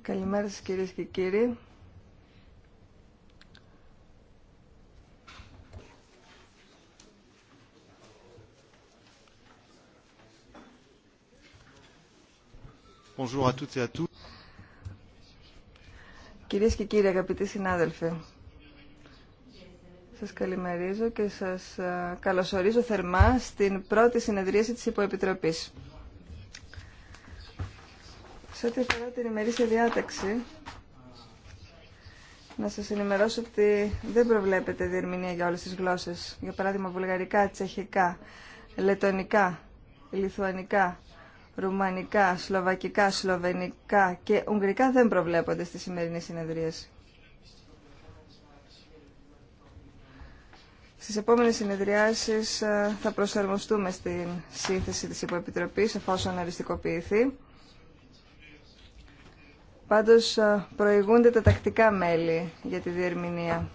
Καλημέρα σας κυρίες και κύριοι. Bonjour Κυρίες και κύριοι, αγαπητοί συνάδελφοι, σας καλημερίζω και σας ε, καλωσορίζω θερμά στην πρώτη συνεδρίαση της Υποεπιτροπής. Σε ό,τι αφορά την ημερήσια διάταξη, να σας ενημερώσω ότι δεν προβλέπεται διερμηνία για όλες τις γλώσσες. Για παράδειγμα, βουλγαρικά, τσεχικά, λετονικά, λιθουανικά, ρουμανικά, σλοβακικά, σλοβενικά και ουγγρικά δεν προβλέπονται στις σημερινές συνεδρίες. Στις επόμενες συνεδριάσεις ε, θα προσαρμοστούμε στην σύνθεση της Υποεπιτροπής εφόσον αριστικοποιηθεί Πάντως προηγούνται τα τακτικά μέλη για τη διερμηνία.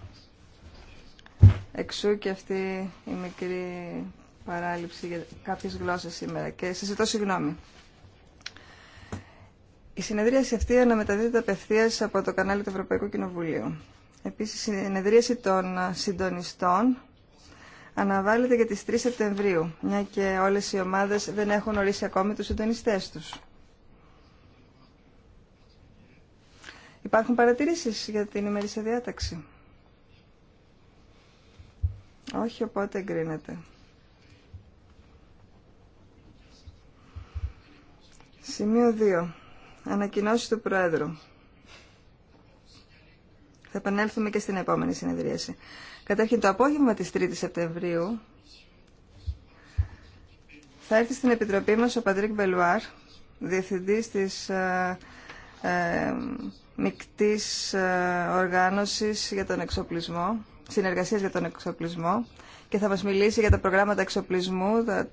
Εξού και αυτή η μικρή παράληψη για κάποιες γλώσσες σήμερα και σας ζητώ συγγνώμη. Η συνεδρίαση αυτή αναμεταδίδεται απευθεία από το κανάλι του Ευρωπαϊκού Κοινοβουλίου. Επίσης, η συνεδρίαση των συντονιστών αναβάλλεται για τις 3 Σεπτεμβρίου, μια και όλες οι ομάδες δεν έχουν ορίσει ακόμη τους συντονιστές τους. Υπάρχουν παρατηρήσεις για την ημερήσια διάταξη. Όχι, οπότε εγκρίνεται. Σημείο 2. Ανακοινώσεις του Πρόεδρου. Θα επανέλθουμε και στην επόμενη συνεδρίαση. Καταρχήν το απόγευμα της 3ης Σεπτεμβρίου θα έρθει στην Επιτροπή μας ο Πατρίκ Μπελουάρ, Διευθυντής της ε, ε, μικτής ε, οργάνωσης για τον εξοπλισμό, συνεργασίας για τον εξοπλισμό και θα μας μιλήσει για τα προγράμματα εξοπλισμού, τα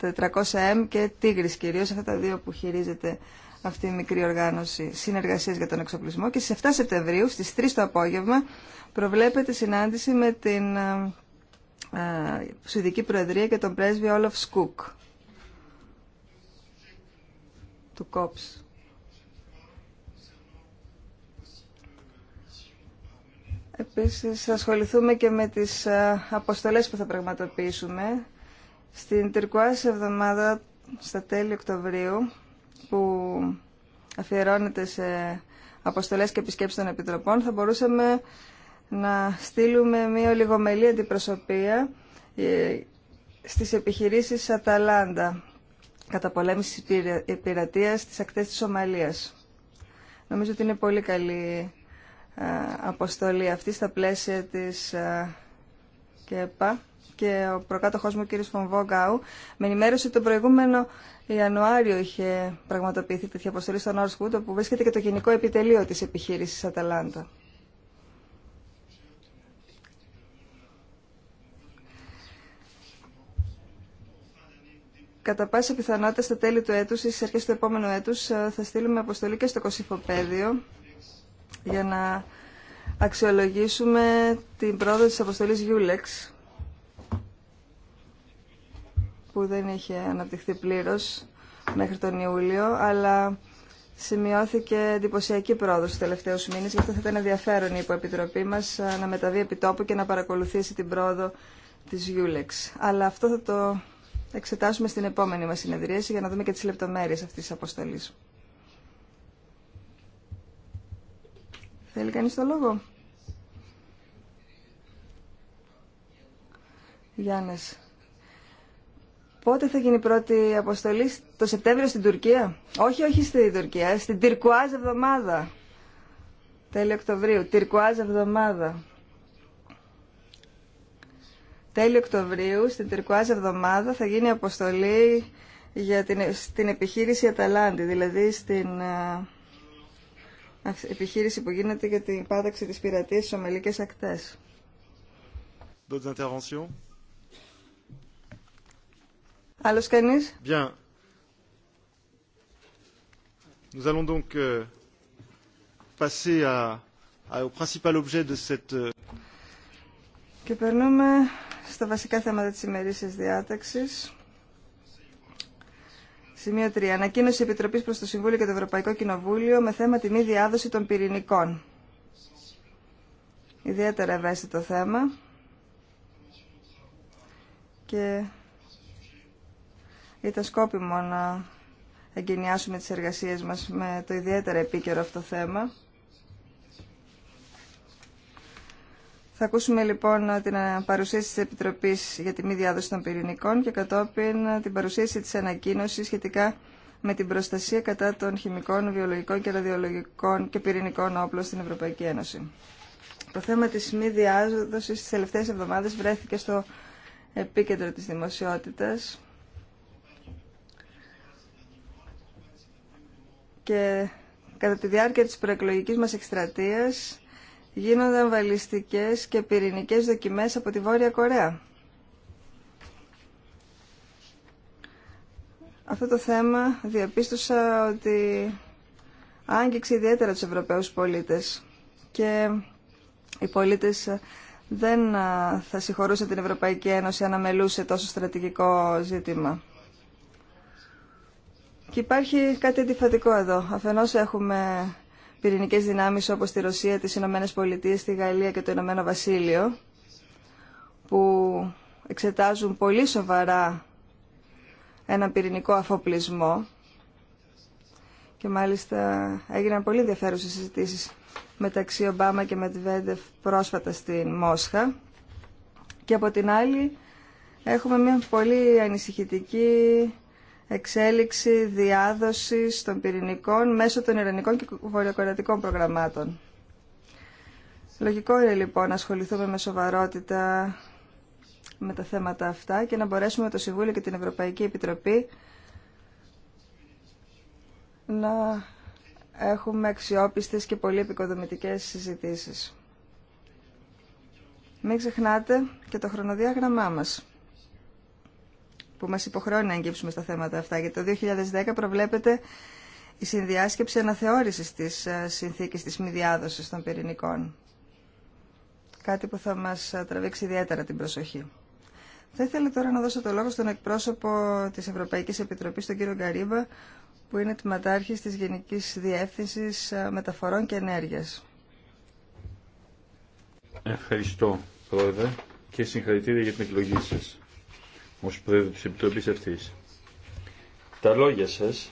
400M και Τίγρης κυρίως, αυτά τα δύο που χειρίζεται αυτή η μικρή οργάνωση συνεργασίας για τον εξοπλισμό και στις 7 Σεπτεμβρίου, στις 3 το απόγευμα, προβλέπεται συνάντηση με την ε, ε, Σουηδική Προεδρία και τον πρέσβη Όλαφ Σκουκ του ΚΟΠΣ. Επίσης ασχοληθούμε και με τις ε, αποστολές που θα πραγματοποιήσουμε. Στην Τυρκουάση εβδομάδα στα τέλη Οκτωβρίου που αφιερώνεται σε αποστολές και επισκέψεις των Επιτροπών θα μπορούσαμε να στείλουμε μία λιγομελή αντιπροσωπεία ε, στις επιχειρήσεις Αταλάντα κατά πολέμηση πειρατείας στις ακτές της Σομαλίας. Νομίζω ότι είναι πολύ καλή ε, αποστολή αυτή στα πλαίσια της ε, ΚΕΠΑ και ο προκάτοχός μου κ. Γκάου με ενημέρωσε τον προηγούμενο Ιανουάριο είχε πραγματοποιηθεί τέτοια αποστολή στο Νόρσκουτ όπου βρίσκεται και το γενικό επιτελείο της επιχείρησης Αταλάντα. Κατά πάση πιθανότητα στα τέλη του έτους ή στις αρχές του επόμενου έτους ε, θα στείλουμε αποστολή και στο Κωσυφοπαίδιο για να αξιολογήσουμε την πρόοδο της αποστολής Γιούλεξ που δεν είχε αναπτυχθεί πλήρως μέχρι τον Ιούλιο, αλλά σημειώθηκε εντυπωσιακή πρόοδο στους τελευταίους μήνες, γι' αυτό θα ήταν ενδιαφέρον η υποεπιτροπή μας να μεταβεί επί τόπου και να παρακολουθήσει την πρόοδο της Γιούλεξ. Αλλά αυτό θα το εξετάσουμε στην επόμενη μας συνεδρίαση για να δούμε και τις λεπτομέρειες αυτής της αποστολής. Θέλει κανείς το λόγο. Γιάννες. Πότε θα γίνει η πρώτη αποστολή, το Σεπτέμβριο στην Τουρκία. Όχι, όχι στην Τουρκία, στην Τυρκουάζ εβδομάδα. Τέλη Οκτωβρίου, Τυρκουάζ εβδομάδα. Τέλη Οκτωβρίου, στην Τυρκουάζ εβδομάδα, θα γίνει η αποστολή για την, στην επιχείρηση Αταλάντη, δηλαδή στην ε, επιχείρηση που γίνεται για την πάταξη της πειρατείας στις ομελικές ακτές. Άλλος κανείς? Bien. Nous allons donc euh, passer à, à, au principal objet de cette... Euh, Και περνούμε στα βασικά θέματα της ημερήσιας διάταξης. Σημείο 3. Ανακοίνωση Επιτροπής προς το Συμβούλιο και το Ευρωπαϊκό Κοινοβούλιο με θέμα τη μη διάδοση των πυρηνικών. Ιδιαίτερα ευαίσθητο θέμα. Και ήταν σκόπιμο να εγκαινιάσουμε τις εργασίες μας με το ιδιαίτερα επίκαιρο αυτό θέμα. Θα ακούσουμε λοιπόν την ε, παρουσίαση της Επιτροπής για τη μη διάδοση των πυρηνικών και κατόπιν ε, την παρουσίαση της ανακοίνωσης σχετικά με την προστασία κατά των χημικών, βιολογικών και ραδιολογικών και πυρηνικών όπλων στην Ευρωπαϊκή Ένωση. Το θέμα της μη διάδοσης τις τελευταίες εβδομάδες βρέθηκε στο επίκεντρο της δημοσιότητας και κατά τη διάρκεια της προεκλογικής μας εκστρατείας γίνονται βαλιστικές και πυρηνικές δοκιμές από τη Βόρεια Κορέα. Αυτό το θέμα διαπίστωσα ότι άγγιξε ιδιαίτερα τους Ευρωπαίους πολίτες και οι πολίτες δεν θα συγχωρούσαν την Ευρωπαϊκή Ένωση αν αμελούσε τόσο στρατηγικό ζήτημα. Και υπάρχει κάτι αντιφατικό εδώ. Αφενός έχουμε Πυρηνικέ δυνάμει όπως τη Ρωσία, τις Ηνωμένε Πολιτείε, τη Γαλλία και το Ηνωμένο Βασίλειο που εξετάζουν πολύ σοβαρά έναν πυρηνικό αφοπλισμό και μάλιστα έγιναν πολύ ενδιαφέρουσες συζητήσεις μεταξύ Ομπάμα και Μετβέντεφ πρόσφατα στην Μόσχα και από την άλλη έχουμε μια πολύ ανησυχητική εξέλιξη διάδοσης των πυρηνικών μέσω των ειρηνικών και βορειοκορεατικών προγραμμάτων. Λογικό είναι λοιπόν να ασχοληθούμε με σοβαρότητα με τα θέματα αυτά και να μπορέσουμε το Συμβούλιο και την Ευρωπαϊκή Επιτροπή να έχουμε αξιόπιστες και πολύ επικοδομητικές συζητήσεις. Μην ξεχνάτε και το χρονοδιάγραμμά μας που μας υποχρεώνει να αγγίψουμε στα θέματα αυτά. Γιατί το 2010 προβλέπεται η συνδιάσκεψη αναθεώρησης της ε, συνθήκης της μη διάδοσης των πυρηνικών. Κάτι που θα μας ε, τραβήξει ιδιαίτερα την προσοχή. Θα ήθελα τώρα να δώσω το λόγο στον εκπρόσωπο της Ευρωπαϊκής Επιτροπής, τον κύριο Γκαρίβα, που είναι Ματάρχης της Γενικής Διεύθυνσης ε, Μεταφορών και Ενέργειας. Ευχαριστώ, Πρόεδρε, και συγχαρητήρια για την εκλογή σας ως πρόεδρο της Επιτροπής αυτής. Τα λόγια σας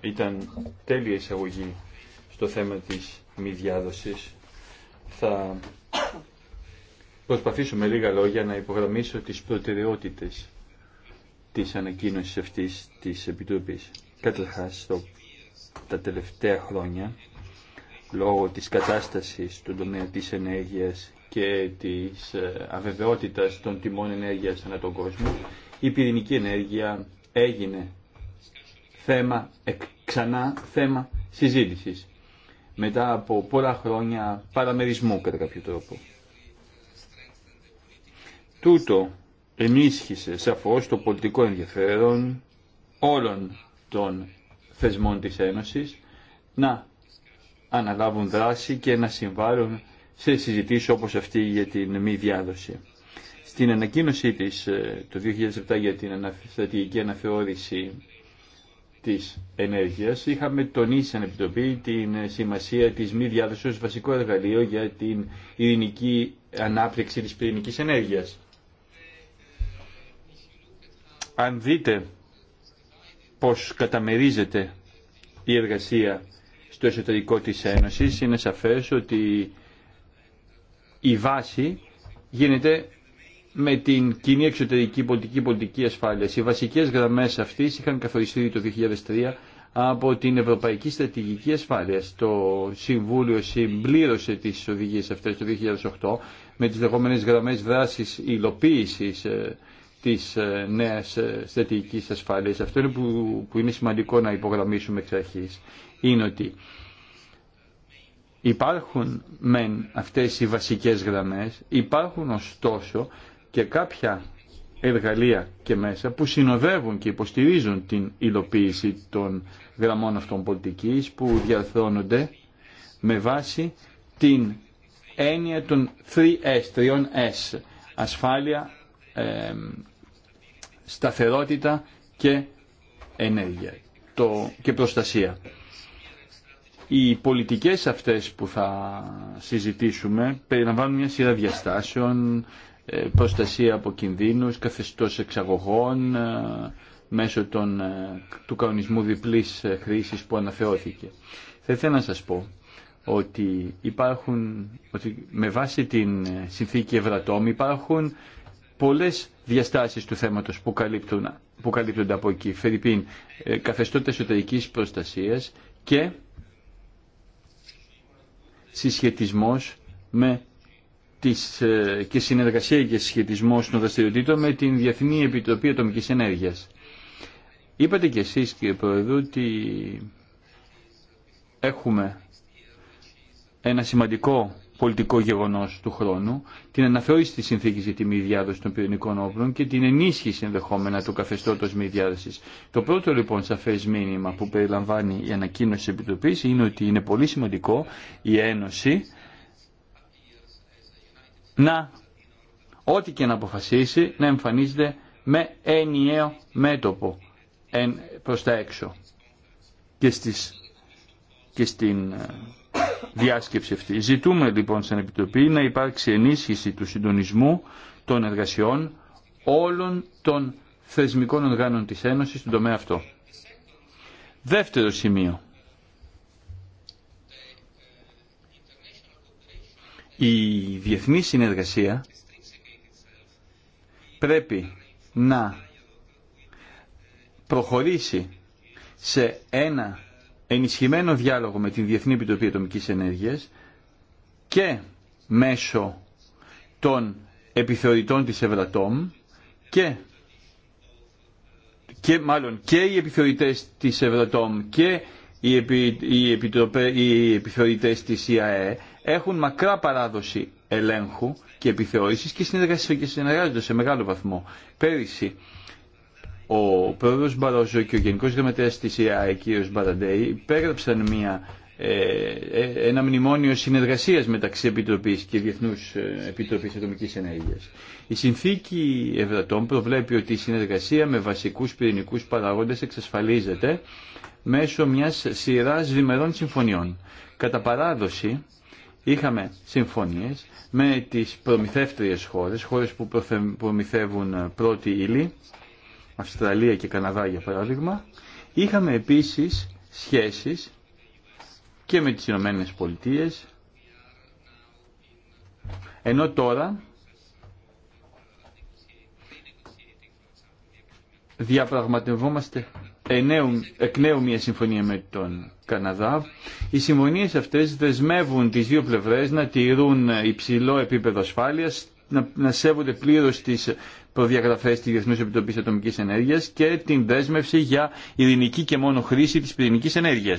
ήταν τέλεια εισαγωγή στο θέμα της μη διάδοσης. Θα προσπαθήσω με λίγα λόγια να υπογραμμίσω τις προτεραιότητες της ανακοίνωσης αυτής της Επιτροπής. Καταρχάς, τα τελευταία χρόνια, λόγω της κατάστασης στον τομέα της ενέργειας και της ε, αβεβαιότητας των τιμών ενέργειας ανά τον κόσμο, η πυρηνική ενέργεια έγινε θέμα, ξανά θέμα συζήτησης μετά από πολλά χρόνια παραμερισμού κατά κάποιο τρόπο. Τούτο ενίσχυσε σαφώς το πολιτικό ενδιαφέρον όλων των θεσμών της Ένωσης να αναλάβουν δράση και να συμβάλλουν σε συζητήσεις όπως αυτή για την μη διάδοση. Στην ανακοίνωσή της ε, το 2007 για την στρατηγική αναθεώρηση της ενέργειας είχαμε τονίσει σαν επιτροπή την ε, σημασία της μη διάδοσης ως βασικό εργαλείο για την ειρηνική ανάπτυξη της πυρηνικής ενέργειας. Αν δείτε πώς καταμερίζεται η εργασία στο εσωτερικό της Ένωσης, είναι σαφές ότι η βάση γίνεται με την κοινή εξωτερική πολιτική πολιτική ασφάλειας. Οι βασικέ γραμμέ αυτής είχαν καθοριστεί το 2003 από την Ευρωπαϊκή Στρατηγική Ασφάλειας. Το Συμβούλιο συμπλήρωσε τι οδηγίε αυτέ το 2008 με τι λεγόμενε γραμμέ δράση υλοποίηση ε, τη ε, νέα ε, στρατηγική ασφάλεια. Αυτό είναι που, που είναι σημαντικό να υπογραμμίσουμε εξ αρχή Είναι ότι Υπάρχουν μεν αυτές οι βασικές γραμμές, υπάρχουν ωστόσο και κάποια εργαλεία και μέσα που συνοδεύουν και υποστηρίζουν την υλοποίηση των γραμμών αυτών πολιτικής που διαρθρώνονται με βάση την έννοια των 3S, s ασφάλεια, σταθερότητα και ενέργεια το, και προστασία. Οι πολιτικές αυτές που θα συζητήσουμε περιλαμβάνουν μια σειρά διαστάσεων, ε, προστασία από κινδύνους, καθεστώς εξαγωγών, ε, μέσω των, ε, του κανονισμού διπλής χρήσης που αναθεώθηκε. Θα ήθελα να σας πω ότι υπάρχουν, ότι με βάση την συνθήκη Ευρατόμ υπάρχουν πολλές διαστάσεις του θέματος που, καλύπτουν, που καλύπτονται από εκεί. Φερρυπίν, καθεστώτες εσωτερικής προστασίας και συσχετισμός με ε, και συνεργασία και συσχετισμός των δραστηριοτήτων με την Διεθνή Επιτροπή Ατομικής Ενέργειας. Είπατε και εσείς κύριε Πρόεδρε ότι έχουμε ένα σημαντικό πολιτικό γεγονός του χρόνου, την αναθεώρηση τη συνθήκη για τη μη διάδοση των πυρηνικών όπλων και την ενίσχυση ενδεχόμενα του καθεστώτος μη διάδοση. Το πρώτο λοιπόν σαφές μήνυμα που περιλαμβάνει η ανακοίνωση τη Επιτροπή, είναι ότι είναι πολύ σημαντικό η Ένωση να ό,τι και να αποφασίσει να εμφανίζεται με ενιαίο μέτωπο εν, προς τα έξω στις, και στην ε, διάσκεψη αυτή. Ζητούμε λοιπόν στην Επιτροπή να υπάρξει ενίσχυση του συντονισμού των εργασιών όλων των θεσμικών οργάνων της Ένωσης στον τομέα αυτό. Δεύτερο σημείο. Η διεθνή συνεργασία πρέπει να προχωρήσει σε ένα ενισχυμένο διάλογο με την Διεθνή Επιτροπή Ατομικής Ενέργειας και μέσω των επιθεωρητών της Ευρατόμ και, και μάλλον και οι επιθεωρητές της Ευρατόμ και οι, επι, οι, επιτροπε, οι επιθεωρητές της ΙΑΕ έχουν μακρά παράδοση ελέγχου και επιθεώρησης και συνεργάζονται σε μεγάλο βαθμό. Πέρυσι ο πρόεδρος Μπαρόζο και ο Γενικός Γραμματέας της ΕΑΕ κ. Μπαραντέη, υπέγραψαν ε, ε, ένα μνημόνιο συνεργασίας μεταξύ Επιτροπής και Διεθνούς ε, Επιτροπής Ατομικής Ενέργειας. Η συνθήκη Ευρατών προβλέπει ότι η συνεργασία με βασικούς πυρηνικούς παραγόντες εξασφαλίζεται μέσω μιας σειράς διμερών συμφωνιών. Κατά παράδοση, είχαμε συμφωνίες με τις προμηθεύτριες χώρες, χώρες που προμηθεύουν πρώτη ύλη, Αυστραλία και Καναδά για παράδειγμα, είχαμε επίσης σχέσεις και με τις Ηνωμένε Πολιτείε, ενώ τώρα διαπραγματευόμαστε εκ νέου μια συμφωνία με τον Καναδά. Οι συμφωνίες αυτές δεσμεύουν τις δύο πλευρές να τηρούν υψηλό επίπεδο ασφάλειας, να, να σέβονται πλήρως τις προδιαγραφέ τη Διεθνού Επιτροπή Ατομική Ενέργεια και την δέσμευση για ειρηνική και μόνο χρήση τη πυρηνική ενέργεια.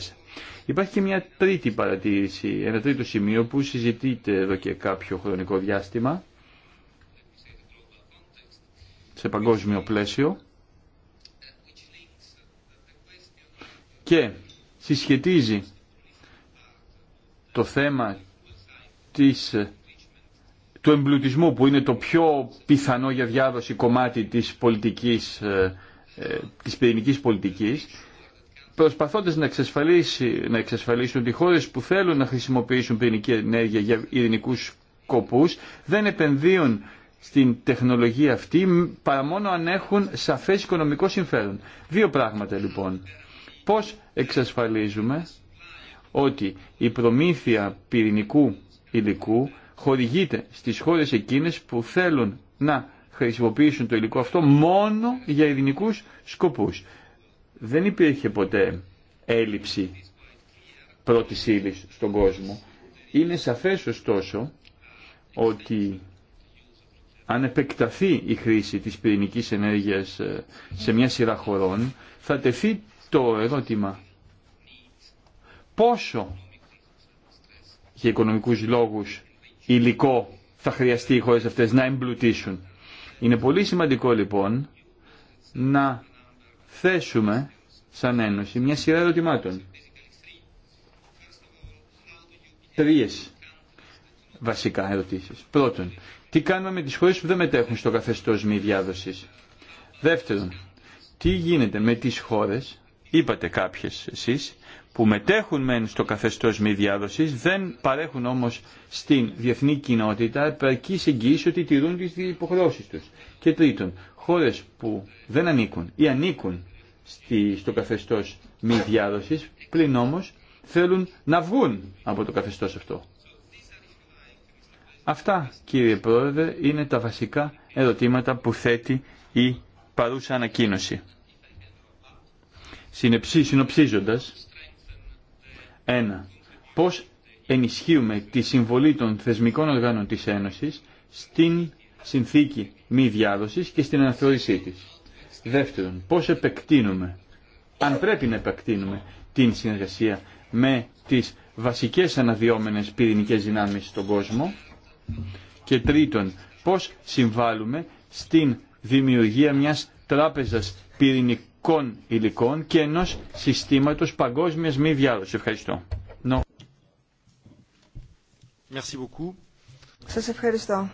Υπάρχει και μια τρίτη παρατήρηση, ένα τρίτο σημείο που συζητείται εδώ και κάποιο χρονικό διάστημα σε παγκόσμιο πλαίσιο και συσχετίζει το θέμα της του εμπλουτισμού που είναι το πιο πιθανό για διάδοση κομμάτι της πολιτικής, ε, ε, της πυρηνικής πολιτικής, προσπαθώντας να, εξασφαλίσει, να εξασφαλίσουν ότι οι χώρες που θέλουν να χρησιμοποιήσουν πυρηνική ενέργεια για ειρηνικούς σκοπούς δεν επενδύουν στην τεχνολογία αυτή παρά μόνο αν έχουν σαφές οικονομικό συμφέρον. Δύο πράγματα λοιπόν. Πώς εξασφαλίζουμε ότι η προμήθεια πυρηνικού υλικού χορηγείται στις χώρες εκείνες που θέλουν να χρησιμοποιήσουν το υλικό αυτό μόνο για ειρηνικούς σκοπούς. Δεν υπήρχε ποτέ έλλειψη πρώτης ύλη στον κόσμο. Είναι σαφές ωστόσο ότι αν επεκταθεί η χρήση της πυρηνικής ενέργειας ε, σε μια σειρά χωρών, θα τεθεί το ερώτημα πόσο για οικονομικούς λόγους υλικό θα χρειαστεί οι χώρες αυτές να εμπλουτίσουν. Είναι πολύ σημαντικό λοιπόν να θέσουμε σαν Ένωση μια σειρά ερωτημάτων. Τρεις βασικά ερωτήσεις. Πρώτον, τι κάνουμε με τις χώρες που δεν μετέχουν στο καθεστώς μη διάδοσης. Δεύτερον, τι γίνεται με τις χώρες, είπατε κάποιες εσείς, που μετέχουν μεν στο καθεστώς μη διάδοσης, δεν παρέχουν όμως στην διεθνή κοινότητα επαρκή εγγύηση ότι τηρούν τις υποχρεώσεις τους. Και τρίτον, χώρες που δεν ανήκουν ή ανήκουν στη, στο καθεστώς μη διάδοσης, πλην όμως θέλουν να βγουν από το καθεστώς αυτό. Αυτά κύριε Πρόεδρε είναι τα βασικά ερωτήματα που θέτει η παρούσα ανακοίνωση. Συνεψή, συνοψίζοντας, ένα, πώς ενισχύουμε τη συμβολή των θεσμικών οργάνων της Ένωσης στην συνθήκη μη διάδοσης και στην αναθεώρησή της. Δεύτερον, πώς επεκτείνουμε, αν πρέπει να επεκτείνουμε την συνεργασία με τις βασικές αναδυόμενες πυρηνικές δυνάμεις στον κόσμο. Και τρίτον, πώς συμβάλλουμε στην δημιουργία μιας τράπεζας πυρηνικού χημικών υλικών και ενός συστήματος παγκόσμιας μη διάδοσης. Ευχαριστώ. Merci Σας ευχαριστώ.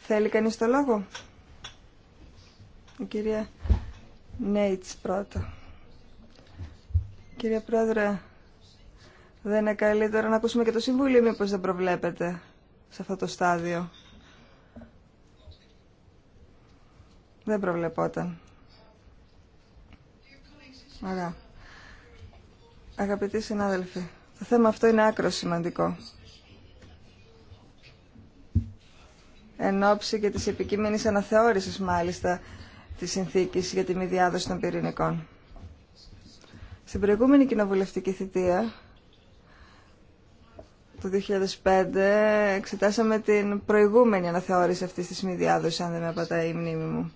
Θέλει κανείς το λόγο. Η κυρία Νέιτς πρώτα. Κύριε Πρόεδρε, δεν είναι καλύτερο να ακούσουμε και το Συμβούλιο, μήπως δεν προβλέπετε σε αυτό το στάδιο. Δεν προβλεπόταν. Ωραία. Αγαπητοί συνάδελφοι, το θέμα αυτό είναι άκρο σημαντικό. Εν ώψη και της επικείμενης αναθεώρησης, μάλιστα, της συνθήκης για τη μη διάδοση των πυρηνικών. Στην προηγούμενη κοινοβουλευτική θητεία, το 2005 εξετάσαμε την προηγούμενη αναθεώρηση αυτής της μη διάδοσης, αν δεν με απατάει η μνήμη μου.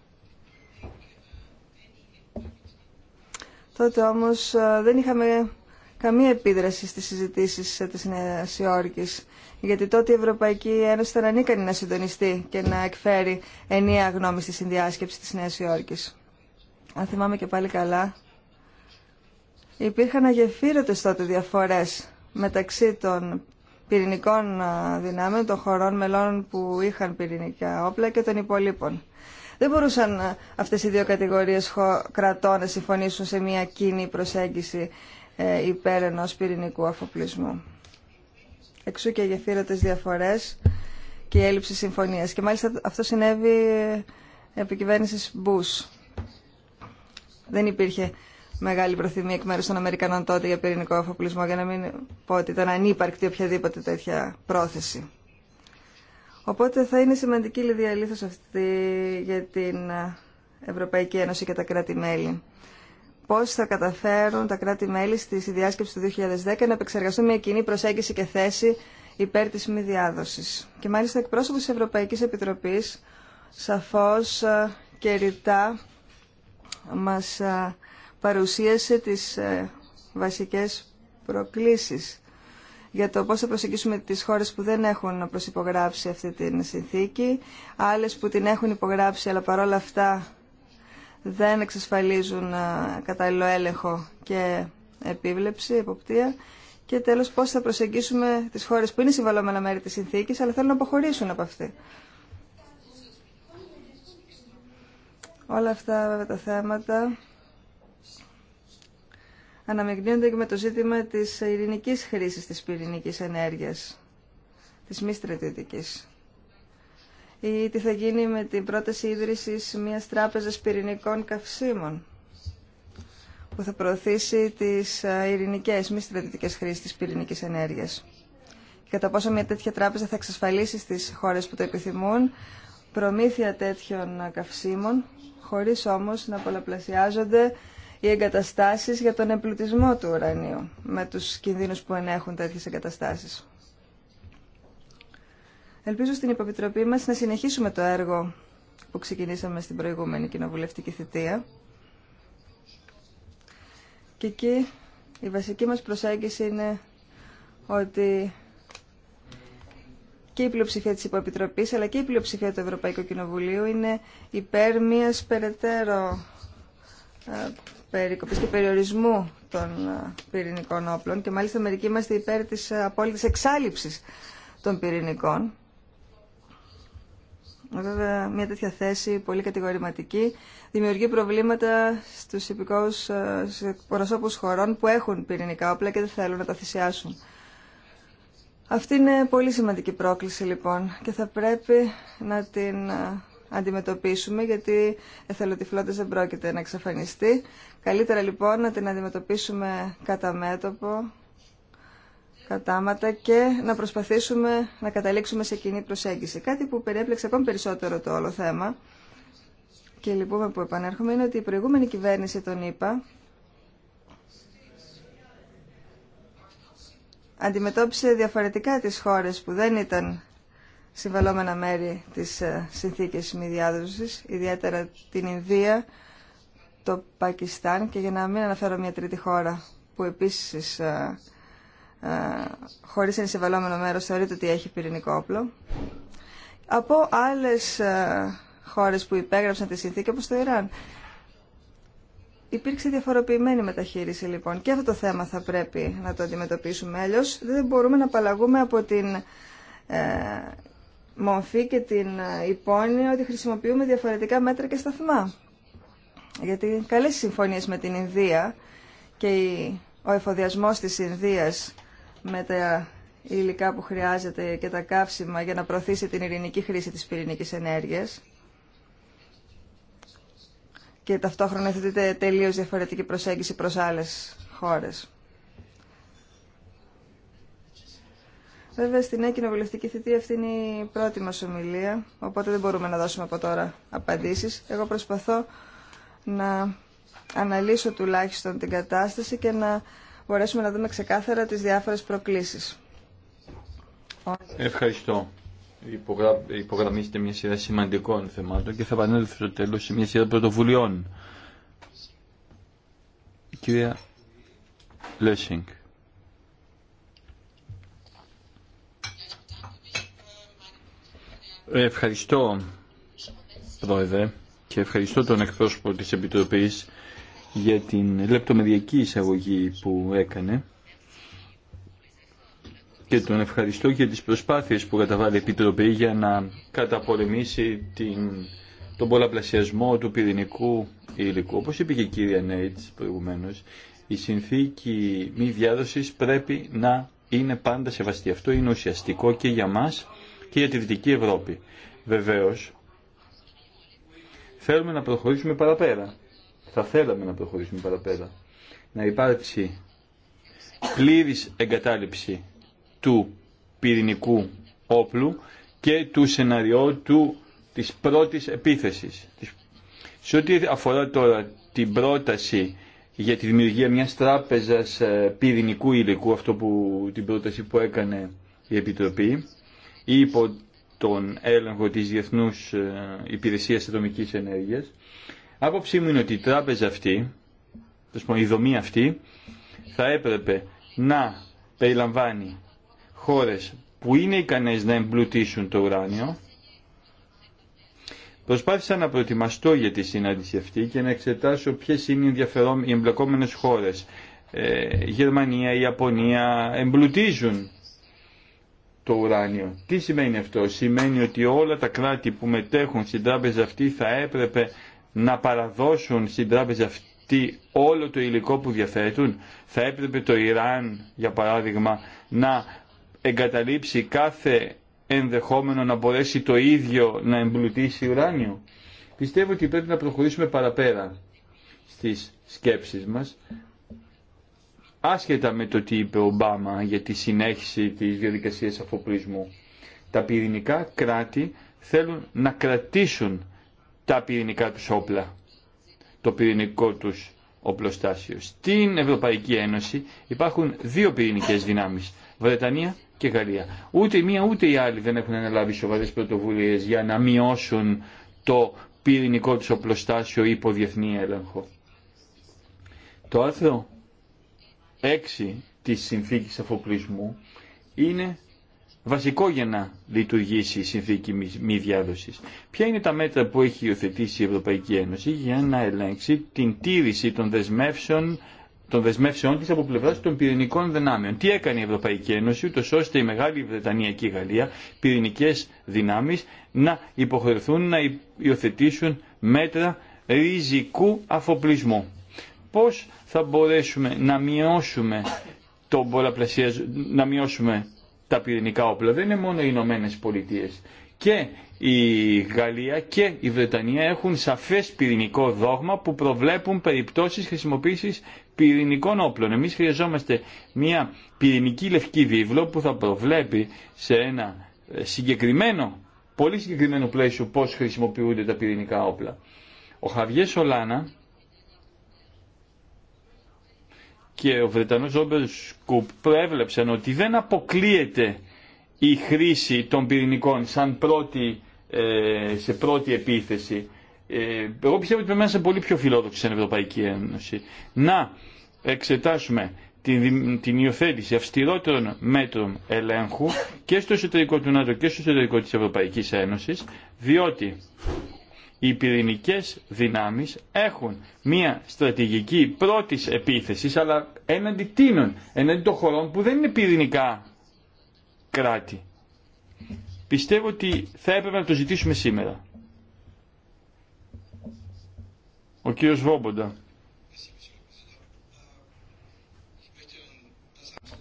Τότε όμως ε, δεν είχαμε καμία επίδραση στις συζητήσεις ε, της Νέας Υόρκης, γιατί τότε η Ευρωπαϊκή Ένωση ήταν ανίκανη να συντονιστεί και να εκφέρει ενιαία γνώμη στη συνδιάσκεψη της Νέας Υόρκης. Αν θυμάμαι και πάλι καλά, υπήρχαν αγεφύρωτες τότε διαφορές μεταξύ των πυρηνικών δυνάμεων, των χωρών μελών που είχαν πυρηνικά όπλα και των υπολείπων. Δεν μπορούσαν αυτές οι δύο κατηγορίες κρατών να συμφωνήσουν σε μια κοινή προσέγγιση ε, υπέρ ενός πυρηνικού αφοπλισμού. Εξού και γεφύρωτες διαφορές και η έλλειψη συμφωνίας. Και μάλιστα αυτό συνέβη επί κυβέρνησης Δεν υπήρχε μεγάλη προθυμία εκ μέρου των Αμερικανών τότε για πυρηνικό αφοπλισμό, για να μην πω ότι ήταν ανύπαρκτη οποιαδήποτε τέτοια πρόθεση. Οπότε θα είναι σημαντική η διαλύθος αυτή για την Ευρωπαϊκή Ένωση και τα κράτη-μέλη. Πώ θα καταφέρουν τα κράτη-μέλη στη διάσκεψη του 2010 να επεξεργαστούν μια κοινή προσέγγιση και θέση υπέρ της μη διάδοση. Και μάλιστα εκπρόσωπο τη Ευρωπαϊκή Επιτροπής σαφώ και ρητά μας ε, παρουσίασε τις ε, βασικές προκλήσεις για το πώς θα προσεγγίσουμε τις χώρες που δεν έχουν προσυπογράψει αυτή την συνθήκη, άλλες που την έχουν υπογράψει αλλά παρόλα αυτά δεν εξασφαλίζουν ε, κατάλληλο έλεγχο και επίβλεψη, εποπτεία και τέλος πώς θα προσεγγίσουμε τις χώρες που είναι συμβαλόμενα μέρη της συνθήκης αλλά θέλουν να αποχωρήσουν από αυτή. Όλα αυτά βέβαια τα θέματα αναμειγνύονται και με το ζήτημα της ειρηνικής χρήσης της πυρηνικής ενέργειας, της μη Ή τι θα γίνει με την πρόταση ίδρυσης μιας τράπεζας πυρηνικών καυσίμων που θα προωθήσει τις ειρηνικές, μη στρατιωτικές χρήσεις της πυρηνικής ενέργειας. Και κατά πόσο μια τέτοια τράπεζα θα εξασφαλίσει στις χώρες που το επιθυμούν προμήθεια τέτοιων καυσίμων, χωρίς όμως να πολλαπλασιάζονται οι εγκαταστάσεις για τον εμπλουτισμό του ουρανίου με τους κινδύνους που ενέχουν τέτοιες εγκαταστάσεις. Ελπίζω στην υποπιτροπή μας να συνεχίσουμε το έργο που ξεκινήσαμε στην προηγούμενη κοινοβουλευτική θητεία. Και εκεί η βασική μας προσέγγιση είναι ότι και η πλειοψηφία της Υποεπιτροπής αλλά και η πλειοψηφία του Ευρωπαϊκού Κοινοβουλίου είναι υπέρ μιας περαιτέρω ε, περικοπής και περιορισμού των ε, πυρηνικών όπλων και μάλιστα μερικοί είμαστε υπέρ της ε, απόλυτης εξάλληψης των πυρηνικών. Βέβαια, μια τέτοια θέση πολύ κατηγορηματική δημιουργεί προβλήματα στους υπηκόους ε, προσώπους χωρών που έχουν πυρηνικά όπλα και δεν θέλουν να τα θυσιάσουν. Αυτή είναι πολύ σημαντική πρόκληση λοιπόν και θα πρέπει να την αντιμετωπίσουμε, γιατί εθελοτυφλώτες δεν πρόκειται να εξαφανιστεί. Καλύτερα λοιπόν να την αντιμετωπίσουμε κατά μέτωπο, κατάματα και να προσπαθήσουμε να καταλήξουμε σε κοινή προσέγγιση. Κάτι που περιέπλεξε ακόμη περισσότερο το όλο θέμα και λυπούμε που επανέρχομαι είναι ότι η προηγούμενη κυβέρνηση τον ΗΠΑ αντιμετώπισε διαφορετικά τις χώρες που δεν ήταν συμβαλόμενα μέρη της ε, συνθήκης μη διάδοσης, ιδιαίτερα την Ινδία, το Πακιστάν και για να μην αναφέρω μια τρίτη χώρα που επίσης ε, ε, χωρίς ένα συμβαλώμενο μέρος θεωρείται ότι έχει πυρηνικό όπλο. Από άλλες χώρες που υπέγραψαν τη συνθήκη όπως το Ιράν. Υπήρξε διαφοροποιημένη μεταχείριση λοιπόν και αυτό το θέμα θα πρέπει να το αντιμετωπίσουμε. Αλλιώ δεν μπορούμε να απαλλαγούμε από την μορφή και την ε, υπόνοια ότι χρησιμοποιούμε διαφορετικά μέτρα και σταθμά. Γιατί καλές συμφωνίες με την Ινδία και ο εφοδιασμός της Ινδίας με τα υλικά που χρειάζεται και τα καύσιμα για να προωθήσει την ειρηνική χρήση της πυρηνικής ενέργειας και ταυτόχρονα θέτεται τελείως διαφορετική προσέγγιση προς άλλες χώρες. Βέβαια, στην νέα κοινοβουλευτική θητεία αυτή είναι η πρώτη μας ομιλία, οπότε δεν μπορούμε να δώσουμε από τώρα απαντήσεις. Εγώ προσπαθώ να αναλύσω τουλάχιστον την κατάσταση και να μπορέσουμε να δούμε ξεκάθαρα τις διάφορες προκλήσεις. Ευχαριστώ. Υπογρα... μια σειρά σημαντικών θεμάτων και θα επανέλθω στο τέλο σε μια σειρά πρωτοβουλειών. κυρία Ευχαριστώ, Πρόεδρε, και ευχαριστώ τον εκπρόσωπο της Επιτροπής για την λεπτομεριακή εισαγωγή που έκανε και τον ευχαριστώ για τις προσπάθειες που καταβάλει η Επιτροπή για να καταπολεμήσει την, τον πολλαπλασιασμό του πυρηνικού υλικού. Όπως είπε και η κυρία Νέιτς προηγουμένως, η συνθήκη μη διάδοσης πρέπει να είναι πάντα σεβαστή. Αυτό είναι ουσιαστικό και για μας και για τη Δυτική Ευρώπη. Βεβαίως, θέλουμε να προχωρήσουμε παραπέρα. Θα θέλαμε να προχωρήσουμε παραπέρα. Να υπάρξει πλήρης εγκατάλειψη του πυρηνικού όπλου και του σεναρίου του της πρώτης επίθεσης. Σε ό,τι αφορά τώρα την πρόταση για τη δημιουργία μιας τράπεζας ε, πυρηνικού υλικού, αυτό που, την πρόταση που έκανε η Επιτροπή, υπό τον έλεγχο της Διεθνούς ε, Υπηρεσίας Ατομικής Ενέργειας. Άποψή μου είναι ότι η τράπεζα αυτή, η δομή αυτή, θα έπρεπε να περιλαμβάνει χώρες που είναι ικανές να εμπλουτίσουν το ουράνιο. Προσπάθησα να προετοιμαστώ για τη συνάντηση αυτή και να εξετάσω ποιες είναι οι εμπλεκόμενες χώρες. Ε, Γερμανία, η Ιαπωνία εμπλουτίζουν το ουράνιο. Τι σημαίνει αυτό. Σημαίνει ότι όλα τα κράτη που μετέχουν στην τράπεζα αυτή θα έπρεπε να παραδώσουν στην τράπεζα αυτή όλο το υλικό που διαθέτουν. Θα έπρεπε το Ιράν, για παράδειγμα, να εγκαταλείψει κάθε ενδεχόμενο να μπορέσει το ίδιο να εμπλουτίσει ουράνιο. Πιστεύω ότι πρέπει να προχωρήσουμε παραπέρα στις σκέψεις μας άσχετα με το τι είπε ο Ομπάμα για τη συνέχιση της διαδικασίας αφοπλισμού. Τα πυρηνικά κράτη θέλουν να κρατήσουν τα πυρηνικά τους όπλα, το πυρηνικό τους οπλοστάσιο. Στην Ευρωπαϊκή Ένωση υπάρχουν δύο πυρηνικές δυνάμεις, Βρετανία και Γαλλία. Ούτε η μία ούτε η άλλη δεν έχουν αναλάβει σοβαρές πρωτοβουλίες για να μειώσουν το πυρηνικό τους οπλοστάσιο υπό διεθνή έλεγχο. Το άρθρο Έξι της συνθήκης αφοπλισμού είναι βασικό για να λειτουργήσει η συνθήκη μη διάδοσης. Ποια είναι τα μέτρα που έχει υιοθετήσει η Ευρωπαϊκή Ένωση για να ελέγξει την τήρηση των δεσμεύσεων των δεσμεύσεών τη από πλευρά των πυρηνικών δυνάμεων. Τι έκανε η Ευρωπαϊκή Ένωση, ούτω ώστε η Μεγάλη Βρετανία και η Γαλλία, πυρηνικέ δυνάμει, να υποχρεωθούν να υιοθετήσουν μέτρα ριζικού αφοπλισμού πώς θα μπορέσουμε να μειώσουμε, να μειώσουμε τα πυρηνικά όπλα. Δεν είναι μόνο οι Ηνωμένε Πολιτείε. Και η Γαλλία και η Βρετανία έχουν σαφές πυρηνικό δόγμα που προβλέπουν περιπτώσεις χρησιμοποίησης πυρηνικών όπλων. Εμείς χρειαζόμαστε μια πυρηνική λευκή βίβλο που θα προβλέπει σε ένα ε, συγκεκριμένο, πολύ συγκεκριμένο πλαίσιο πώς χρησιμοποιούνται τα πυρηνικά όπλα. Ο Χαβιέ Σολάνα και ο Βρετανός Ρόμπερ Σκουπ προέβλεψαν ότι δεν αποκλείεται η χρήση των πυρηνικών σαν πρώτη, ε, σε πρώτη επίθεση. Ε, εγώ πιστεύω ότι πρέπει να πολύ πιο φιλόδοξοι στην Ευρωπαϊκή Ένωση. Να εξετάσουμε την, την υιοθέτηση αυστηρότερων μέτρων ελέγχου και στο εσωτερικό του ΝΑΤΟ και στο εσωτερικό της Ευρωπαϊκής Ένωσης, διότι οι πυρηνικές δυνάμεις έχουν μια στρατηγική πρώτης επίθεσης αλλά έναντι τίνων, έναντι των χωρών που δεν είναι πυρηνικά κράτη. Πιστεύω ότι θα έπρεπε να το ζητήσουμε σήμερα. Ο κύριος Βόμποντα.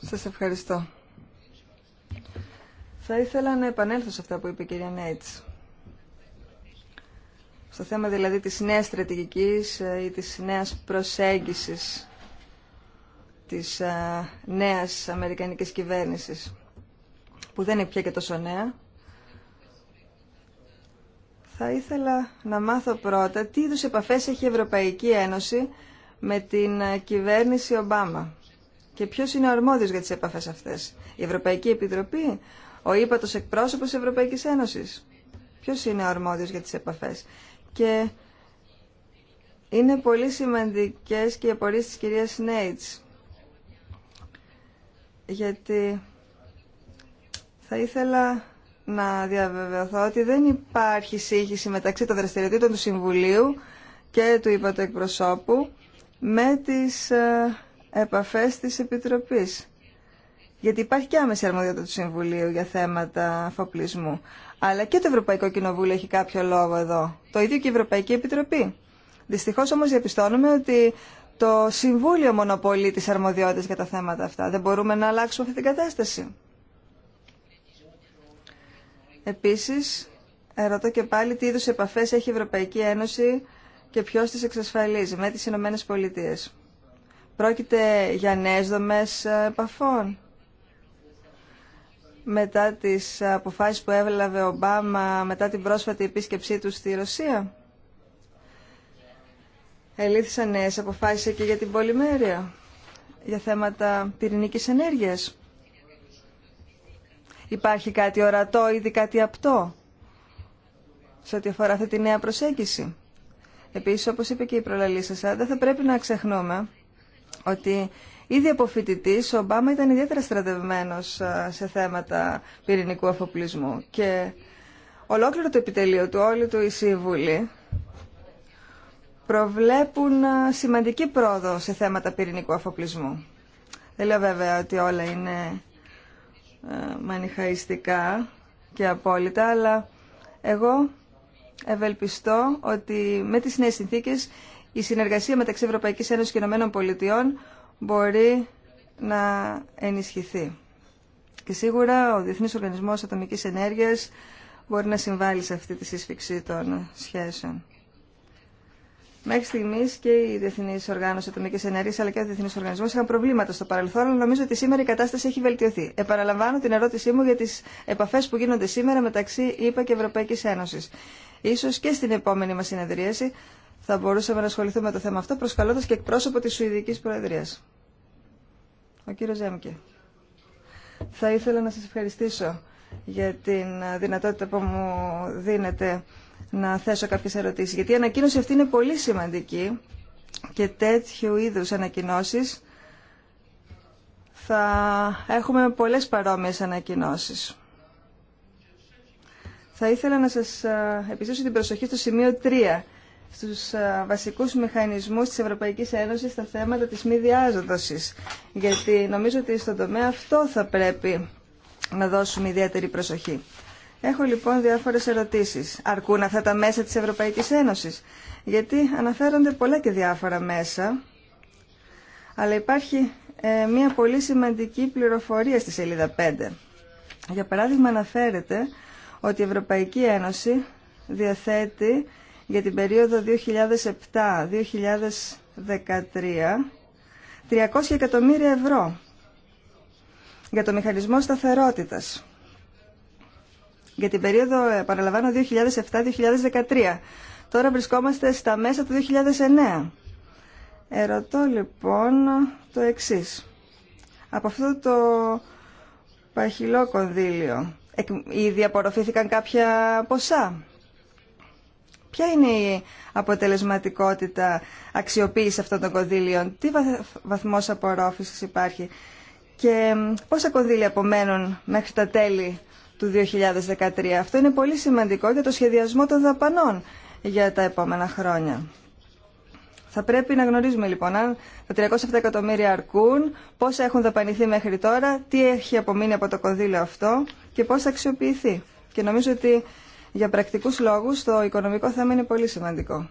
Σας ευχαριστώ. Θα ήθελα να επανέλθω σε αυτά που είπε η κυρία Νέιτς στο θέμα δηλαδή της νέας στρατηγικής ε, ή της νέας προσέγγισης της ε, νέας αμερικανικής κυβέρνησης που δεν είναι πια και τόσο νέα θα ήθελα να μάθω πρώτα τι είδους επαφές έχει η Ευρωπαϊκή Ένωση με την ε, κυβέρνηση Ομπάμα και ποιος είναι ο αρμόδιος για τις επαφές αυτές. Η Ευρωπαϊκή Επιτροπή, ο ύπατος εκπρόσωπος της Ευρωπαϊκής Ένωσης. Ποιος είναι ο αρμόδιος για τις επαφές και είναι πολύ σημαντικές και οι απορίες της κυρίας Νέιτς γιατί θα ήθελα να διαβεβαιωθώ ότι δεν υπάρχει σύγχυση μεταξύ των δραστηριοτήτων του Συμβουλίου και του υπατοεκπροσώπου με τις ε, επαφές της Επιτροπής. Γιατί υπάρχει και άμεση αρμοδιότητα του Συμβουλίου για θέματα αφοπλισμού αλλά και το Ευρωπαϊκό Κοινοβούλιο έχει κάποιο λόγο εδώ. Το ίδιο και η Ευρωπαϊκή Επιτροπή. Δυστυχώς όμως διαπιστώνουμε ότι το Συμβούλιο μονοπολεί τις αρμοδιότητες για τα θέματα αυτά. Δεν μπορούμε να αλλάξουμε αυτή την κατάσταση. Επίσης, ρωτώ και πάλι τι είδους επαφές έχει η Ευρωπαϊκή Ένωση και ποιος τις εξασφαλίζει με τις Ηνωμένε Πολιτείες. Πρόκειται για νέες δομές ε, επαφών μετά τις αποφάσεις που έβλαβε ο Ομπάμα μετά την πρόσφατη επίσκεψή του στη Ρωσία. Ελήθησαν νέες αποφάσεις εκεί για την πολυμέρεια, για θέματα πυρηνικής ενέργειας. Υπάρχει κάτι ορατό, ή κάτι απτό, σε ό,τι αφορά αυτή τη νέα προσέγγιση. Επίσης, όπως είπε και η προλαλή σας, δεν θα πρέπει να ξεχνούμε ότι Ήδη από φοιτητή, ο Ομπάμα ήταν ιδιαίτερα στρατευμένο σε θέματα πυρηνικού αφοπλισμού. Και ολόκληρο το επιτελείο του, όλοι του οι σύμβουλοι, προβλέπουν σημαντική πρόοδο σε θέματα πυρηνικού αφοπλισμού. Δεν λέω βέβαια ότι όλα είναι μανιχαϊστικά και απόλυτα, αλλά εγώ ευελπιστώ ότι με τις νέες συνθήκες η συνεργασία μεταξύ Ευρωπαϊκής Ένωσης και Ηνωμένων μπορεί να ενισχυθεί. Και σίγουρα ο Διεθνής Οργανισμός Ατομικής Ενέργειας μπορεί να συμβάλλει σε αυτή τη σύσφυξη των σχέσεων. Μέχρι στιγμή και η Διεθνή Οργάνωση Ατομική Ενέργεια αλλά και ο Διεθνή Οργανισμό είχαν προβλήματα στο παρελθόν, αλλά νομίζω ότι σήμερα η κατάσταση έχει βελτιωθεί. Επαναλαμβάνω την ερώτησή μου για τι επαφέ που γίνονται σήμερα μεταξύ ΗΠΑ ΕΕ και Ευρωπαϊκή Ένωση. σω και στην επόμενη μα συνεδρίαση θα μπορούσαμε να ασχοληθούμε με το θέμα αυτό, προσκαλώντας και εκπρόσωπο της Σουηδικής Προεδρίας. Ο κύριος Ζέμκε. Θα ήθελα να σας ευχαριστήσω για την δυνατότητα που μου δίνετε να θέσω κάποιες ερωτήσεις. Γιατί η ανακοίνωση αυτή είναι πολύ σημαντική και τέτοιου είδους ανακοινώσεις θα έχουμε πολλές παρόμοιες ανακοινώσεις. Θα ήθελα να σας ε, επιστήσω την προσοχή στο σημείο 3 στους ε, βασικούς μηχανισμούς της Ευρωπαϊκής Ένωσης στα θέματα της μη διάδοσης. Γιατί νομίζω ότι στον τομέα αυτό θα πρέπει να δώσουμε ιδιαίτερη προσοχή. Έχω λοιπόν διάφορες ερωτήσεις. Αρκούν αυτά τα μέσα της Ευρωπαϊκής Ένωσης. Γιατί αναφέρονται πολλά και διάφορα μέσα, αλλά υπάρχει ε, μια πολύ σημαντική πληροφορία στη σελίδα 5. Για παράδειγμα αναφέρεται ότι η Ευρωπαϊκή Ένωση διαθέτει για την περίοδο 2007-2013 300 εκατομμύρια ευρώ για το μηχανισμό σταθερότητας για την περιοδο παραλαμβανω επαναλαμβάνω, 2007-2013. Τώρα βρισκόμαστε στα μέσα του 2009. Ερωτώ λοιπόν το εξής. Από αυτό το παχυλό κονδύλιο, ήδη απορροφήθηκαν κάποια ποσά. Ποια είναι η αποτελεσματικότητα αξιοποίηση αυτών των κονδύλιων, τι βαθμός απορρόφησης υπάρχει και πόσα κονδύλια απομένουν μέχρι τα τέλη του 2013. Αυτό είναι πολύ σημαντικό για το σχεδιασμό των δαπανών για τα επόμενα χρόνια. Θα πρέπει να γνωρίζουμε λοιπόν αν τα 307 εκατομμύρια αρκούν, πόσα έχουν δαπανηθεί μέχρι τώρα, τι έχει απομείνει από το κονδύλιο αυτό και πώς θα αξιοποιηθεί. Και νομίζω ότι για πρακτικούς λόγους το οικονομικό θέμα είναι πολύ σημαντικό.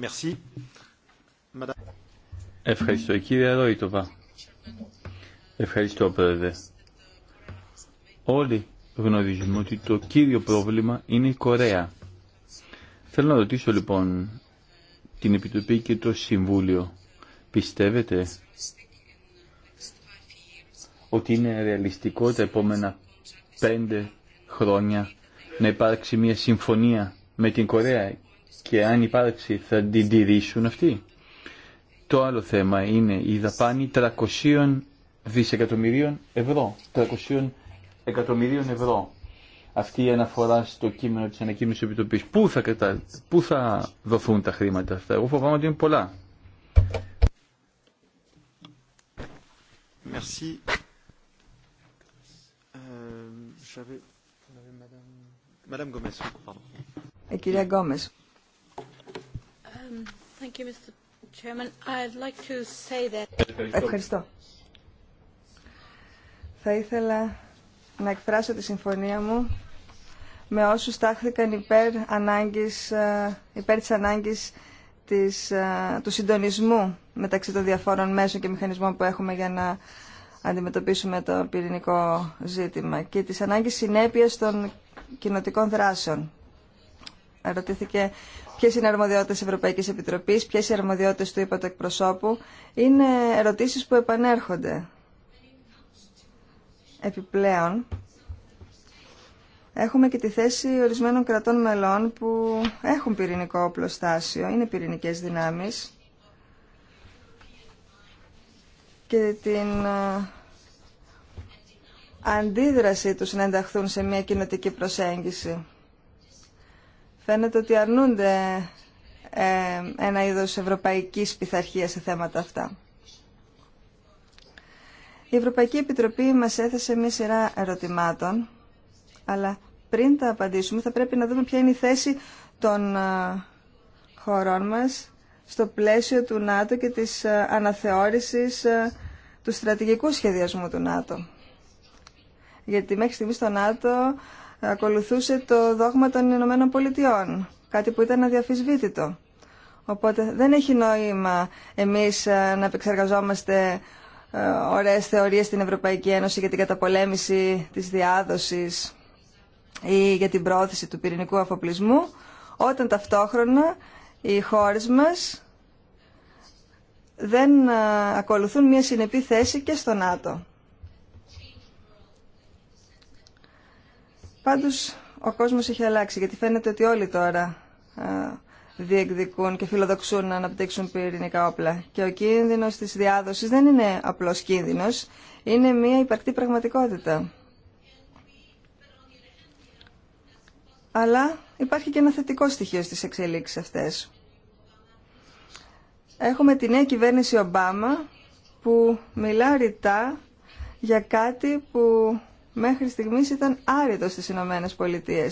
Merci. Ευχαριστώ κύριε Ρόιτοβα. Ευχαριστώ πρόεδρε. Όλοι γνωρίζουμε ότι το κύριο πρόβλημα είναι η Κορέα. Θέλω να ρωτήσω λοιπόν την Επιτροπή και το Συμβούλιο. Πιστεύετε ότι είναι ρεαλιστικό τα επόμενα πέντε χρόνια να υπάρξει μια συμφωνία με την Κορέα και αν υπάρξει θα την τηρήσουν αυτοί. Το άλλο θέμα είναι η δαπάνη 300 δισεκατομμυρίων ευρώ. 300 εκατομμυρίων ευρώ. Αυτή η αναφορά στο κείμενο της ανακοίνωσης επιτροπής. Πού θα, κατα... Πού θα δοθούν τα χρήματα αυτά. Εγώ φοβάμαι ότι είναι πολλά. Merci. Θα ήθελα να εκφράσω τη συμφωνία μου με όσου τάχθηκαν υπέρ, ανάγκης, ε, υπέρ της ανάγκης ε, του συντονισμού μεταξύ των διαφόρων μέσων και μηχανισμών που έχουμε για να αντιμετωπίσουμε το πυρηνικό ζήτημα και τις ανάγκες συνέπειας των κοινοτικών δράσεων. Ερωτήθηκε ποιε είναι οι αρμοδιότητε Ευρωπαϊκή Επιτροπή, ποιε οι αρμοδιότητε του είπα εκπροσώπου. Είναι ερωτήσει που επανέρχονται. Επιπλέον, έχουμε και τη θέση ορισμένων κρατών μελών που έχουν πυρηνικό οπλοστάσιο, είναι πυρηνικέ δυνάμει. και την ε, αντίδραση τους να ενταχθούν σε μια κοινοτική προσέγγιση. Φαίνεται ότι αρνούνται ε, ένα είδος ευρωπαϊκής πειθαρχίας σε θέματα αυτά. Η Ευρωπαϊκή Επιτροπή μας έθεσε μια σειρά ερωτημάτων, αλλά πριν τα απαντήσουμε θα πρέπει να δούμε ποια είναι η θέση των ε, χωρών μας στο πλαίσιο του ΝΑΤΟ και της αναθεώρησης του στρατηγικού σχεδιασμού του ΝΑΤΟ. Γιατί μέχρι στιγμής το ΝΑΤΟ ακολουθούσε το δόγμα των Ηνωμένων Πολιτειών, κάτι που ήταν αδιαφυσβήτητο. Οπότε δεν έχει νόημα εμείς ε, να επεξεργαζόμαστε ε, ωραίες θεωρίες στην Ευρωπαϊκή Ένωση για την καταπολέμηση της διάδοσης ή για την πρόθεση του πυρηνικού αφοπλισμού, όταν ταυτόχρονα οι χώρες μας δεν ε, ακολουθούν μια συνεπή θέση και στο ΝΑΤΟ. Πάντως ο κόσμος έχει αλλάξει γιατί φαίνεται ότι όλοι τώρα ε, διεκδικούν και φιλοδοξούν να αναπτύξουν πυρηνικά όπλα. Και ο κίνδυνος της διάδοσης δεν είναι απλός κίνδυνος, είναι μια υπαρκτή πραγματικότητα. Αλλά υπάρχει και ένα θετικό στοιχείο στις εξελίξεις αυτές έχουμε τη νέα κυβέρνηση Ομπάμα που μιλά ρητά για κάτι που μέχρι στιγμής ήταν άρρητο στις Ηνωμένε Πολιτείε.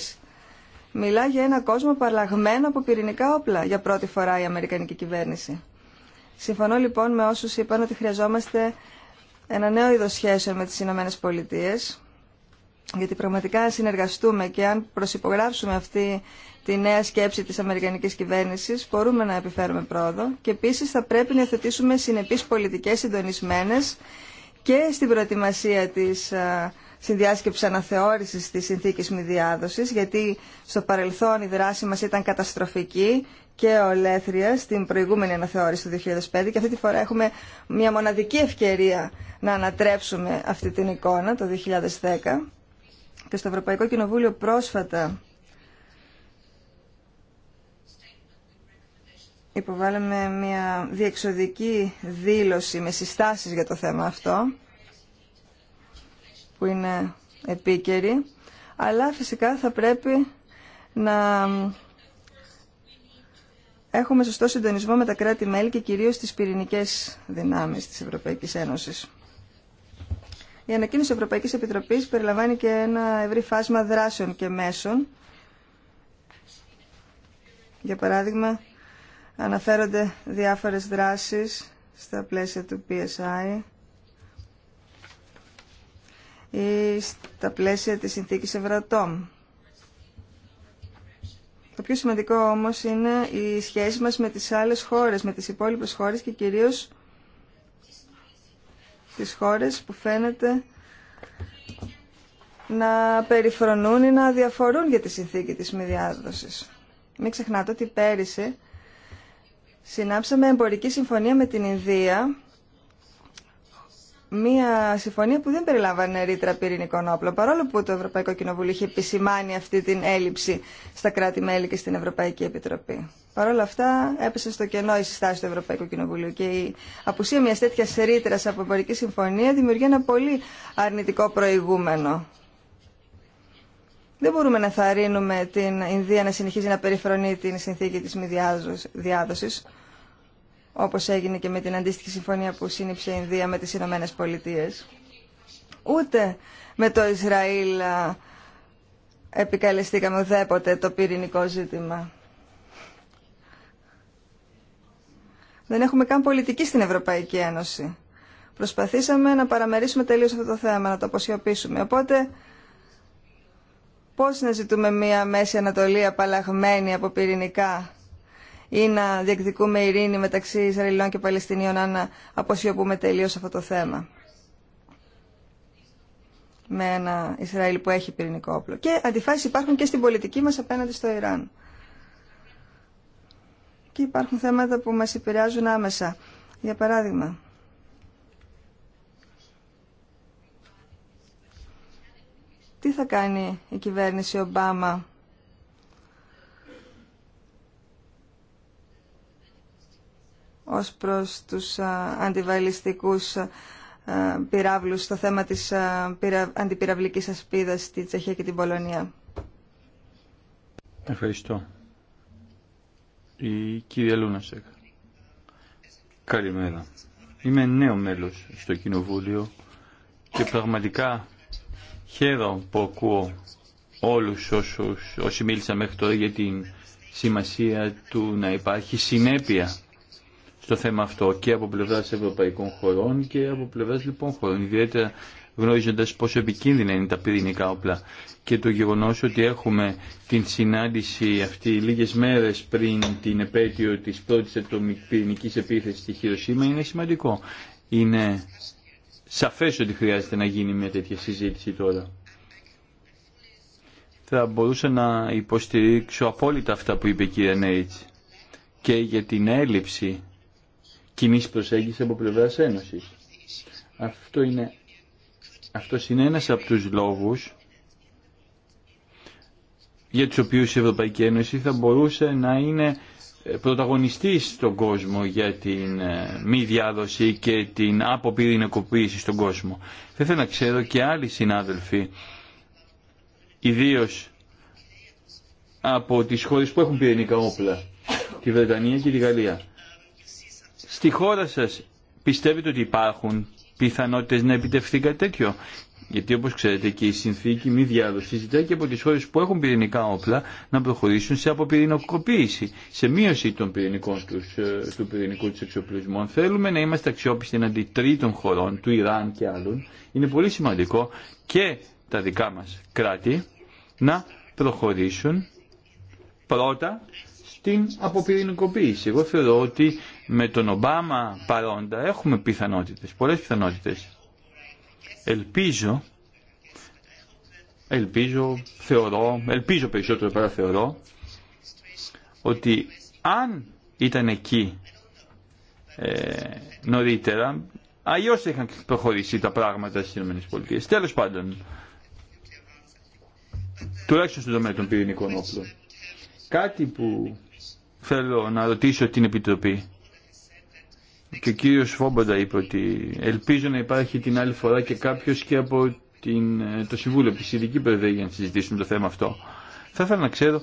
Μιλά για ένα κόσμο παραλλαγμένο από πυρηνικά όπλα για πρώτη φορά η Αμερικανική κυβέρνηση. Συμφωνώ λοιπόν με όσους είπαν ότι χρειαζόμαστε ένα νέο είδο σχέσεων με τις Ηνωμένε Πολιτείε, γιατί πραγματικά συνεργαστούμε και αν προσυπογράψουμε αυτή τη νέα σκέψη της Αμερικανικής κυβέρνησης, μπορούμε να επιφέρουμε πρόοδο και επίσης θα πρέπει να εθετήσουμε συνεπείς πολιτικές συντονισμένες και στην προετοιμασία της συνδιάσκεψης αναθεώρησης της συνθήκης μη διάδοσης, γιατί στο παρελθόν η δράση μας ήταν καταστροφική και ολέθρια στην προηγούμενη αναθεώρηση του 2005 και αυτή τη φορά έχουμε μια μοναδική ευκαιρία να ανατρέψουμε αυτή την εικόνα το 2010 και στο Ευρωπαϊκό Κοινοβούλιο πρόσφατα υποβάλαμε μια διεξοδική δήλωση με συστάσεις για το θέμα αυτό που είναι επίκαιρη αλλά φυσικά θα πρέπει να έχουμε σωστό συντονισμό με τα κράτη-μέλη και κυρίως τις πυρηνικές δυνάμεις της Ευρωπαϊκής Ένωσης. Η ανακοίνωση της Ευρωπαϊκής Επιτροπής περιλαμβάνει και ένα ευρύ φάσμα δράσεων και μέσων. Για παράδειγμα, αναφέρονται διάφορες δράσεις στα πλαίσια του PSI ή στα πλαίσια της συνθήκης Ευρατόμ. Το πιο σημαντικό όμως είναι η σχέση μας με τις άλλες χώρες, με τις υπόλοιπες χώρες και κυρίως τις χώρες που φαίνεται να περιφρονούν ή να διαφορούν για τη συνθήκη της μη διάδοσης. Μην ξεχνάτε ότι πέρυσι συνάψαμε εμπορική συμφωνία με την Ινδία, μια συμφωνία που δεν περιλάμβανε ρήτρα πυρηνικών όπλων, παρόλο που το Ευρωπαϊκό Κοινοβούλιο είχε επισημάνει αυτή την έλλειψη στα κράτη-μέλη και στην Ευρωπαϊκή Επιτροπή. Παρ' όλα αυτά έπεσε στο κενό η συστάση του Ευρωπαϊκού Κοινοβουλίου και η απουσία μια τέτοια ρήτρα από εμπορική συμφωνία δημιουργεί ένα πολύ αρνητικό προηγούμενο. Δεν μπορούμε να θαρρύνουμε την Ινδία να συνεχίζει να περιφρονεί την συνθήκη της μη διάδοσης, όπως έγινε και με την αντίστοιχη συμφωνία που σύνυψε η Ινδία με τις Ηνωμένε Πολιτείε. Ούτε με το Ισραήλ επικαλεστήκαμε ουδέποτε το πυρηνικό ζήτημα. Δεν έχουμε καν πολιτική στην Ευρωπαϊκή Ένωση. Προσπαθήσαμε να παραμερίσουμε τελείως αυτό το θέμα, να το αποσιωπήσουμε. Οπότε Πώς να ζητούμε μια Μέση Ανατολή απαλλαγμένη από πυρηνικά ή να διεκδικούμε ειρήνη μεταξύ Ισραηλών και Παλαιστινίων αν αποσιωπούμε τελείως αυτό το θέμα με ένα Ισραήλ που έχει πυρηνικό όπλο. Και αντιφάσεις υπάρχουν και στην πολιτική μας απέναντι στο Ιράν. Και υπάρχουν θέματα που μας επηρεάζουν άμεσα. Για παράδειγμα, τι θα κάνει η κυβέρνηση Ομπάμα ως προς τους αντιβαλιστικούς πυράβλους στο θέμα της αντιπυραυλικής ασπίδας στη Τσεχία και την Πολωνία. Ευχαριστώ. Η κυρία Λούνασεκ. Καλημέρα. Είμαι νέο μέλος στο Κοινοβούλιο και πραγματικά Χαίρομαι που ακούω όλους όσους, όσοι μίλησαν μέχρι τώρα για την σημασία του να υπάρχει συνέπεια στο θέμα αυτό και από πλευράς ευρωπαϊκών χωρών και από πλευράς λοιπόν χωρών, ιδιαίτερα γνωρίζοντας πόσο επικίνδυνα είναι τα πυρηνικά όπλα και το γεγονός ότι έχουμε την συνάντηση αυτή λίγες μέρες πριν την επέτειο της πρώτης ατομικής πυρηνικής επίθεσης στη Χειροσύμα είναι σημαντικό. Είναι σαφές ότι χρειάζεται να γίνει μια τέτοια συζήτηση τώρα. Θα μπορούσα να υποστηρίξω απόλυτα αυτά που είπε η κυρία Νέιτς και για την έλλειψη κοινή προσέγγιση από πλευράς Ένωση. Αυτό είναι, αυτός είναι ένας από τους λόγους για τους οποίους η Ευρωπαϊκή Ένωση θα μπορούσε να είναι ε, πρωταγωνιστής στον κόσμο για την ε, μη διάδοση και την αποπυρηνικοποίηση στον κόσμο. Θα ήθελα να ξέρω και άλλοι συνάδελφοι, ιδίως από τις χώρες που έχουν πυρηνικά όπλα, τη Βρετανία και τη Γαλλία. Στη χώρα σας πιστεύετε ότι υπάρχουν πιθανότητες να επιτευχθεί κάτι τέτοιο γιατί όπω ξέρετε και η συνθήκη μη διάδοση ζητάει και από τι χώρε που έχουν πυρηνικά όπλα να προχωρήσουν σε αποπυρηνοκοποίηση, σε μείωση των πυρηνικών τους, ε, του πυρηνικού τους εξοπλισμού. Θέλουμε να είμαστε αξιόπιστοι εναντί τρίτων χωρών, του Ιράν και άλλων. Είναι πολύ σημαντικό και τα δικά μα κράτη να προχωρήσουν πρώτα στην αποπυρηνικοποίηση. Εγώ θεωρώ ότι με τον Ομπάμα παρόντα έχουμε πιθανότητες, πολλές πιθανότητες Ελπίζω, ελπίζω, θεωρώ, ελπίζω περισσότερο παρά θεωρώ, ότι αν ήταν εκεί ε, νωρίτερα, αλλιώ είχαν προχωρήσει τα πράγματα στι ΗΠΑ. Τέλο πάντων, τουλάχιστον στον τομέα των πυρηνικών όπλων. Κάτι που θέλω να ρωτήσω την Επιτροπή και ο κύριος Φόμποντα είπε ότι ελπίζω να υπάρχει την άλλη φορά και κάποιος και από την, το Συμβούλιο, από τη Συνδική για να συζητήσουμε το θέμα αυτό. Θα ήθελα να ξέρω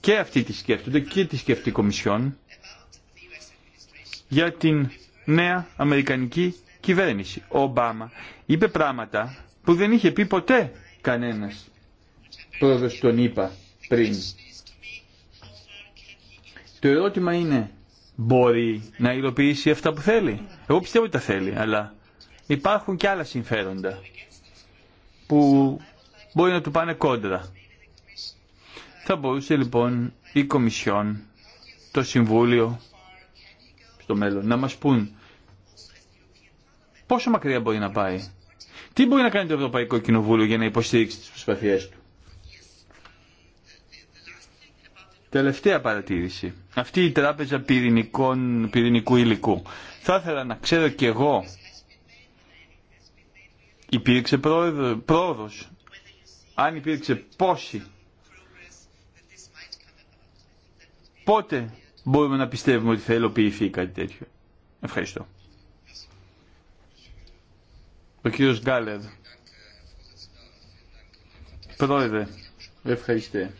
και αυτή τη σκέφτονται και τη σκέφτη η Κομισιόν για την νέα Αμερικανική κυβέρνηση. Ο Ομπάμα είπε πράγματα που δεν είχε πει ποτέ κανένας πρόεδρος τον είπα πριν. Το ερώτημα είναι μπορεί να υλοποιήσει αυτά που θέλει. Εγώ πιστεύω ότι τα θέλει, αλλά υπάρχουν και άλλα συμφέροντα που μπορεί να του πάνε κόντρα. Θα μπορούσε λοιπόν η Κομισιόν, το Συμβούλιο στο μέλλον να μας πούν πόσο μακριά μπορεί να πάει. Τι μπορεί να κάνει το Ευρωπαϊκό Κοινοβούλιο για να υποστηρίξει τις προσπαθειές του. Τελευταία παρατήρηση. Αυτή η τράπεζα πυρηνικών, πυρηνικού υλικού. Θα ήθελα να ξέρω κι εγώ, υπήρξε πρόοδος, αν υπήρξε πόση, πότε μπορούμε να πιστεύουμε ότι θα υλοποιηθεί κάτι τέτοιο. Ευχαριστώ. Ο κύριος Γκάλερ. Πρόεδρε, ευχαριστώ.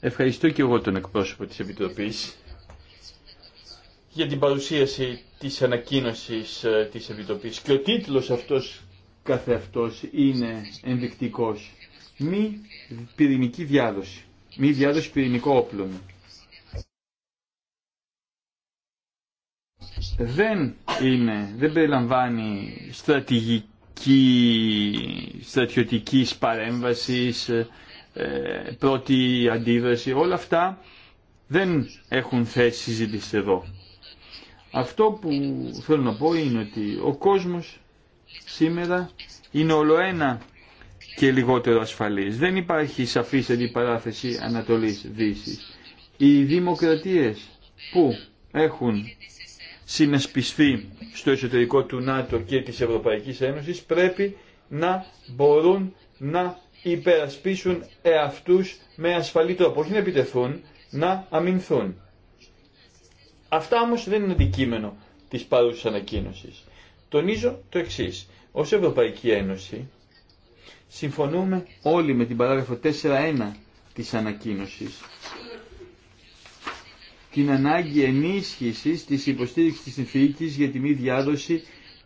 Ευχαριστώ και εγώ τον εκπρόσωπο της Επιτροπής για την παρουσίαση της ανακοίνωσης ε, της Επιτροπής και ο τίτλος αυτός καθεαυτός είναι ενδεικτικός. Μη πυρηνική διάδοση. Μη διάδοση πυρηνικό όπλο. Δεν είναι, δεν περιλαμβάνει στρατηγική, στρατιωτικής παρέμβασης, ε, πρώτη αντίδραση, όλα αυτά δεν έχουν θέση συζήτηση εδώ. Αυτό που θέλω να πω είναι ότι ο κόσμος σήμερα είναι ένα και λιγότερο ασφαλής. Δεν υπάρχει σαφής αντιπαράθεση Ανατολής-Δύσης. Οι δημοκρατίες που έχουν συνασπιστεί στο εσωτερικό του ΝΑΤΟ και της Ευρωπαϊκής Ένωσης πρέπει να μπορούν να υπερασπίσουν εαυτούς με ασφαλή τρόπο, όχι να επιτεθούν, να αμυνθούν. Αυτά όμως δεν είναι αντικείμενο της παρούσας ανακοίνωσης. Τονίζω το εξή. Ως Ευρωπαϊκή Ένωση συμφωνούμε όλοι με την παράγραφο 4.1 της ανακοίνωσης την ανάγκη ενίσχυσης της υποστήριξης της συνθήκης για τη μη διάδοση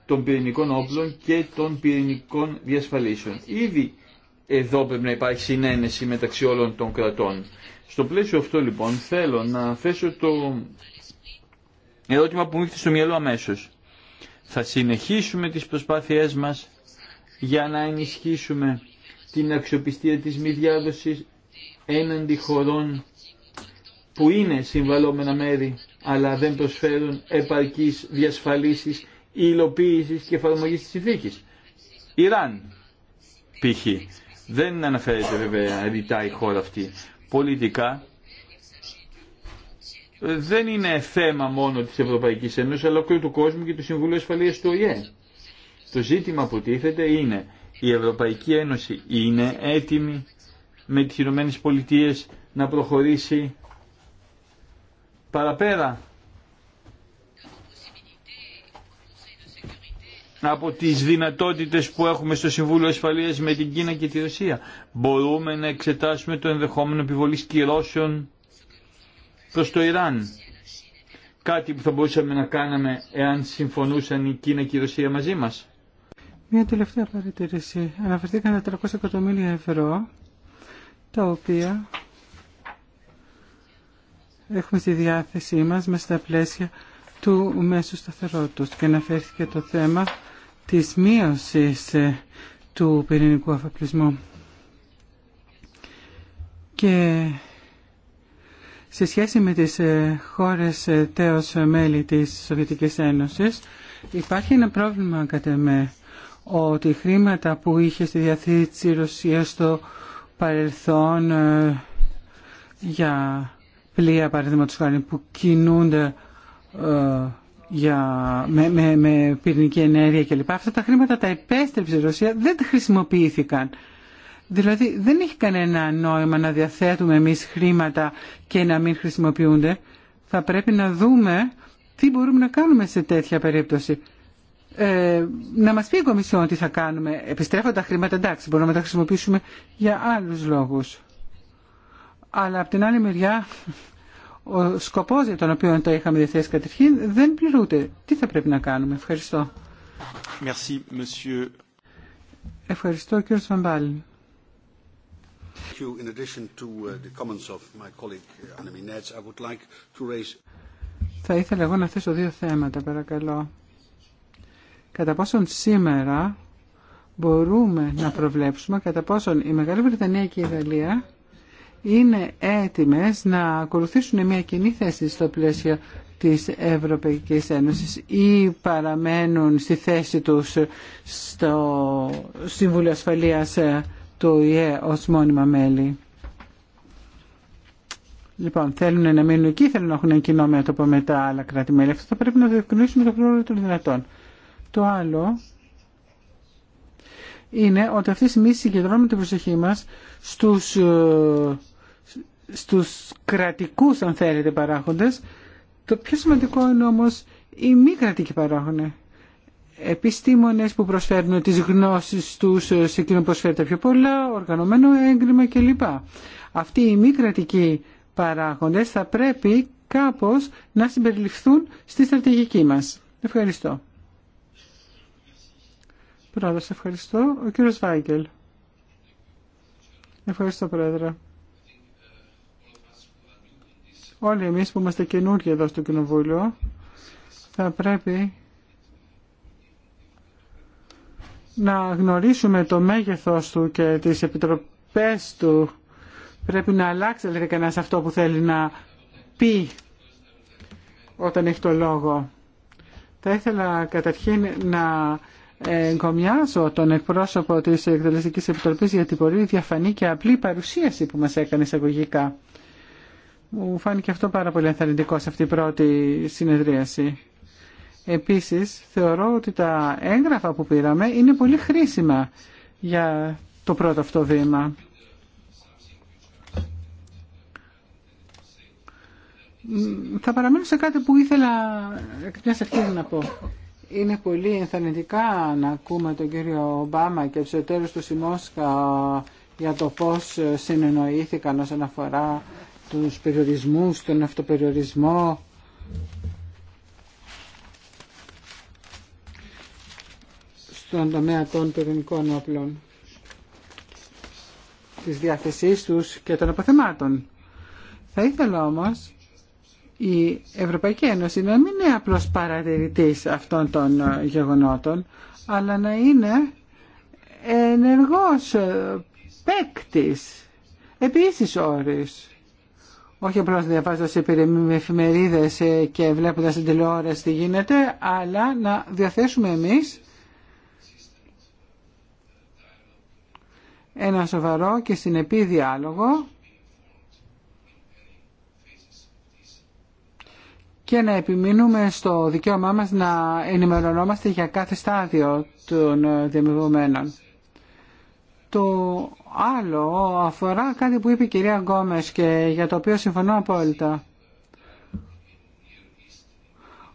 των πυρηνικών όπλων και των πυρηνικών διασφαλίσεων. Ήδη εδώ πρέπει να υπάρχει συνένεση μεταξύ όλων των κρατών. Στο πλαίσιο αυτό λοιπόν θέλω να θέσω το ερώτημα που μου ήρθε στο μυαλό αμέσως. Θα συνεχίσουμε τις προσπάθειές μας για να ενισχύσουμε την αξιοπιστία της μη διάδοσης έναντι χωρών που είναι συμβαλόμενα μέρη αλλά δεν προσφέρουν επαρκής διασφαλίσεις υλοποίησης και εφαρμογής της συνθήκης. Ιράν, π.χ. Δεν αναφέρεται βέβαια ρητά η χώρα αυτή. Πολιτικά ε, δεν είναι θέμα μόνο της Ευρωπαϊκής Ένωσης αλλά και του κόσμου και του Συμβουλίου Ασφαλείας του ΟΙΕ. Το ζήτημα που τίθεται είναι η Ευρωπαϊκή Ένωση είναι έτοιμη με τις Ηνωμένες Πολιτείες να προχωρήσει παραπέρα από τις δυνατότητες που έχουμε στο Συμβούλιο Ασφαλείας με την Κίνα και τη Ρωσία. Μπορούμε να εξετάσουμε το ενδεχόμενο επιβολής κυρώσεων προς το Ιράν. Κάτι που θα μπορούσαμε να κάναμε εάν συμφωνούσαν η Κίνα και η Ρωσία μαζί μας. Μια τελευταία παρατήρηση. Αναφερθήκαν τα 300 εκατομμύρια ευρώ, τα οποία έχουμε στη διάθεσή μας μέσα στα πλαίσια του μέσου σταθερότητα και αναφέρθηκε το θέμα της μείωσης ε, του πυρηνικού αφαπλισμού. Και σε σχέση με τις ε, χώρες ε, τέως μέλη της Σοβιετικής Ένωσης υπάρχει ένα πρόβλημα κατά με ότι χρήματα που είχε στη Διαθήκη η Ρωσία στο παρελθόν για πλοία παραδείγματος χάρη που κινούνται για, με, με, με πυρηνική ενέργεια κλπ. Αυτά τα χρήματα τα επέστρεψε η Ρωσία, δεν τα χρησιμοποιήθηκαν. Δηλαδή δεν έχει κανένα νόημα να διαθέτουμε εμείς χρήματα και να μην χρησιμοποιούνται. Θα πρέπει να δούμε τι μπορούμε να κάνουμε σε τέτοια περίπτωση. Ε, να μας πει η Κομισιόν τι θα κάνουμε. Επιστρέφω τα χρήματα, εντάξει, μπορούμε να τα χρησιμοποιήσουμε για άλλους λόγους. Αλλά από την άλλη μεριά ο σκοπός για τον οποίο το είχαμε διαθέσει δεν πληρούνται. Τι θα πρέπει να κάνουμε. Ευχαριστώ. Merci, Ευχαριστώ κύριο Σφαμπάλη. In addition to uh, the comments of my colleague uh, I would like to raise... Θα ήθελα εγώ να θέσω δύο θέματα, παρακαλώ. Κατά πόσον σήμερα μπορούμε να προβλέψουμε κατά πόσον η Μεγάλη Βρετανία και η Γαλλία είναι έτοιμες να ακολουθήσουν μια κοινή θέση στο πλαίσιο της Ευρωπαϊκής Ένωσης ή παραμένουν στη θέση τους στο Συμβούλιο Ασφαλείας του ΙΕ ως μόνιμα μέλη. Λοιπόν, θέλουν να μείνουν εκεί, θέλουν να έχουν ένα κοινό μέτωπο με τα άλλα κράτη-μέλη. Αυτό θα πρέπει να διευκρινίσουμε το χρόνο των δυνατών. Το άλλο είναι ότι αυτή τη στιγμή συγκεντρώνουμε την προσοχή μας στους ε, στους κρατικούς αν θέλετε παράγοντες το πιο σημαντικό είναι όμως οι μη κρατικοί παράγοντες επιστήμονες που προσφέρουν τις γνώσεις τους σε εκείνο που πιο πολλά, οργανωμένο έγκριμα κλπ. Αυτοί οι μη κρατικοί παράγοντες θα πρέπει κάπως να συμπεριληφθούν στη στρατηγική μας. Ευχαριστώ. Πρόεδρος, ευχαριστώ. Ο κύριος Βάγκελ. Ευχαριστώ, Πρόεδρε όλοι εμείς που είμαστε καινούργοι εδώ στο Κοινοβούλιο θα πρέπει να γνωρίσουμε το μέγεθος του και τις επιτροπές του. Πρέπει να αλλάξει λέει κανένα αυτό που θέλει να πει όταν έχει το λόγο. Θα ήθελα καταρχήν να εγκομιάζω τον εκπρόσωπο της Εκτελεστικής Επιτροπής για την πολύ διαφανή και απλή παρουσίαση που μας έκανε εισαγωγικά. Μου φάνηκε αυτό πάρα πολύ ενθαρρυντικό σε αυτή η πρώτη συνεδρίαση. Επίσης, θεωρώ ότι τα έγγραφα που πήραμε είναι πολύ χρήσιμα για το πρώτο αυτό βήμα. Θα παραμείνω σε κάτι που ήθελα εκ σε να πω. Είναι πολύ ενθαρρυντικά να ακούμε τον κύριο Ομπάμα και τους εταίρους του Σιμόσκα για το πώς συνεννοήθηκαν όσον αφορά τους περιορισμούς, τον αυτοπεριορισμό. στον τομέα των πυρηνικών όπλων, της διάθεσής τους και των αποθεμάτων. Θα ήθελα όμως η Ευρωπαϊκή Ένωση να μην είναι απλώς παρατηρητής αυτών των ε, γεγονότων, αλλά να είναι ενεργός ε, παίκτη επίσης όρης όχι απλώ διαβάζοντα εφημερίδε ε, και βλέποντα την τηλεόραση τι γίνεται, αλλά να διαθέσουμε εμείς ένα σοβαρό και συνεπή διάλογο και να επιμείνουμε στο δικαίωμά μας να ενημερωνόμαστε για κάθε στάδιο των ε, δημιουργουμένων. Το άλλο αφορά κάτι που είπε η κυρία Γκόμες και για το οποίο συμφωνώ απόλυτα.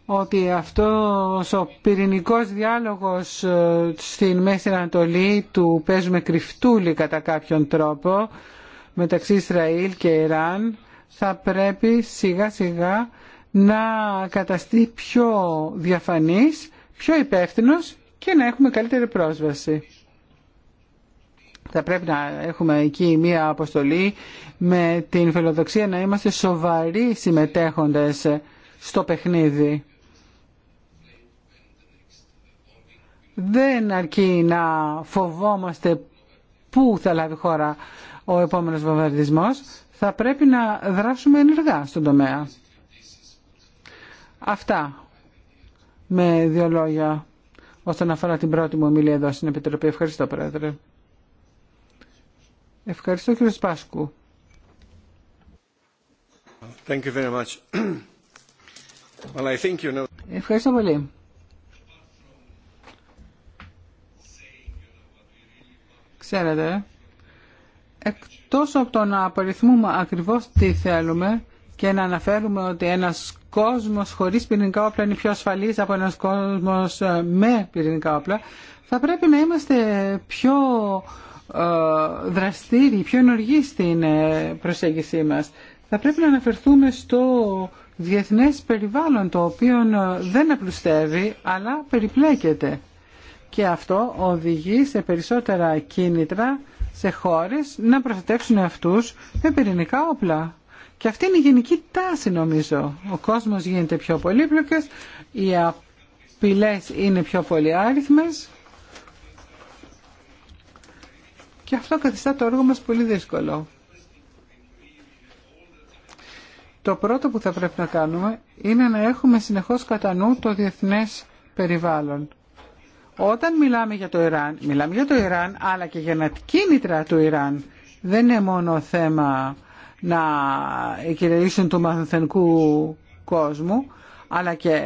Ότι αυτός ο πυρηνικός διάλογος ε, στην Μέση Ανατολή του παίζουμε κρυφτούλη κατά κάποιον τρόπο μεταξύ Ισραήλ και Ιράν θα πρέπει σιγά σιγά να καταστεί πιο διαφανής, πιο υπεύθυνος και να έχουμε καλύτερη πρόσβαση θα πρέπει να έχουμε εκεί μία αποστολή με την φιλοδοξία να είμαστε σοβαροί συμμετέχοντες στο παιχνίδι. Δεν αρκεί να φοβόμαστε πού θα λάβει χώρα ο επόμενος βομβαρδισμός, θα πρέπει να δράσουμε ενεργά στον τομέα. Αυτά με δύο λόγια όσον αφορά την πρώτη μου ομιλία εδώ στην Επιτροπή. Ευχαριστώ, Πρόεδρε. Ευχαριστώ κύριε Σπάσκου. Thank you very much. Well, I think you know... Ευχαριστώ πολύ. Ξέρετε, εκτός από το να απαριθμούμε ακριβώς τι θέλουμε και να αναφέρουμε ότι ένας κόσμος χωρίς πυρηνικά όπλα είναι πιο ασφαλής από ένας κόσμος ε, με πυρηνικά όπλα, θα πρέπει να είμαστε πιο ε, δραστήριοι, πιο ενεργοί στην ε, προσέγγιση μας. Θα πρέπει να αναφερθούμε στο διεθνές περιβάλλον το οποίο ε, δεν απλουστεύει αλλά περιπλέκεται. Και αυτό οδηγεί σε περισσότερα κίνητρα σε χώρες να προστατεύσουν αυτούς με πυρηνικά όπλα. Και αυτή είναι η γενική τάση νομίζω. Ο κόσμος γίνεται πιο πολύπλοκος, οι απειλές είναι πιο πολυάριθμες Και αυτό καθιστά το έργο μας πολύ δύσκολο. Το πρώτο που θα πρέπει να κάνουμε είναι να έχουμε συνεχώς κατά νου το διεθνές περιβάλλον. Όταν μιλάμε για το Ιράν, μιλάμε για το Ιράν αλλά και για να κίνητρα του Ιράν. Δεν είναι μόνο θέμα να κυριαρχήσουν του μαθενικού κόσμου, αλλά και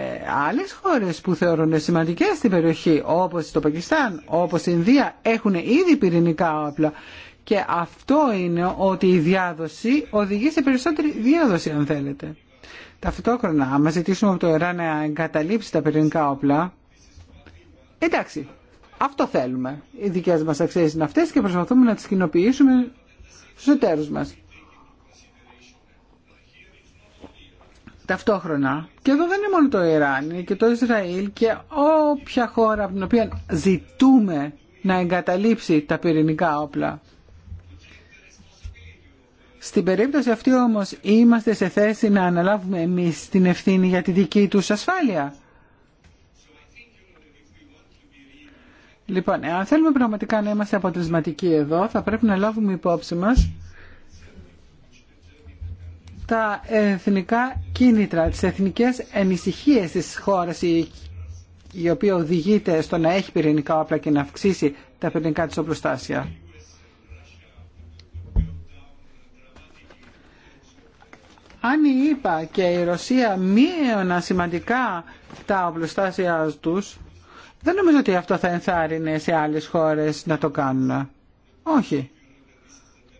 άλλες χώρες που θεωρούν σημαντικές στην περιοχή όπως το Πακιστάν, όπως η Ινδία έχουν ήδη πυρηνικά όπλα και αυτό είναι ότι η διάδοση οδηγεί σε περισσότερη διάδοση αν θέλετε. Ταυτόχρονα, άμα ζητήσουμε από το ΕΡΑ να εγκαταλείψει τα πυρηνικά όπλα, εντάξει, αυτό θέλουμε. Οι δικές μας αξίες είναι αυτές και προσπαθούμε να τις κοινοποιήσουμε στους εταίρους μας. ταυτόχρονα. Και εδώ δεν είναι μόνο το Ιράν, και το Ισραήλ και όποια χώρα από την οποία ζητούμε να εγκαταλείψει τα πυρηνικά όπλα. Στην περίπτωση αυτή όμως είμαστε σε θέση να αναλάβουμε εμείς την ευθύνη για τη δική τους ασφάλεια. Λοιπόν, αν θέλουμε πραγματικά να είμαστε αποτελεσματικοί εδώ, θα πρέπει να λάβουμε υπόψη μας τα εθνικά κίνητρα, τις εθνικές ανησυχίες της χώρας η οποία οδηγείται στο να έχει πυρηνικά όπλα και να αυξήσει τα πυρηνικά της οπλοστάσια. Αν η και η Ρωσία μείωνα σημαντικά τα οπλοστάσια τους, δεν νομίζω ότι αυτό θα ενθάρρυνε σε άλλες χώρες να το κάνουν. Όχι.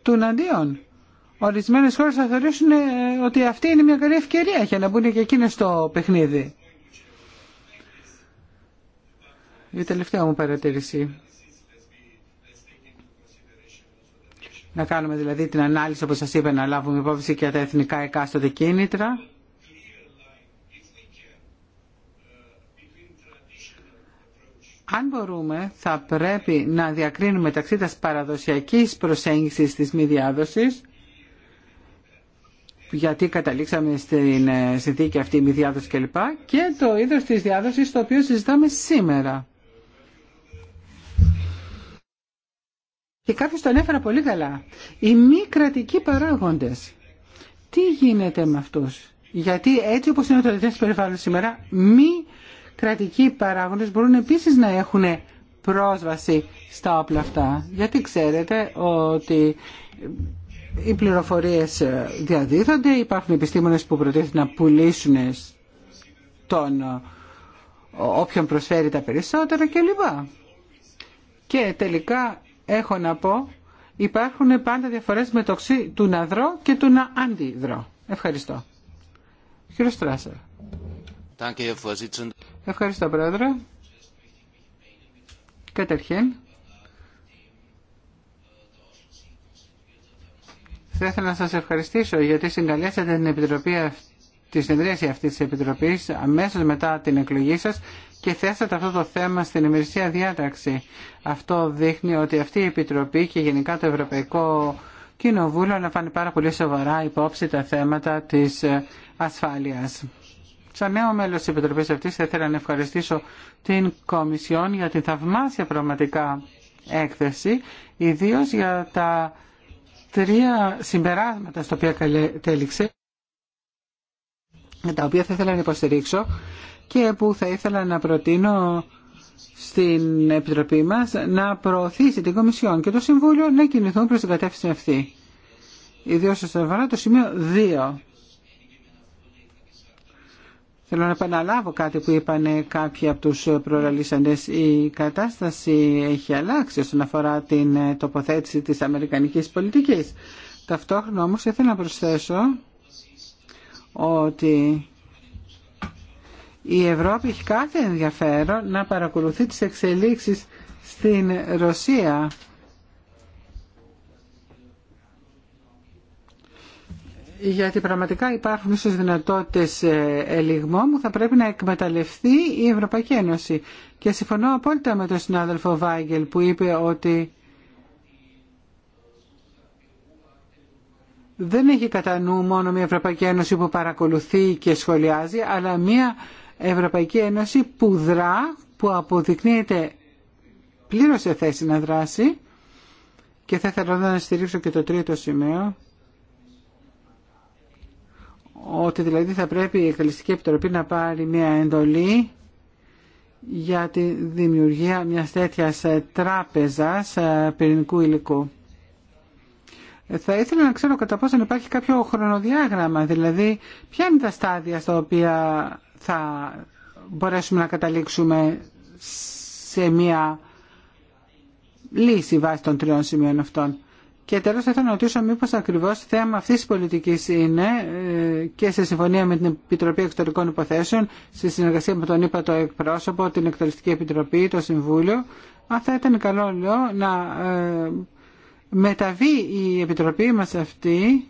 Τουναντίον Ορισμένες χώρε θα θεωρήσουν ε, ότι αυτή είναι μια καλή ευκαιρία για να μπουν και εκείνες στο παιχνίδι. Η τελευταία μου παρατήρηση. Να κάνουμε δηλαδή την ανάλυση, όπως σας είπα, να λάβουμε υπόψη και τα εθνικά εκάστοτε κίνητρα. Αν μπορούμε, θα πρέπει να διακρίνουμε μεταξύ της παραδοσιακής προσέγγισης της μη διάδοσης γιατί καταλήξαμε στην ε, συνθήκη αυτή μη διάδοση κλπ. και το είδο τη διάδοση το οποίο συζητάμε σήμερα. Και κάποιο τον έφερα πολύ καλά. Οι μη κρατικοί παράγοντες. Τι γίνεται με αυτούς. Γιατί έτσι όπως είναι το διεθνές περιβάλλον σήμερα, μη κρατικοί παράγοντες μπορούν επίσης να έχουν πρόσβαση στα όπλα αυτά. Γιατί ξέρετε ότι οι πληροφορίες ε, διαδίδονται, υπάρχουν επιστήμονες που προτείνουν να πουλήσουν τον ε, όποιον προσφέρει τα περισσότερα κλπ. Και τελικά έχω να πω υπάρχουν πάντα διαφορές μεταξύ του να δρώ και του να αντιδρώ. Ευχαριστώ. Κύριο Στράσερ. Ευχαριστώ πρόεδρε. Καταρχήν θα ήθελα να σας ευχαριστήσω γιατί συγκαλέσατε την Επιτροπή τη συνδρίαση αυτή τη Επιτροπή αμέσω μετά την εκλογή σα και θέσατε αυτό το θέμα στην ημερησία διάταξη. Αυτό δείχνει ότι αυτή η Επιτροπή και γενικά το Ευρωπαϊκό Κοινοβούλιο λαμβάνει πάρα πολύ σοβαρά υπόψη τα θέματα τη ε, ασφάλεια. Σαν νέο μέλο τη Επιτροπή αυτή, θα ήθελα να ευχαριστήσω την Κομισιόν για την θαυμάσια πραγματικά έκθεση, ιδίω για τα τρία συμπεράσματα στα οποία κατέληξε τα οποία θα ήθελα να υποστηρίξω και που θα ήθελα να προτείνω στην Επιτροπή μας να προωθήσει την Κομισιόν και το Συμβούλιο να κινηθούν προς την κατεύθυνση αυτή. Ιδίως σας αφορά το σημείο 2 Θέλω να επαναλάβω κάτι που είπαν κάποιοι από τους προλαλήσαντες. Η κατάσταση έχει αλλάξει όσον αφορά την ε, τοποθέτηση της αμερικανικής πολιτικής. Ταυτόχρονα όμως ήθελα να προσθέσω ότι η Ευρώπη έχει κάθε ενδιαφέρον να παρακολουθεί τις εξελίξεις στην Ρωσία γιατί πραγματικά υπάρχουν ίσως δυνατότητες ε, ελιγμό που θα πρέπει να εκμεταλλευτεί η Ευρωπαϊκή Ένωση. Και συμφωνώ απόλυτα με τον συνάδελφο Βάγγελ που είπε ότι δεν έχει κατά νου μόνο μια Ευρωπαϊκή Ένωση που παρακολουθεί και σχολιάζει, αλλά μια Ευρωπαϊκή Ένωση που δρά, που αποδεικνύεται πλήρως σε θέση να δράσει. Και θα ήθελα να στηρίξω και το τρίτο σημείο ότι δηλαδή θα πρέπει η Εκκληστική Επιτροπή να πάρει μια εντολή για τη δημιουργία μιας τέτοιας ε, τράπεζας ε, πυρηνικού υλικού. Ε, θα ήθελα να ξέρω κατά πόσο υπάρχει κάποιο χρονοδιάγραμμα, δηλαδή ποια είναι τα στάδια στα οποία θα μπορέσουμε να καταλήξουμε σε μια λύση βάσει των τριών σημείων αυτών. Και τέλο θα ήθελα να ρωτήσω μήπως ακριβώ θέμα αυτή τη πολιτική είναι ε, και σε συμφωνία με την Επιτροπή Εξωτερικών Υποθέσεων, στη συνεργασία με τον είπα το εκπρόσωπο, την Εκτελεστική Επιτροπή, το Συμβούλιο, αν θα ήταν καλό λέω, να ε, μεταβεί η Επιτροπή μα αυτή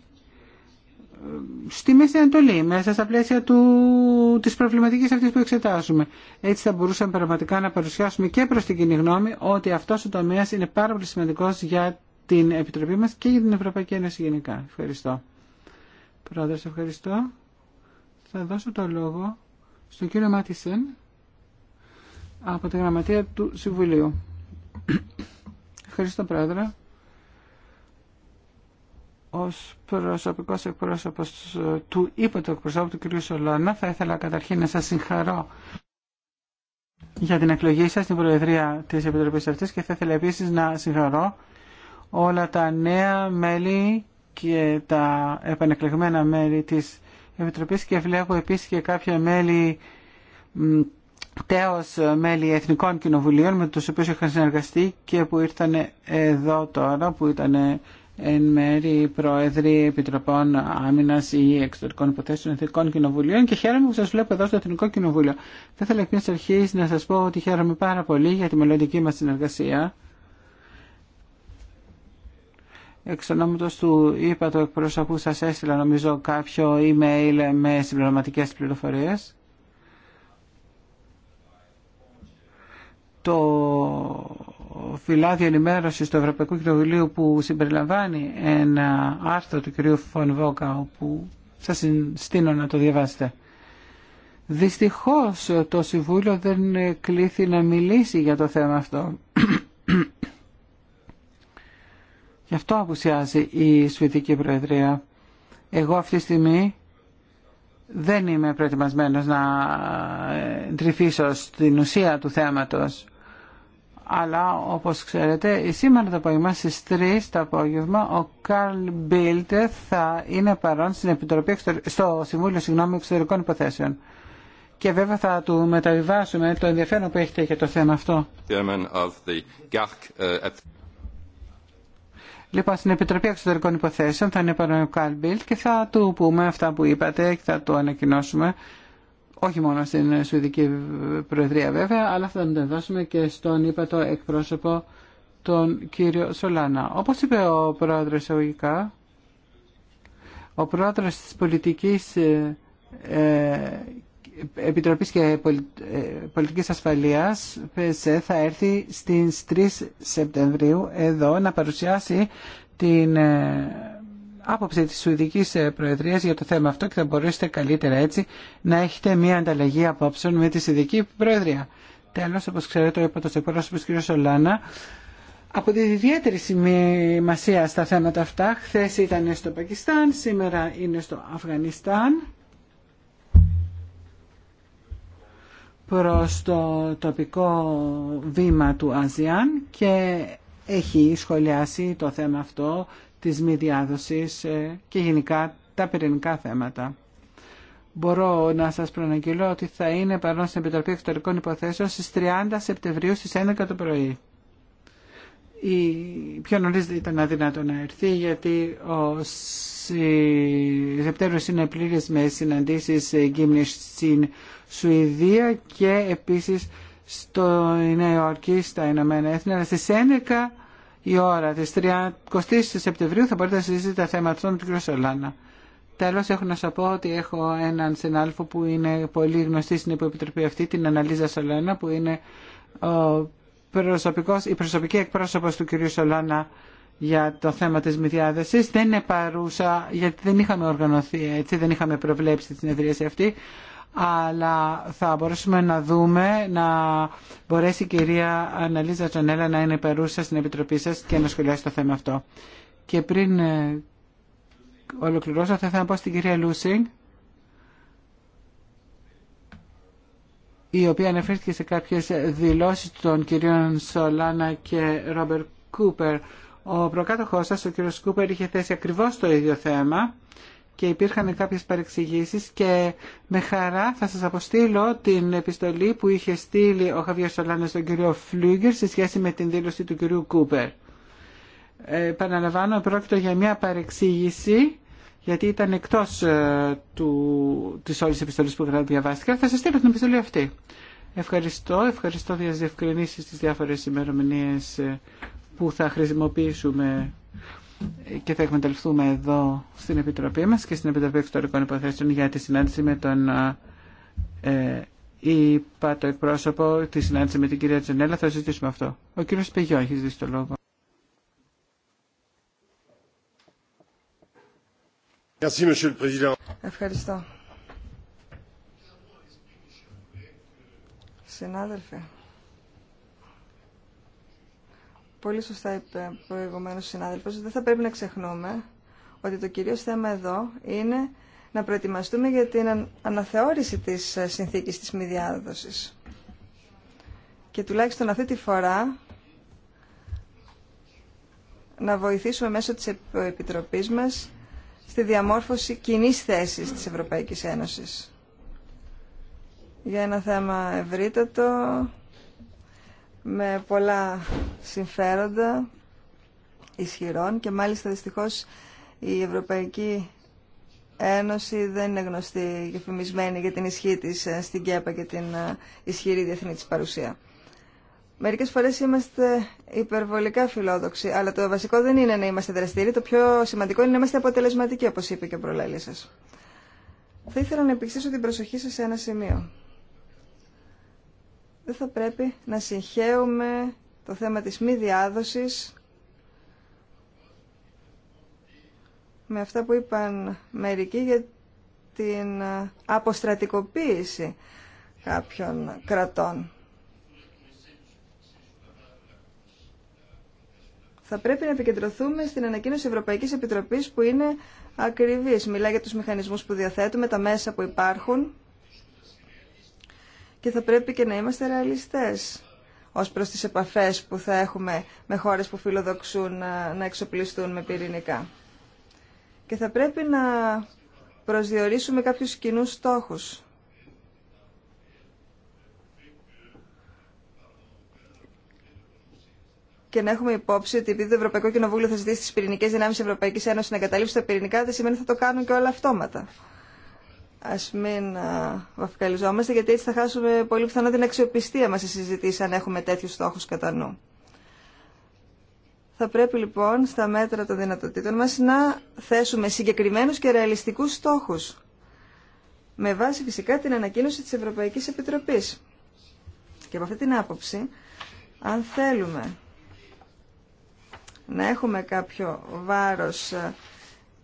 ε, στη Μέση Ανατολή, μέσα στα πλαίσια του, της προβληματικής αυτής που εξετάζουμε. Έτσι θα μπορούσαμε πραγματικά να παρουσιάσουμε και προς την κοινή γνώμη ότι αυτός ο τομέας είναι πάρα πολύ σημαντικό για την Επιτροπή μας και για την Ευρωπαϊκή Ένωση γενικά. Ευχαριστώ. Πρόεδρος, ευχαριστώ. Θα δώσω το λόγο στον κύριο Μάτισεν από τη Γραμματεία του Συμβουλίου. Ευχαριστώ, Πρόεδρε. Ω προσωπικό εκπρόσωπο του ύπατο εκπροσώπου του κ. Σολώνα, θα ήθελα καταρχήν να σα συγχαρώ για την εκλογή σα στην Προεδρία τη Επιτροπή Αυτή και θα ήθελα επίση να συγχαρώ όλα τα νέα μέλη και τα επανεκλεγμένα μέλη της Επιτροπής και βλέπω επίσης και κάποια μέλη τέως μέλη εθνικών κοινοβουλίων με τους οποίους είχα συνεργαστεί και που ήρθαν εδώ τώρα που ήταν εν μέρη πρόεδροι επιτροπών Άμυνας ή εξωτερικών υποθέσεων εθνικών κοινοβουλίων και χαίρομαι που σας βλέπω εδώ στο Εθνικό Κοινοβούλιο. Θα ήθελα εκ να σας πω ότι χαίρομαι πάρα πολύ για τη μελλοντική μας συνεργασία Εξ ονόματος του είπα το εκπρόσωπο σας έστειλα νομίζω κάποιο email με συμπληρωματικές πληροφορίες. Το φυλάδιο ενημέρωση του Ευρωπαϊκού Κοινοβουλίου που συμπεριλαμβάνει ένα άρθρο του κυρίου Φωνβόκα όπου σας συστήνω να το διαβάσετε. Δυστυχώς το Συμβούλιο δεν κλήθη να μιλήσει για το θέμα αυτό. Γι' αυτό απουσιάζει η Σουηδική Προεδρία. Εγώ αυτή τη στιγμή δεν είμαι προετοιμασμένος να ε, τρυφήσω στην ουσία του θέματος. Αλλά όπως ξέρετε, σήμερα το απόγευμα στις 3 το απόγευμα ο Καρλ Μπίλτε θα είναι παρόν στην Επιτροπή, στο Συμβούλιο Συγγνώμη Εξωτερικών Υποθέσεων. Και βέβαια θα του μεταβιβάσουμε το ενδιαφέρον που έχετε για το θέμα αυτό. Λοιπόν, στην Επιτροπή Εξωτερικών Υποθέσεων θα είναι παρόν ο Κάλμπιλτ και θα του πούμε αυτά που είπατε και θα το ανακοινώσουμε. Όχι μόνο στην Σουηδική Προεδρία βέβαια, αλλά θα τον δώσουμε και στον το εκπρόσωπο τον κύριο Σολάνα. Όπως είπε ο πρόεδρος εισαγωγικά, ο πρόεδρος της πολιτικής ε, ε Επιτροπής και ε, Πολιτικής Ασφαλείας ΠΕΣΕ e, θα έρθει στις 3 Σεπτεμβρίου εδώ να παρουσιάσει την ε, άποψη της Σουηδικής ε, Προεδρίας για το θέμα αυτό και θα μπορέσετε καλύτερα έτσι να έχετε μια ανταλλαγή απόψεων με τη Σουηδική Προεδρία. Τέλος, όπως ξέρετε, ο υπότος εκπρόσωπος κ. Σολάνα τη ιδιαίτερη σημασία στα θέματα αυτά. Χθες ήταν στο Πακιστάν, σήμερα είναι στο Αφγανιστάν. προς το τοπικό βήμα του ΑΖΙΑΝ και έχει σχολιάσει το θέμα αυτό της μη διάδοσης ε, και γενικά τα πυρηνικά θέματα. Μπορώ να σας προναγγείλω ότι θα είναι παρόν στην Επιτροπή Εξωτερικών Υποθέσεων στις 30 Σεπτεμβρίου στις 11 το πρωί. Η... Πιο νωρίς ήταν αδυνατό να έρθει γιατί ο Σεπτέμβριος είναι πλήρης με συναντήσεις γκύμνης στην Σουηδία και επίσης στο Νέα Υόρκη, στα Ηνωμένα Έθνη, αλλά στις 11 η ώρα της 30 Σεπτεμβρίου θα μπορείτε να συζητήσετε τα θέματα αυτών του κ. Σολάνα. Τέλο έχω να σα πω ότι έχω έναν συνάλφο που είναι πολύ γνωστή στην υποεπιτροπή αυτή, την Αναλίζα Σολάνα, που είναι ο προσωπικός, η προσωπική εκπρόσωπο του κ. Σολάνα για το θέμα της διάδεση. Δεν είναι παρούσα, γιατί δεν είχαμε οργανωθεί έτσι, δεν είχαμε προβλέψει τη συνεδρίαση αυτή, αλλά θα μπορέσουμε να δούμε να μπορέσει η κυρία Αναλίζα Τζονέλα να είναι περούσα στην Επιτροπή σας και να σχολιάσει το θέμα αυτό. Και πριν ε, ολοκληρώσω θα ήθελα να πω στην κυρία Λούσινγκ η οποία αναφέρθηκε σε κάποιες δηλώσεις των κυρίων Σολάνα και Ρόμπερ Κούπερ. Ο προκάτοχός σας, ο κύριος Κούπερ, είχε θέσει ακριβώς το ίδιο θέμα και υπήρχαν κάποιες παρεξηγήσεις και με χαρά θα σας αποστείλω την επιστολή που είχε στείλει ο Χαβιέρ Σολάνος στον κύριο Φλούγκερ σε σχέση με την δήλωση του κυρίου Κούπερ. Ε, πρόκειται για μια παρεξήγηση γιατί ήταν εκτός ε, του, της όλης της επιστολής που διαβάστηκα. Θα σας στείλω την επιστολή αυτή. Ευχαριστώ, ευχαριστώ για τις διευκρινήσεις στις διάφορες ημερομηνίες ε, που θα χρησιμοποιήσουμε και θα εκμεταλλευτούμε εδώ στην Επιτροπή μας και στην Επιτροπή Εξωτερικών Υποθέσεων για τη συνάντηση με τον ε, το εκπρόσωπο τη συνάντηση με την κυρία Τζενέλα, θα συζητήσουμε αυτό. Ο κύριος Πεγιό έχει ζητήσει το λόγο. Ευχαριστώ. Συνάδελφε πολύ σωστά είπε ο ο συνάδελφο, δεν θα πρέπει να ξεχνούμε ότι το κυρίω θέμα εδώ είναι να προετοιμαστούμε για την αναθεώρηση της ε, συνθήκης της μη διάδοση. Και τουλάχιστον αυτή τη φορά να βοηθήσουμε μέσω της Επιτροπής μας στη διαμόρφωση κοινή θέση της Ευρωπαϊκής Ένωσης. Για ένα θέμα ευρύτατο με πολλά συμφέροντα ισχυρών και μάλιστα δυστυχώς η Ευρωπαϊκή Ένωση δεν είναι γνωστή και φημισμένη για την ισχύ της ε, στην ΚΕΠΑ και την ε, ισχυρή διεθνή της παρουσία. Μερικές φορές είμαστε υπερβολικά φιλόδοξοι, αλλά το βασικό δεν είναι να είμαστε δραστήριοι, το πιο σημαντικό είναι να είμαστε αποτελεσματικοί, όπως είπε και ο προλαλής σας. Θα ήθελα να επιστήσω την προσοχή σας σε ένα σημείο δεν θα πρέπει να συγχαίουμε το θέμα της μη διάδοσης με αυτά που είπαν μερικοί για την αποστρατικοποίηση κάποιων κρατών. Θα πρέπει να επικεντρωθούμε στην ανακοίνωση Ευρωπαϊκής Επιτροπής που είναι ακριβής. Μιλά για τους μηχανισμούς που διαθέτουμε, τα μέσα που υπάρχουν και θα πρέπει και να είμαστε ρεαλιστές ως προς τις επαφές που θα έχουμε με χώρες που φιλοδοξούν ε, να, εξοπλιστούν με πυρηνικά. Και θα πρέπει να προσδιορίσουμε κάποιους κοινούς στόχους. Και να έχουμε υπόψη ότι επειδή το Ευρωπαϊκό Κοινοβούλιο θα ζητήσει τι πυρηνικέ δυνάμει τη Ευρωπαϊκή Ένωση να καταλήψουν τα πυρηνικά, δεν σημαίνει ότι θα το κάνουν και όλα αυτόματα. Α μην βαφκαλιζόμαστε, γιατί έτσι θα χάσουμε πολύ πιθανό την αξιοπιστία μα σε συζητήσει αν έχουμε τέτοιου στόχου κατά νου. Θα πρέπει λοιπόν στα μέτρα των δυνατοτήτων μα να θέσουμε συγκεκριμένου και ρεαλιστικού στόχου με βάση φυσικά την ανακοίνωση τη Ευρωπαϊκή Επιτροπή. Και από αυτή την άποψη, αν θέλουμε να έχουμε κάποιο βάρος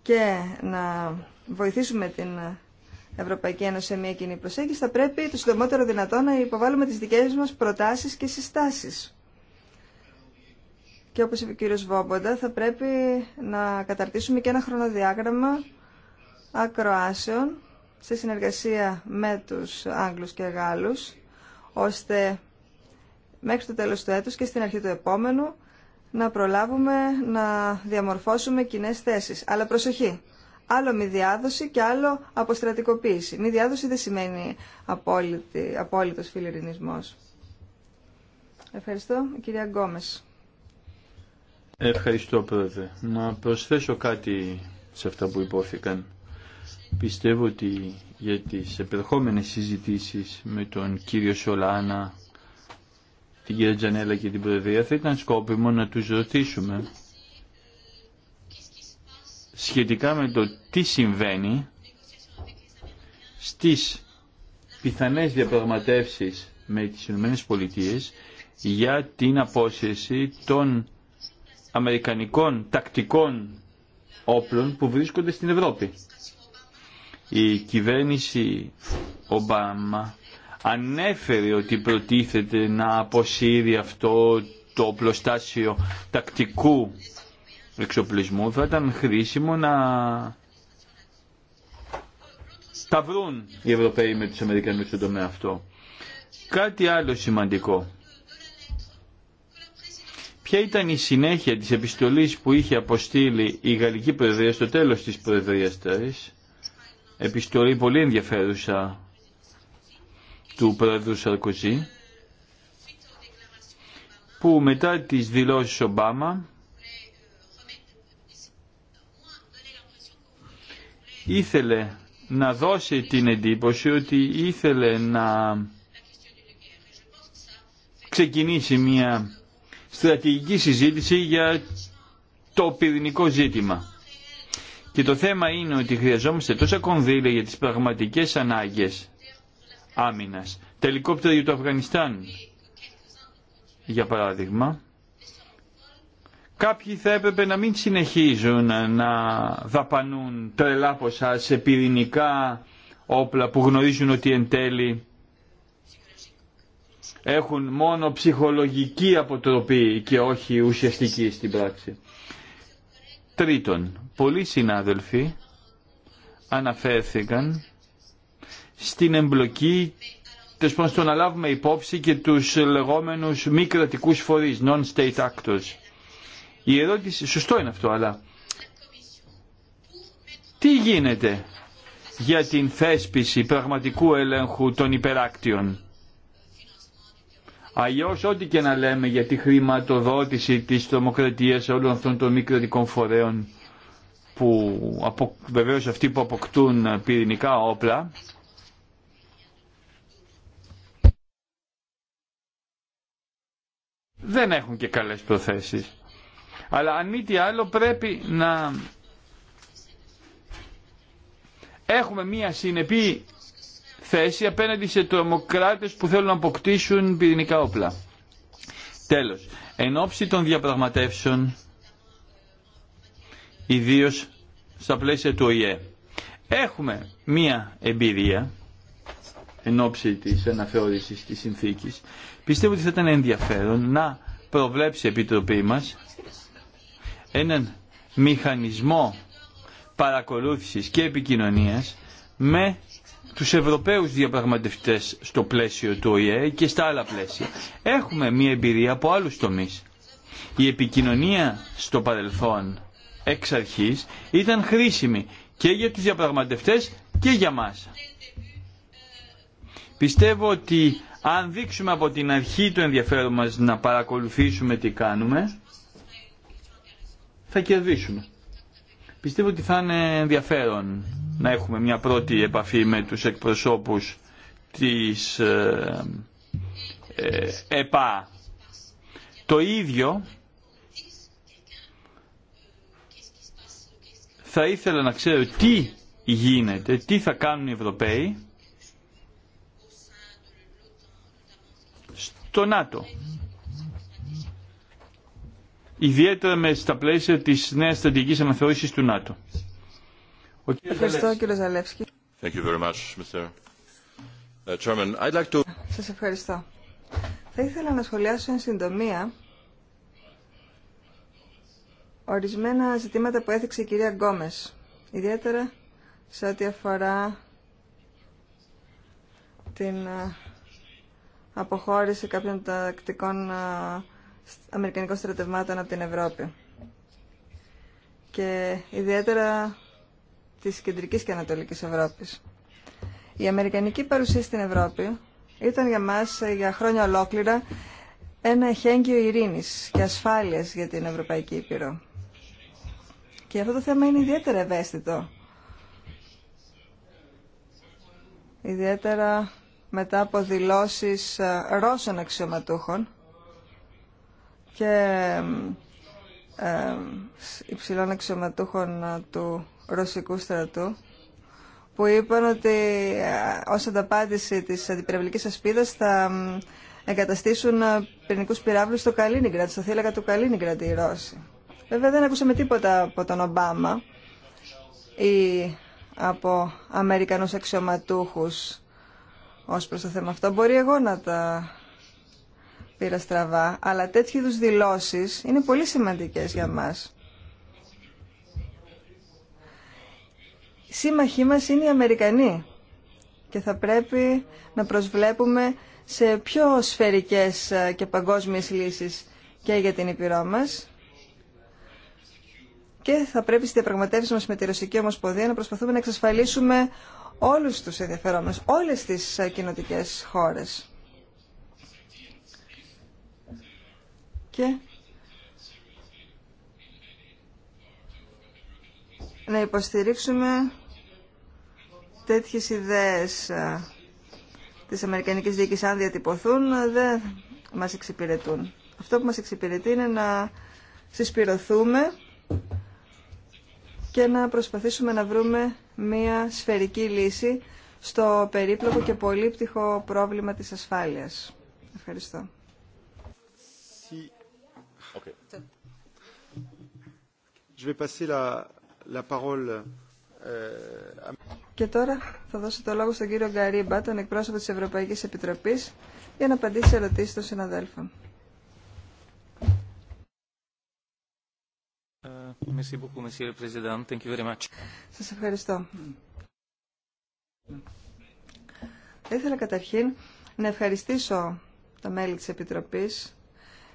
και να βοηθήσουμε την Ευρωπαϊκή Ένωση σε μια κοινή προσέγγιση, θα πρέπει το συντομότερο δυνατό να υποβάλουμε τις δικές μας προτάσεις και συστάσεις. Και όπω είπε ο κύριος Βόμποντα, θα πρέπει να καταρτήσουμε και ένα χρονοδιάγραμμα ακροάσεων σε συνεργασία με τους Άγγλους και Γάλλους, ώστε μέχρι το τέλος του έτους και στην αρχή του επόμενου να προλάβουμε να διαμορφώσουμε κοινέ θέσεις. Αλλά προσοχή, άλλο μη διάδοση και άλλο αποστρατικοποίηση. Μη διάδοση δεν σημαίνει απόλυτη, απόλυτος φιλερινισμός. Ευχαριστώ. Κυρία Γκόμες. Ευχαριστώ πρόεδρε. Να προσθέσω κάτι σε αυτά που υπόθηκαν. Πιστεύω ότι για τις επερχόμενες συζητήσεις με τον κύριο Σολάνα, την κυρία Τζανέλα και την Προεδρία θα ήταν σκόπιμο να τους ρωτήσουμε σχετικά με το τι συμβαίνει στις πιθανές διαπραγματεύσεις με τις Ηνωμένες Πολιτείες για την απόσυρση των αμερικανικών τακτικών όπλων που βρίσκονται στην Ευρώπη. Η κυβέρνηση Ομπάμα ανέφερε ότι προτίθεται να αποσύρει αυτό το οπλοστάσιο τακτικού εξοπλισμού θα ήταν χρήσιμο να τα βρουν οι Ευρωπαίοι με τους Αμερικανούς στον τομέα αυτό. Κάτι άλλο σημαντικό. Ποια ήταν η συνέχεια της επιστολής που είχε αποστείλει η Γαλλική Προεδρία στο τέλος της Προεδρίας της. Επιστολή πολύ ενδιαφέρουσα του Πρόεδρου Σαρκοζή που μετά τις δηλώσεις Ομπάμα ήθελε να δώσει την εντύπωση ότι ήθελε να ξεκινήσει μια στρατηγική συζήτηση για το πυρηνικό ζήτημα. Και το θέμα είναι ότι χρειαζόμαστε τόσα κονδύλια για τις πραγματικές ανάγκες άμυνας. Τελικόπτερα για το Αφγανιστάν, για παράδειγμα, Κάποιοι θα έπρεπε να μην συνεχίζουν να δαπανούν τρελά ποσά σε πυρηνικά όπλα που γνωρίζουν ότι εν τέλει έχουν μόνο ψυχολογική αποτροπή και όχι ουσιαστική στην πράξη. Τρίτον, πολλοί συνάδελφοι αναφέρθηκαν στην εμπλοκή της να λάβουμε υπόψη και τους λεγόμενους μη κρατικούς φορείς, non-state actors. Η ερώτηση, σωστό είναι αυτό, αλλά τι γίνεται για την θέσπιση πραγματικού έλεγχου των υπεράκτιων. Αλλιώ ό,τι και να λέμε για τη χρηματοδότηση της τρομοκρατίας όλων αυτών των μη κρατικών φορέων που απο, βεβαίως αυτοί που αποκτούν πυρηνικά όπλα δεν έχουν και καλές προθέσεις. Αλλά αν μη τι άλλο πρέπει να έχουμε μία συνεπή θέση απέναντι σε τρομοκράτες που θέλουν να αποκτήσουν πυρηνικά όπλα. Τέλος, εν ώψη των διαπραγματεύσεων, ιδίως στα πλαίσια του ΟΗΕ, έχουμε μία εμπειρία εν ώψη της αναθεώρησης της συνθήκης. Πιστεύω ότι θα ήταν ενδιαφέρον να προβλέψει η Επιτροπή μας έναν μηχανισμό παρακολούθησης και επικοινωνίας με τους Ευρωπαίους διαπραγματευτές στο πλαίσιο του ΟΗΕ και στα άλλα πλαίσια. Έχουμε μια εμπειρία από άλλους τομείς. Η επικοινωνία στο παρελθόν εξ αρχής ήταν χρήσιμη και για τους διαπραγματευτές και για μας. Πιστεύω ότι αν δείξουμε από την αρχή το ενδιαφέρον μας να παρακολουθήσουμε τι κάνουμε, θα κερδίσουμε. Πιστεύω ότι θα είναι ενδιαφέρον να έχουμε μια πρώτη επαφή με τους εκπροσώπους της ε, ε, ΕΠΑ. Το ίδιο θα ήθελα να ξέρω τι γίνεται, τι θα κάνουν οι Ευρωπαίοι στο ΝΑΤΟ ιδιαίτερα με στα πλαίσια τη νέα στρατηγική αναθεώρηση του ΝΑΤΟ. Ευχαριστώ κύριε Ζαλεύσκη. Thank you very much, Mr. Uh, Chairman. I'd like to... Σας ευχαριστώ. Θα ήθελα να σχολιάσω εν συντομία ορισμένα ζητήματα που έθιξε η κυρία Γκόμες, ιδιαίτερα σε ό,τι αφορά την ε, αποχώρηση κάποιων τακτικών ε, Αμερικανικών στρατευμάτων από την Ευρώπη. Και ιδιαίτερα της Κεντρικής και Ανατολικής Ευρώπης. Η Αμερικανική παρουσία στην Ευρώπη ήταν για μας για χρόνια ολόκληρα ένα εχέγγυο ειρήνης και ασφάλειας για την Ευρωπαϊκή Ήπειρο. Και αυτό το θέμα είναι ιδιαίτερα ευαίσθητο. Ιδιαίτερα μετά από δηλώσεις ε, Ρώσων αξιωματούχων και υψηλών αξιωματούχων ε, του Ρωσικού στρατού που είπαν ότι ε, ως ανταπάτηση της αντιπυραυλικής ασπίδας θα εγκαταστήσουν ε, πυρηνικού πυράβλους στο Καλίνιγκραντ, στο θύλακα του Καλίνιγκραντ οι Ρώσοι. Βέβαια δεν ακούσαμε τίποτα από τον Ομπάμα ή από Αμερικανούς αξιωματούχους ως προς το θέμα αυτό. Μπορεί εγώ να τα πήρα αλλά τέτοιου είδου δηλώσεις είναι πολύ σημαντικές για μας. Σύμμαχοί μα είναι οι Αμερικανοί και θα πρέπει να προσβλέπουμε σε πιο σφαιρικές ε, και παγκόσμιες λύσεις και για την Ήπειρό μας και θα πρέπει στη διαπραγματεύσεις μας με τη Ρωσική να προσπαθούμε να εξασφαλίσουμε όλους τους ενδιαφερόμενους, όλες τις ε, κοινοτικές χώρες. και να υποστηρίξουμε τέτοιες ιδέες ε, της Αμερικανικής Διοίκησης αν διατυπωθούν ε, δεν μας εξυπηρετούν. Αυτό που μας εξυπηρετεί είναι να συσπηρωθούμε και να προσπαθήσουμε να βρούμε μία σφαιρική λύση στο περίπλοκο και πολύπτυχο πρόβλημα της ασφάλειας. Ευχαριστώ. Euh, και τώρα θα δώσω το λόγο στον κύριο Γκαρίμπα, τον εκπρόσωπο της Ευρωπαϊκής Επιτροπής, για να απαντήσει σε ερωτήσεις των συναδέλφων. Ε, Σας ευχαριστώ. Θα ήθελα καταρχήν να ευχαριστήσω τα μέλη της Επιτροπής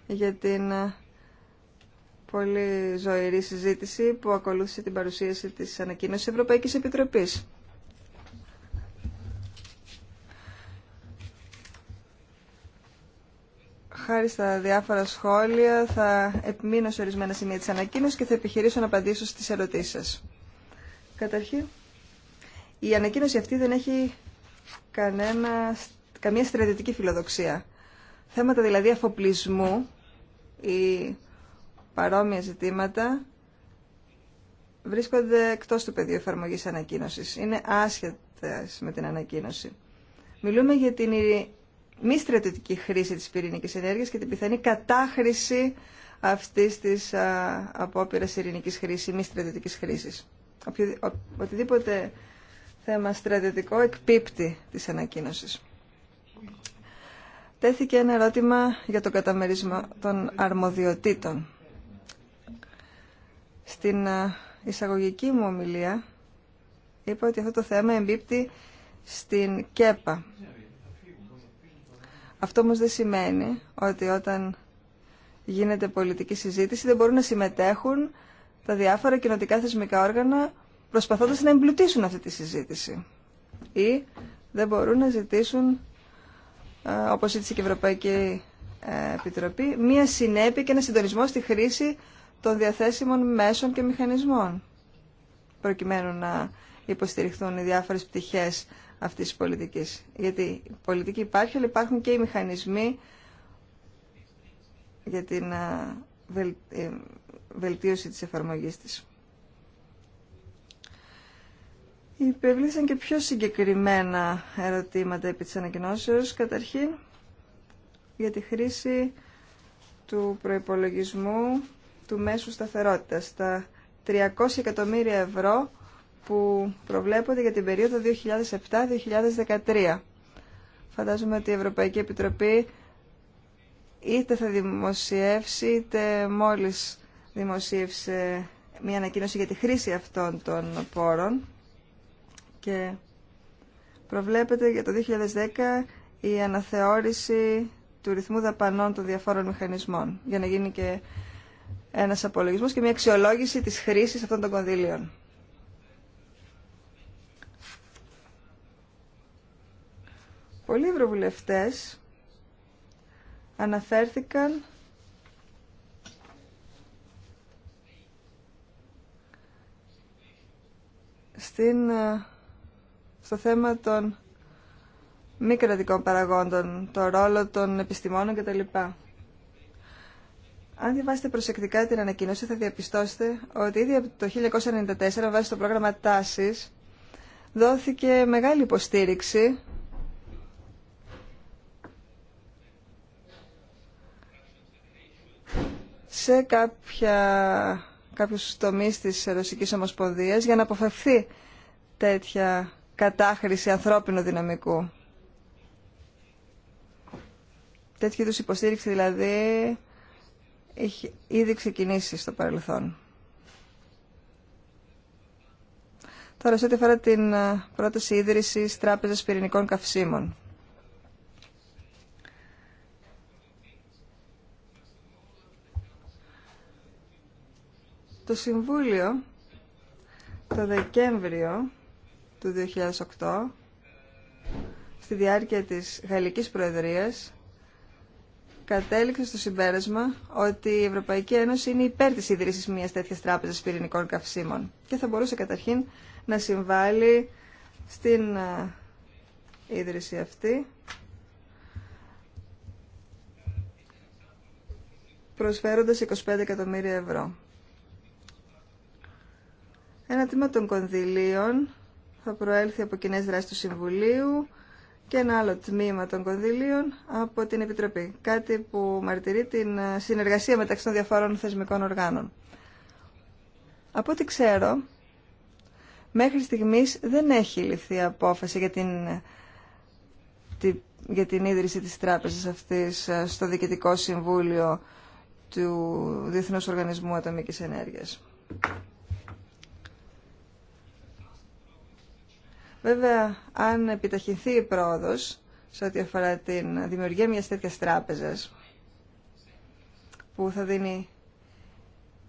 για την πολύ ζωηρή συζήτηση που ακολούθησε την παρουσίαση της ανακοίνωσης Ευρωπαϊκής Επιτροπής. Χάρη στα διάφορα σχόλια θα επιμείνω σε ορισμένα σημεία της ανακοίνωσης και θα επιχειρήσω να απαντήσω στις ερωτήσεις σας. Καταρχήν, η ανακοίνωση αυτή δεν έχει κανένα, καμία στρατιωτική φιλοδοξία. Θέματα δηλαδή αφοπλισμού ή παρόμοια ζητήματα βρίσκονται εκτός του πεδίου εφαρμογής ανακοίνωσης. Είναι άσχετες με την ανακοίνωση. Μιλούμε για την μη στρατιωτική χρήση της πυρηνικής ενέργειας και την πιθανή κατάχρηση αυτής της απόπειρας ειρηνικής χρήσης μη στρατιωτικής χρήσης. οτιδήποτε θέμα στρατιωτικό εκπίπτει της ανακοίνωσης. Τέθηκε ένα ερώτημα για το καταμερισμό των αρμοδιοτήτων. Στην ε, εισαγωγική μου ομιλία είπα ότι αυτό το θέμα εμπίπτει στην ΚΕΠΑ. Αυτό όμως δεν σημαίνει ότι όταν γίνεται πολιτική συζήτηση δεν μπορούν να συμμετέχουν τα διάφορα κοινοτικά θεσμικά όργανα προσπαθώντας να εμπλουτίσουν αυτή τη συζήτηση ή δεν μπορούν να ζητήσουν, ε, όπως ζήτησε και η Ευρωπαϊκή ε, Επιτροπή, μία συνέπεια και ένα συντονισμό στη χρήση των διαθέσιμων μέσων και μηχανισμών προκειμένου να υποστηριχθούν οι διάφορες πτυχές αυτής της πολιτικής. Γιατί η πολιτική υπάρχει, αλλά υπάρχουν και οι μηχανισμοί για την ε, βελτίωση της εφαρμογής της. Υπευλήθησαν και πιο συγκεκριμένα ερωτήματα επί της ανακοινώσεως. Καταρχήν, για τη χρήση του προϋπολογισμού του μέσου σταθερότητας, τα 300 εκατομμύρια ευρώ που προβλέπονται για την περίοδο 2007-2013. Φαντάζομαι ότι η Ευρωπαϊκή Επιτροπή είτε θα δημοσιεύσει είτε μόλις δημοσίευσε μια ανακοίνωση για τη χρήση αυτών των πόρων και προβλέπεται για το 2010 η αναθεώρηση του ρυθμού δαπανών των διαφόρων μηχανισμών για να γίνει και ένας απολογισμός και μια αξιολόγηση της χρήσης αυτών των κονδύλιων. Πολλοί ευρωβουλευτές αναφέρθηκαν στην, στο θέμα των μη κρατικών παραγόντων, το ρόλο των επιστημόνων κτλ. Αν διαβάσετε προσεκτικά την ανακοίνωση θα διαπιστώσετε ότι ήδη από το 1994 βάσει το πρόγραμμα τάσης δόθηκε μεγάλη υποστήριξη σε κάποια, κάποιους τομείς της Ρωσικής Ομοσπονδίας για να αποφευθεί τέτοια κατάχρηση ανθρώπινου δυναμικού. Τέτοιου είδους υποστήριξη δηλαδή έχει ήδη ξεκινήσει στο παρελθόν. Τώρα, σε ό,τι αφορά την ε, πρόταση ίδρυσης Τράπεζας Πυρηνικών Καυσίμων. Το Συμβούλιο το Δεκέμβριο του 2008 στη διάρκεια της Γαλλικής Προεδρίας κατέληξε στο συμπέρασμα ότι η Ευρωπαϊκή Ένωση είναι υπέρ της ίδρυσης μιας τέτοιας τράπεζας πυρηνικών καυσίμων και θα μπορούσε καταρχήν να συμβάλλει στην ε, ίδρυση αυτή προσφέροντας 25 εκατομμύρια ευρώ. Ένα τμήμα των κονδυλίων θα προέλθει από κοινέ δράσεις του Συμβουλίου, και ένα άλλο τμήμα των κονδυλίων από την Επιτροπή. Κάτι που μαρτυρεί την ε, συνεργασία μεταξύ των διαφόρων θεσμικών οργάνων. Από ό,τι ξέρω, μέχρι στιγμής δεν έχει ληφθεί απόφαση για την, για την ίδρυση της τράπεζας αυτής ε, στο Διοικητικό Συμβούλιο του Διεθνούς Οργανισμού Ατομικής Ενέργειας. Βέβαια, αν επιταχυνθεί η πρόοδος σε ό,τι αφορά την δημιουργία μιας τέτοιας τράπεζας που θα δίνει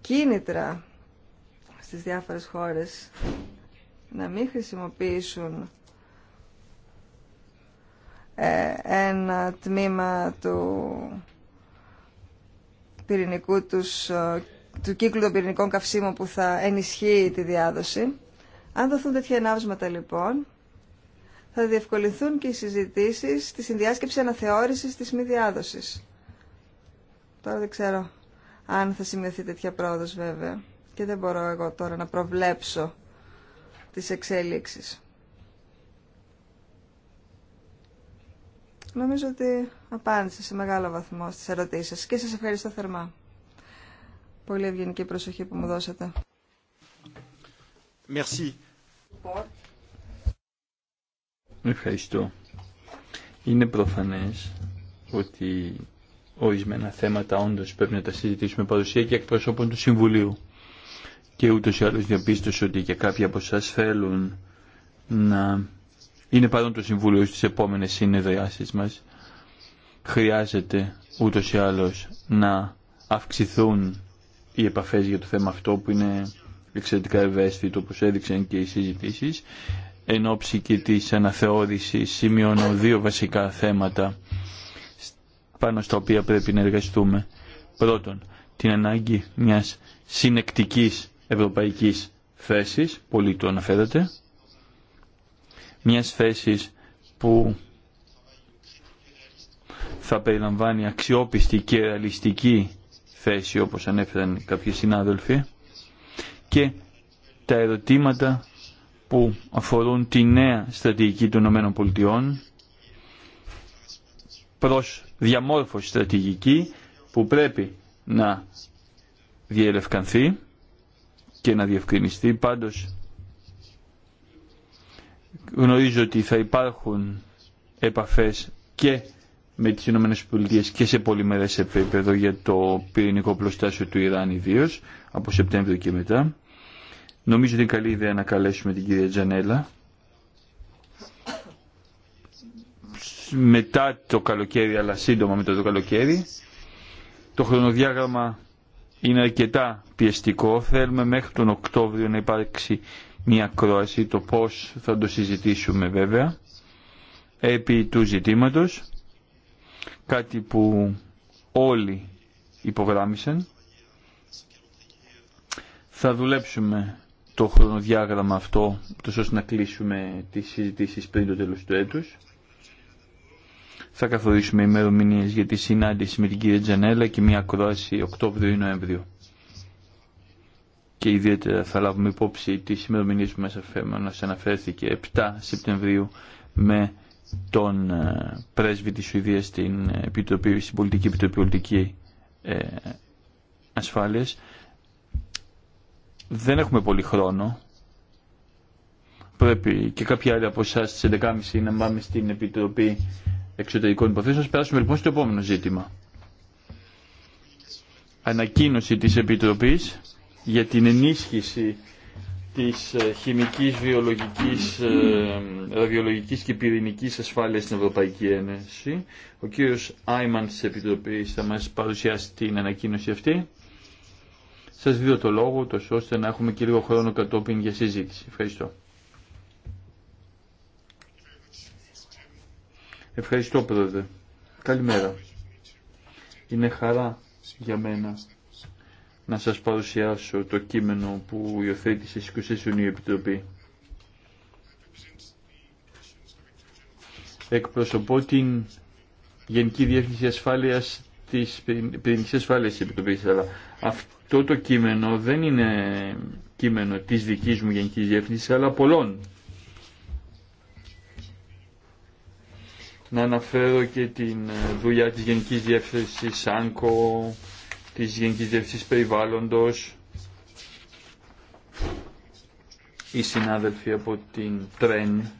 κίνητρα στις διάφορες χώρες να μην χρησιμοποιήσουν ε, ένα τμήμα του πυρηνικού τους, ε, του κύκλου των πυρηνικών καυσίμων που θα ενισχύει τη διάδοση αν δοθούν τέτοια ενάυσματα λοιπόν, θα διευκολυνθούν και οι συζητήσεις στη συνδιάσκεψη αναθεώρησης της μη διάδοσης. Τώρα δεν ξέρω αν θα σημειωθεί τέτοια πρόοδος βέβαια και δεν μπορώ εγώ τώρα να προβλέψω τις εξέλιξεις. Νομίζω ότι απάντησα σε μεγάλο βαθμό στις ερωτήσεις σας και σας ευχαριστώ θερμά. Πολύ ευγενική προσοχή που μου δώσατε. Merci. Ευχαριστώ. Είναι προφανές ότι ορισμένα θέματα όντως πρέπει να τα συζητήσουμε παρουσία και εκπροσώπων του Συμβουλίου. Και ούτως ή άλλως διαπίστωσε ότι και κάποιοι από εσά θέλουν να είναι παρόν το Συμβούλιο στις επόμενες συνεδριάσεις μας. Χρειάζεται ούτως ή άλλως να αυξηθούν οι επαφές για το θέμα αυτό που είναι εξαιρετικά ευαίσθητο όπως έδειξαν και οι συζητήσεις εν ώψη και της αναθεώρησης σημειώνω δύο βασικά θέματα πάνω στα οποία πρέπει να εργαστούμε. Πρώτον, την ανάγκη μιας συνεκτικής ευρωπαϊκής θέσης, πολύ το αναφέρατε, μιας θέσης που θα περιλαμβάνει αξιόπιστη και ρεαλιστική θέση όπως ανέφεραν κάποιοι συνάδελφοι και τα ερωτήματα που αφορούν τη νέα στρατηγική των ΗΠΑ προς διαμόρφωση στρατηγική που πρέπει να διελευκανθεί και να διευκρινιστεί. Πάντως γνωρίζω ότι θα υπάρχουν επαφές και με τις ΗΠΑ και σε πολυμερές επίπεδο για το πυρηνικό πλωστάσιο του Ιράν ιδίω από Σεπτέμβριο και μετά. Νομίζω ότι είναι καλή ιδέα να καλέσουμε την κυρία Τζανέλα. Μετά το καλοκαίρι, αλλά σύντομα μετά το καλοκαίρι. Το χρονοδιάγραμμα είναι αρκετά πιεστικό. Θέλουμε μέχρι τον Οκτώβριο να υπάρξει μια κρόαση, το πώς θα το συζητήσουμε βέβαια, επί του ζητήματος, κάτι που όλοι υπογράμμισαν. Θα δουλέψουμε το χρονοδιάγραμμα αυτό, τόσο ώστε να κλείσουμε τις συζητήσεις πριν το τέλος του έτους. Θα καθορίσουμε ημερομηνίες για τη συνάντηση με την κυρία Τζανέλα και μια ακρόαση Οκτώβριο ή Νοέμβριο. Και ιδιαίτερα θα λάβουμε υπόψη τις ημερομηνίες που μας αναφέρθηκε 7 Σεπτεμβρίου με τον ε, πρέσβη της Σουηδίας στην, Πολιτική Επιτροπή Πολιτική ε, Ασφάλειας δεν έχουμε πολύ χρόνο. Πρέπει και κάποιοι άλλοι από εσά στι 11.30 να πάμε στην Επιτροπή Εξωτερικών Υποθέσεων. Α περάσουμε λοιπόν στο επόμενο ζήτημα. Ανακοίνωση της Επιτροπής για την ενίσχυση της ε, χημικής, βιολογικής, ε, ραδιολογικής και πυρηνικής ασφάλειας στην Ευρωπαϊκή Ένωση. Ο κύριος Άιμαν της Επιτροπής θα μας παρουσιάσει την ανακοίνωση αυτή. Σα δίνω το λόγο, τόσο ώστε να έχουμε και λίγο χρόνο κατόπιν για συζήτηση. Ευχαριστώ. Ευχαριστώ, Πρόεδρε. Καλημέρα. Είναι χαρά για μένα να σας παρουσιάσω το κείμενο που υιοθέτησε στις 20 Ιουνίου Επιτροπή. Εκπροσωπώ την Γενική Διεύθυνση Ασφάλειας της Πυρηνικής Ασφάλειας της αλλά αυτό το κείμενο δεν είναι κείμενο της δικής μου Γενικής Διεύθυνσης, αλλά πολλών. Να αναφέρω και την ε, δουλειά της Γενικής Διεύθυνσης ΣΑΝΚΟ, της Γενικής Διεύθυνσης Περιβάλλοντος, οι συνάδελφοι από την ΤΡΕΝ,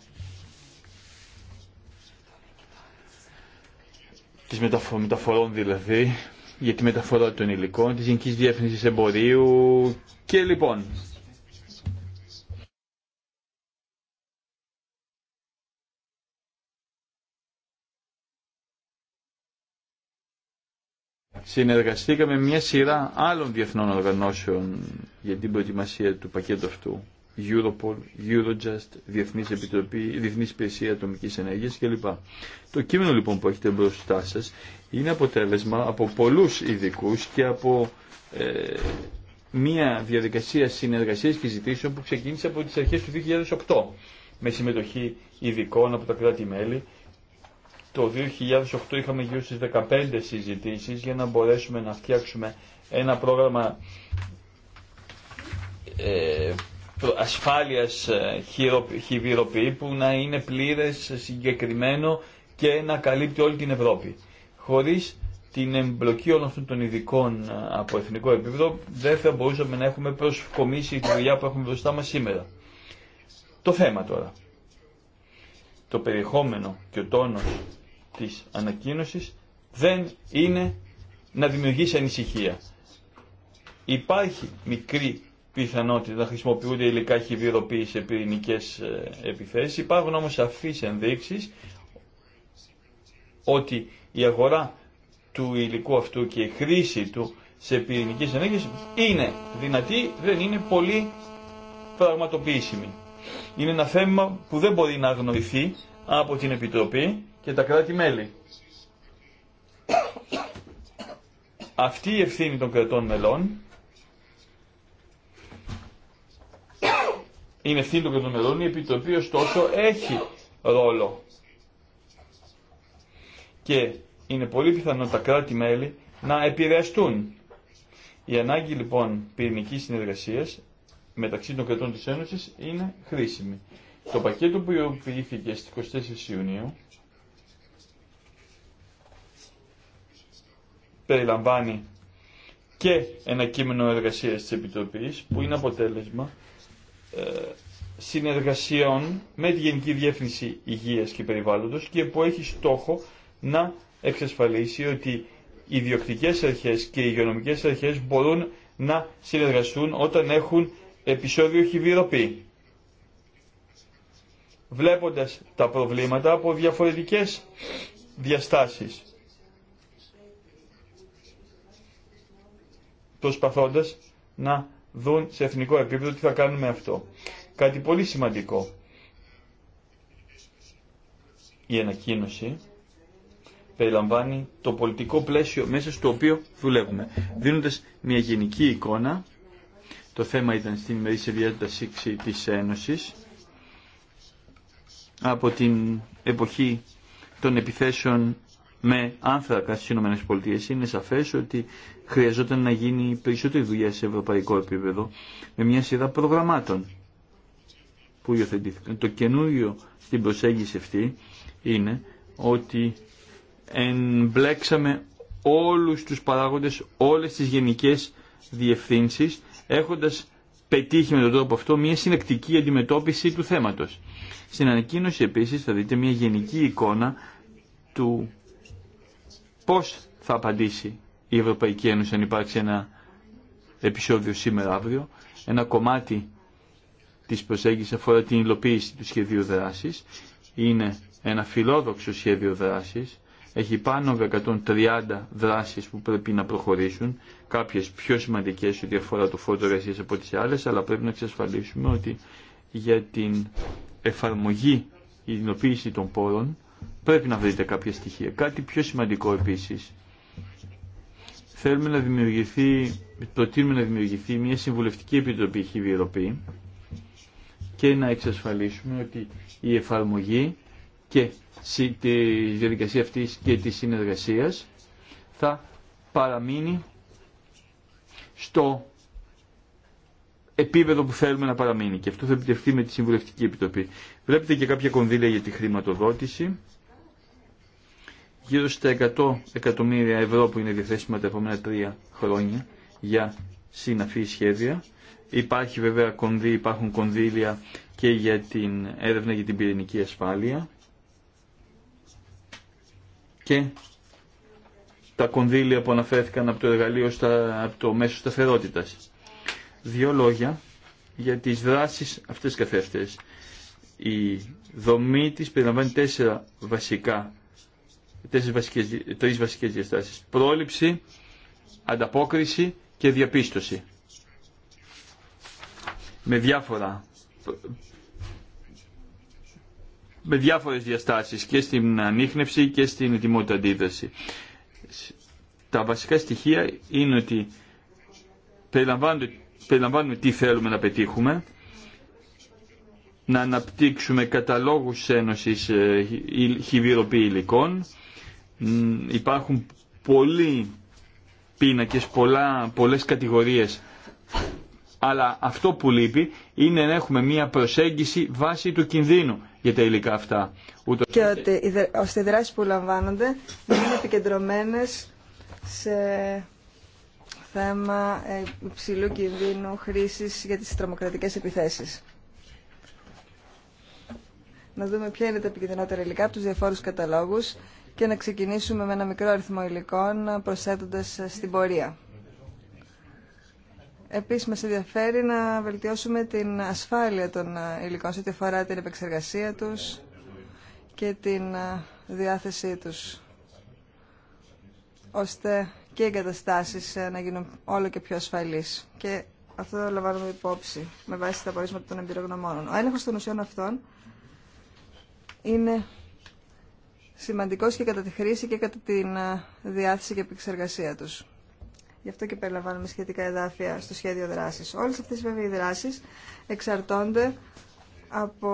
της μεταφορών δηλαδή, για τη μεταφορά των υλικών, της Γενικής Διεύθυνσης Εμπορίου και λοιπόν. Συνεργαστήκαμε μια σειρά άλλων διεθνών οργανώσεων για την προετοιμασία του πακέτου αυτού. Europol, Eurojust, Διεθνής Επιτροπή, Διεθνής Υπηρεσία Ατομικής Ενέργειας κλπ. Το κείμενο λοιπόν που έχετε μπροστά σας είναι αποτέλεσμα από πολλούς ειδικού και από ε, μια διαδικασία συνεργασίας και ζητήσεων που ξεκίνησε από τις αρχές του 2008 με συμμετοχή ειδικών από τα κράτη-μέλη. Το 2008 είχαμε γύρω στις 15 συζητήσεις για να μπορέσουμε να φτιάξουμε ένα πρόγραμμα ε, ασφάλειας ε, χειροποίη που να είναι πλήρες, συγκεκριμένο και να καλύπτει όλη την Ευρώπη χωρίς την εμπλοκή όλων αυτών των ειδικών ε, από εθνικό επίπεδο δεν θα μπορούσαμε να έχουμε προσκομίσει τη δουλειά που έχουμε μπροστά μας σήμερα. Το θέμα τώρα. Το περιεχόμενο και ο τόνος της ανακοίνωσης δεν είναι να δημιουργήσει ανησυχία. Υπάρχει μικρή πιθανότητα να χρησιμοποιούνται υλικά χειδηροποίηση σε πυρηνικέ ε, επιθέσεις. Υπάρχουν όμως σαφείς ενδείξεις ότι η αγορά του υλικού αυτού και η χρήση του σε πυρηνικές ενέργειες είναι δυνατή, δεν είναι πολύ πραγματοποιήσιμη. Είναι ένα θέμα που δεν μπορεί να αγνοηθεί από την Επιτροπή και τα κράτη-μέλη. Αυτή η ευθύνη των κρατών μελών είναι ευθύνη των κρατών μελών, η Επιτροπή ωστόσο έχει ρόλο. Και είναι πολύ πιθανό τα κράτη-μέλη να επηρεαστούν. Η ανάγκη λοιπόν πυρηνικής συνεργασίας μεταξύ των κρατών της Ένωσης είναι χρήσιμη. Το πακέτο που υιοποιήθηκε στις 24 Ιουνίου περιλαμβάνει και ένα κείμενο εργασίας της Επιτροπής που είναι αποτέλεσμα ε, συνεργασιών με τη Γενική Διεύθυνση Υγείας και Περιβάλλοντος και που έχει στόχο να εξασφαλίσει ότι οι ιδιοκτικές αρχές και οι υγειονομικές αρχές μπορούν να συνεργαστούν όταν έχουν επεισόδιο χιβηροπή. Βλέποντας τα προβλήματα από διαφορετικές διαστάσεις. Προσπαθώντας να δουν σε εθνικό επίπεδο τι θα κάνουμε αυτό. Κάτι πολύ σημαντικό. Η ανακοίνωση περιλαμβάνει το πολιτικό πλαίσιο μέσα στο οποίο δουλεύουμε. Δίνοντας μια γενική εικόνα, το θέμα ήταν στην ημερήσια διάταση της Ένωσης, από την εποχή των επιθέσεων με άνθρακα στι ΗΠΑ είναι σαφέ ότι χρειαζόταν να γίνει περισσότερη δουλειά σε ευρωπαϊκό επίπεδο με μια σειρά προγραμμάτων που υιοθετήθηκαν. Το καινούριο στην προσέγγιση αυτή είναι ότι εμπλέξαμε όλους τους παράγοντες, όλες τις γενικές διευθύνσεις, έχοντας πετύχει με τον τρόπο αυτό μια συνεκτική αντιμετώπιση του θέματος. Στην ανακοίνωση επίσης θα δείτε μια γενική εικόνα του πώς θα απαντήσει η Ευρωπαϊκή Ένωση αν υπάρξει ένα επεισόδιο σήμερα αύριο. Ένα κομμάτι της προσέγγισης αφορά την υλοποίηση του σχεδίου δράσης. Είναι ένα φιλόδοξο σχέδιο δράσης έχει πάνω από 130 δράσεις που πρέπει να προχωρήσουν, κάποιες πιο σημαντικές ό,τι αφορά το φόρτο εργασίας από τις άλλες, αλλά πρέπει να εξασφαλίσουμε ότι για την εφαρμογή, η υλοποίηση των πόρων, πρέπει να βρείτε κάποια στοιχεία. Κάτι πιο σημαντικό επίσης. Θέλουμε να δημιουργηθεί, προτείνουμε να δημιουργηθεί μια συμβουλευτική επιτροπή χιβιεροπή και να εξασφαλίσουμε ότι η εφαρμογή και τη διαδικασία αυτής και της συνεργασίας θα παραμείνει στο επίπεδο που θέλουμε να παραμείνει και αυτό θα επιτευχθεί με τη Συμβουλευτική Επιτροπή. Βλέπετε και κάποια κονδύλια για τη χρηματοδότηση. Γύρω στα 100 εκατομμύρια ευρώ που είναι διαθέσιμα τα επόμενα τρία χρόνια για συναφή σχέδια. Υπάρχει βέβαια κονδύ, υπάρχουν κονδύλια και για την έρευνα για την πυρηνική ασφάλεια και τα κονδύλια που αναφέρθηκαν από το εργαλείο στα, από το μέσο σταθερότητα. Δύο λόγια για τις δράσεις αυτές καθεύτερες. Η δομή της περιλαμβάνει τέσσερα βασικά, τέσσερις βασικές, τρεις βασικές διαστάσεις. Πρόληψη, ανταπόκριση και διαπίστωση. Με διάφορα με διάφορες διαστάσεις και στην ανείχνευση και στην ετοιμότητα αντίδραση. Τα βασικά στοιχεία είναι ότι περιλαμβάνουμε τι θέλουμε να πετύχουμε, να αναπτύξουμε καταλόγους ένωσης ε, χιβυροποίη υλικών. Υπάρχουν πολλοί πίνακες, πολλά, πολλές κατηγορίες, αλλά αυτό που λείπει είναι να έχουμε μία προσέγγιση βάσει του κινδύνου αυτά. Και ότι, οι δράσεις που λαμβάνονται είναι επικεντρωμένε σε θέμα ε, υψηλού κινδύνου χρήση για τις τρομοκρατικέ επιθέσεις. Να δούμε ποια είναι τα επικεντρωμένα υλικά από του διαφόρου καταλόγου και να ξεκινήσουμε με ένα μικρό αριθμό υλικών προσθέτοντα ε, στην πορεία. Επίσης μας ενδιαφέρει να βελτιώσουμε την ασφάλεια των ε, υλικών σε ό,τι αφορά την επεξεργασία τους και την ε, διάθεσή τους ώστε και οι εγκαταστάσει ε, να γίνουν όλο και πιο ασφαλείς. Και αυτό το λαμβάνουμε υπόψη με βάση τα πορίσματα των εμπειρογνωμόνων. Ο έλεγχος των ουσιών αυτών είναι σημαντικός και κατά τη χρήση και κατά τη διάθεση και επεξεργασία τους. Γι' αυτό και περιλαμβάνουμε σχετικά εδάφια στο σχέδιο δράσης. Όλες αυτές βέβαια οι δράσεις εξαρτώνται από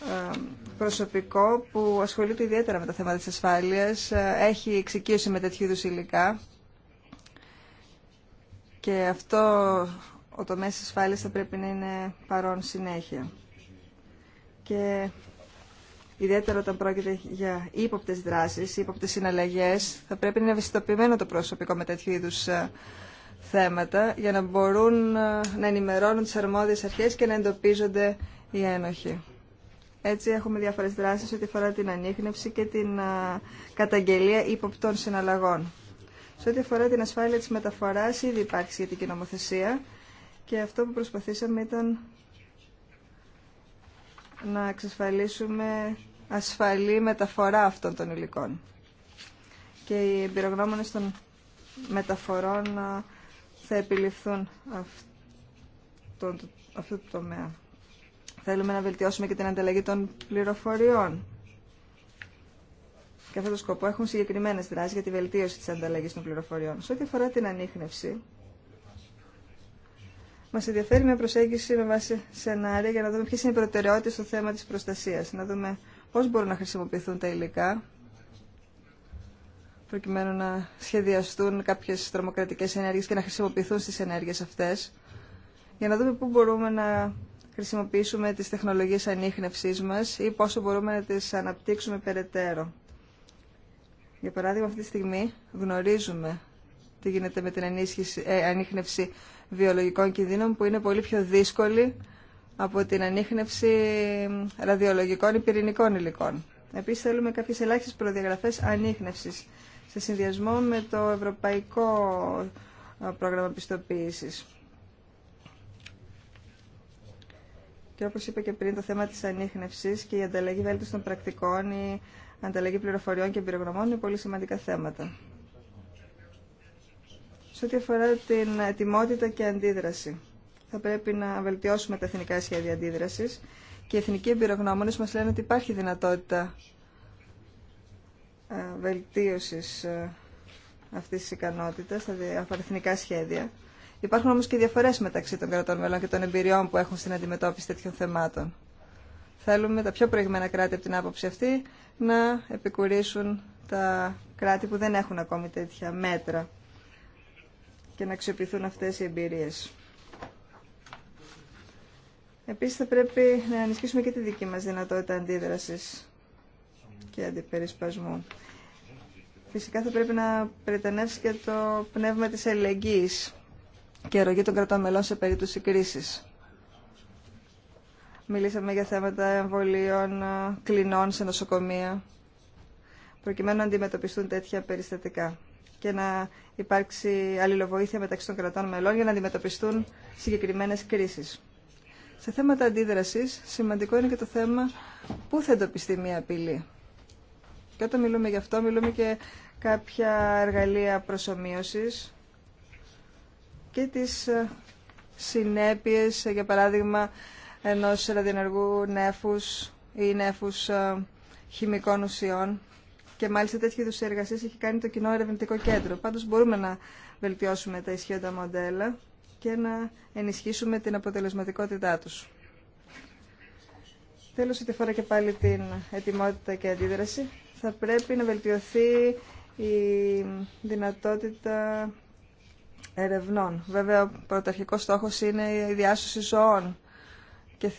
ε, προσωπικό που ασχολείται ιδιαίτερα με τα θέματα της ασφάλειας, ε, έχει εξοικείωση με τέτοιου είδους υλικά και αυτό ο τομέας της ασφάλειας θα πρέπει να είναι παρόν συνέχεια. Και ιδιαίτερα όταν πρόκειται για ύποπτε δράσει, ύποπτε συναλλαγέ, θα πρέπει να είναι ευαισθητοποιημένο το προσωπικό με τέτοιου είδου ε, θέματα για να μπορούν ε, να ενημερώνουν τι αρμόδιε αρχέ και να εντοπίζονται οι ένοχοι. Έτσι έχουμε διάφορε δράσεις ό,τι αφορά την ανείχνευση και την ε, καταγγελία ύποπτών συναλλαγών. Σε ό,τι αφορά την ασφάλεια τη μεταφορά, ήδη υπάρχει σχετική νομοθεσία και αυτό που προσπαθήσαμε ήταν να εξασφαλίσουμε ασφαλή μεταφορά αυτών των υλικών. Και οι εμπειρογνώμονες των μεταφορών θα επιληφθούν αυτόν αυτό το τομέα. Θέλουμε να βελτιώσουμε και την ανταλλαγή των πληροφοριών. Και αυτό το σκοπό έχουν συγκεκριμένε δράσεις για τη βελτίωση της ανταλλαγής των πληροφοριών. Σε ό,τι αφορά την ανείχνευση, μας ενδιαφέρει μια προσέγγιση με βάση σενάρια για να δούμε ποιε είναι οι προτεραιότητε στο θέμα τη προστασία. Να δούμε πώς μπορούν να χρησιμοποιηθούν τα υλικά προκειμένου να σχεδιαστούν κάποιες τρομοκρατικές ενέργειες και να χρησιμοποιηθούν στις ενέργειες αυτές για να δούμε πού μπορούμε να χρησιμοποιήσουμε τις τεχνολογίες ανείχνευσής μας ή πόσο μπορούμε να τις αναπτύξουμε περαιτέρω. Για παράδειγμα, αυτή τη στιγμή γνωρίζουμε τι γίνεται με την ε, ανείχνευση βιολογικών κινδύνων που είναι πολύ πιο δύσκολη από την ανείχνευση ραδιολογικών ή πυρηνικών υλικών. Επίσης θέλουμε κάποιες ελάχιστες προδιαγραφές ανείχνευσης σε συνδυασμό με το Ευρωπαϊκό ε, Πρόγραμμα Πιστοποίησης. Και όπως είπα και πριν, το θέμα της ανείχνευσης και η ανταλλαγή βέλτιστων των πρακτικών, η ανταλλαγή πληροφοριών και εμπειρογνωμών είναι πολύ σημαντικά θέματα. Σε ό,τι αφορά την ετοιμότητα και αντίδραση θα πρέπει να βελτιώσουμε τα εθνικά σχέδια αντίδραση. και οι εθνικοί εμπειρογνώμονε μα λένε ότι υπάρχει δυνατότητα ε, βελτίωση ε, αυτή τη ικανότητας στα διάφορα εθνικά σχέδια. Υπάρχουν όμω και διαφορέ μεταξύ των κρατών μελών και των εμπειριών που έχουν στην αντιμετώπιση τέτοιων θεμάτων. Θέλουμε τα πιο προηγμένα κράτη από την άποψη αυτή να επικουρήσουν τα κράτη που δεν έχουν ακόμη τέτοια μέτρα και να αξιοποιηθούν αυτές οι εμπειρίες. Επίσης θα πρέπει να ενισχύσουμε και τη δική μας δυνατότητα αντίδρασης και αντιπερισπασμού. Φυσικά θα πρέπει να περιτανεύσει και το πνεύμα της ελεγγύης και αρρωγή των κρατών μελών σε περίπτωση κρίσης. Μιλήσαμε για θέματα εμβολίων, ε, κλινών σε νοσοκομεία, προκειμένου να αντιμετωπιστούν τέτοια περιστατικά και να υπάρξει αλληλοβοήθεια μεταξύ των κρατών μελών για να αντιμετωπιστούν συγκεκριμένες κρίσεις. Σε θέματα αντίδρασης, σημαντικό είναι και το θέμα πού θα εντοπιστεί μια απειλή. Και όταν μιλούμε γι' αυτό, μιλούμε και κάποια εργαλεία προσωμείωσης και τις ε, συνέπειες, ε, για παράδειγμα, ενός ραδιενεργού νέφους ή νέφους ε, χημικών ουσιών. Και μάλιστα τέτοιου είδου εργασίε έχει κάνει το κοινό ερευνητικό κέντρο. Πάντω μπορούμε να βελτιώσουμε τα ισχύοντα μοντέλα και να ενισχύσουμε την αποτελεσματικότητά τους. Τέλος, ότι φορά και πάλι την ετοιμότητα και αντίδραση, θα πρέπει να βελτιωθεί η δυνατότητα ερευνών. Βέβαια, ο πρωταρχικός στόχος είναι η διάσωση ζώων και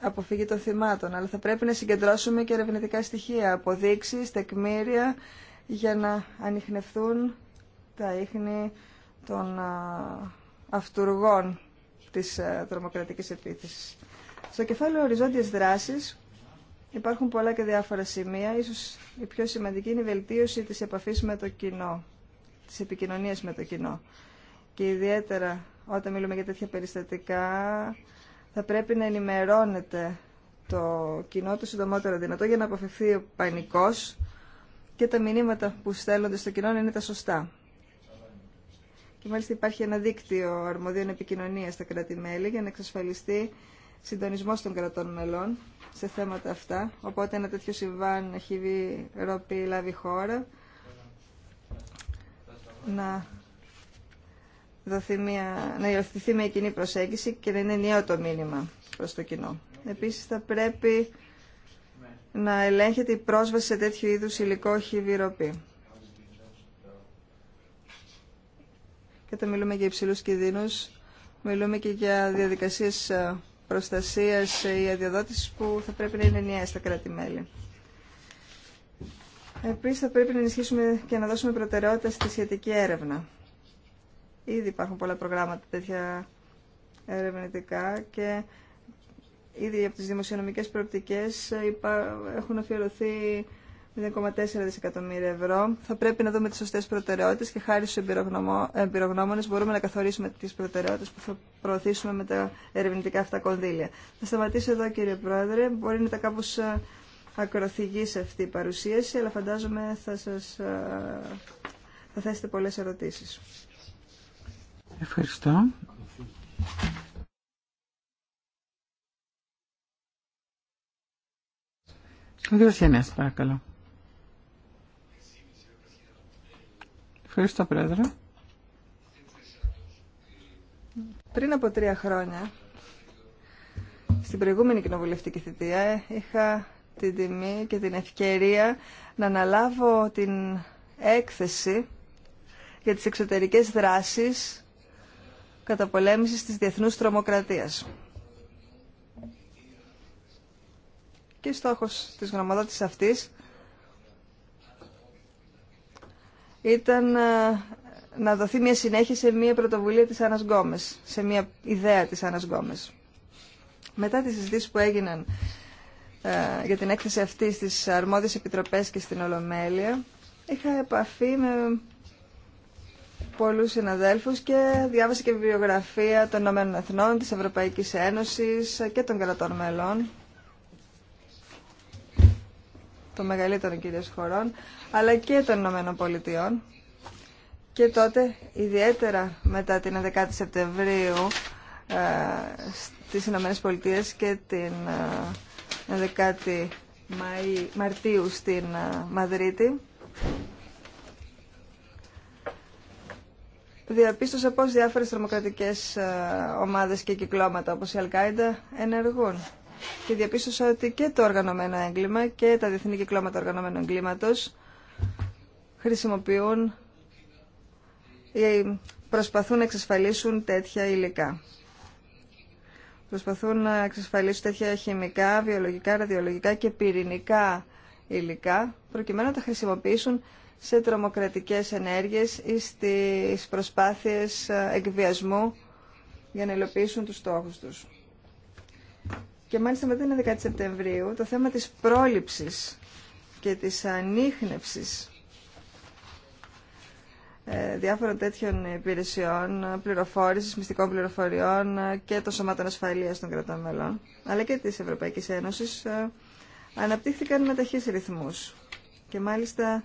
αποφύγει των θυμάτων, αλλά θα πρέπει να συγκεντρώσουμε και ερευνητικά στοιχεία, αποδείξεις, τεκμήρια, για να ανοιχνευτούν τα ίχνη των αυτούργων της ε, τρομοκρατικής επίθεσης. Στο κεφάλαιο οριζόντιες δράσεις υπάρχουν πολλά και διάφορα σημεία. Ίσως η πιο σημαντική είναι η βελτίωση της επαφής με το κοινό, της επικοινωνίας με το κοινό. Και ιδιαίτερα όταν μιλούμε για τέτοια περιστατικά θα πρέπει να ενημερώνεται το κοινό το συντομότερο δυνατό για να αποφευθεί ο πανικός και τα μηνύματα που στέλνονται στο κοινό είναι τα σωστά και μάλιστα υπάρχει ένα δίκτυο αρμοδίων επικοινωνία στα κράτη-μέλη για να εξασφαλιστεί συντονισμό των κρατών μελών σε θέματα αυτά. Οπότε ένα τέτοιο συμβάν έχει λάβει χώρα. Να, δοθεί μια, να υιοθετηθεί μια κοινή προσέγγιση και να είναι ενιαίο το μήνυμα προς το κοινό. Επίσης θα πρέπει να ελέγχεται η πρόσβαση σε τέτοιου είδους υλικό χιβιροπή. και όταν μιλούμε για υψηλούς κινδύνους, μιλούμε και για διαδικασίες ε, προστασίας ε, ή αδειοδότησης που θα πρέπει να είναι ενιαίες στα κράτη-μέλη. Επίσης θα πρέπει να ενισχύσουμε και να δώσουμε προτεραιότητα στη σχετική έρευνα. Ήδη υπάρχουν πολλά προγράμματα τέτοια ερευνητικά και ήδη από τις δημοσιονομικές προοπτικές ε, έχουν αφιερωθεί 0,4 δισεκατομμύρια ευρώ. Θα πρέπει να δούμε τις σωστέ προτεραιότητε και χάρη στου εμπειρογνώμονες μπορούμε να καθορίσουμε τις προτεραιότητε που θα προωθήσουμε με τα ερευνητικά αυτά κονδύλια. Θα σταματήσω εδώ κύριε Πρόεδρε. Μπορεί να ήταν κάπως ε, ακροθυγής αυτή η παρουσίαση, αλλά φαντάζομαι θα σας ε, θα θέσετε πολλέ ερωτήσει. Ευχαριστώ. Ο παρακαλώ. Ευχαριστώ, Πρόεδρε. Πριν από τρία χρόνια, στην προηγούμενη κοινοβουλευτική θητεία, είχα την τιμή και την ευκαιρία να αναλάβω την έκθεση για τις εξωτερικές δράσεις καταπολέμησης της διεθνούς τρομοκρατίας. Και στόχος της γνωμοδότησης αυτής ήταν ε, να δοθεί μια συνέχεια σε μια πρωτοβουλία της Άννας Γκόμες, σε μια ιδέα της Άννας Γκόμες. Μετά τις συζητήσεις που έγιναν ε, για την έκθεση αυτή στις αρμόδιες επιτροπές και στην Ολομέλεια, είχα επαφή με πολλούς συναδέλφους και διάβασα και βιβλιογραφία των Ηνωμένων Εθνών, της Ευρωπαϊκής Ένωσης και των κρατών μελών των μεγαλύτερων κυρίως χωρών, αλλά και των Ηνωμένων Πολιτειών. Και τότε, ιδιαίτερα μετά την 11η Σεπτεμβρίου ε, στις Ηνωμένες Πολιτείες και την 11η ε, Μαρτίου στην ε, Μαδρίτη, διαπίστωσα πώς διάφορες τρομοκρατικές ε, ομάδες και κυκλώματα όπως η Αλκάιντα ενεργούν και διαπίστωσα ότι και το οργανωμένο έγκλημα και τα διεθνή κυκλώματα οργανωμένου εγκλήματος χρησιμοποιούν ή προσπαθούν να εξασφαλίσουν τέτοια υλικά. Προσπαθούν να εξασφαλίσουν τέτοια χημικά, βιολογικά, ραδιολογικά και πυρηνικά υλικά προκειμένου να τα χρησιμοποιήσουν σε τρομοκρατικές ενέργειες ή στις προσπάθειες εκβιασμού για να υλοποιήσουν τους στόχους τους. Και μάλιστα μετά την 11η Σεπτεμβρίου το θέμα της πρόληψης και της ανείχνευσης ε, διάφορων τέτοιων υπηρεσιών, πληροφόρησης, μυστικών πληροφοριών και των σωμάτων ασφαλείας των κρατών μελών, αλλά και της Ευρωπαϊκής Ένωσης, ε, αναπτύχθηκαν με ταχύς ρυθμούς. Και μάλιστα,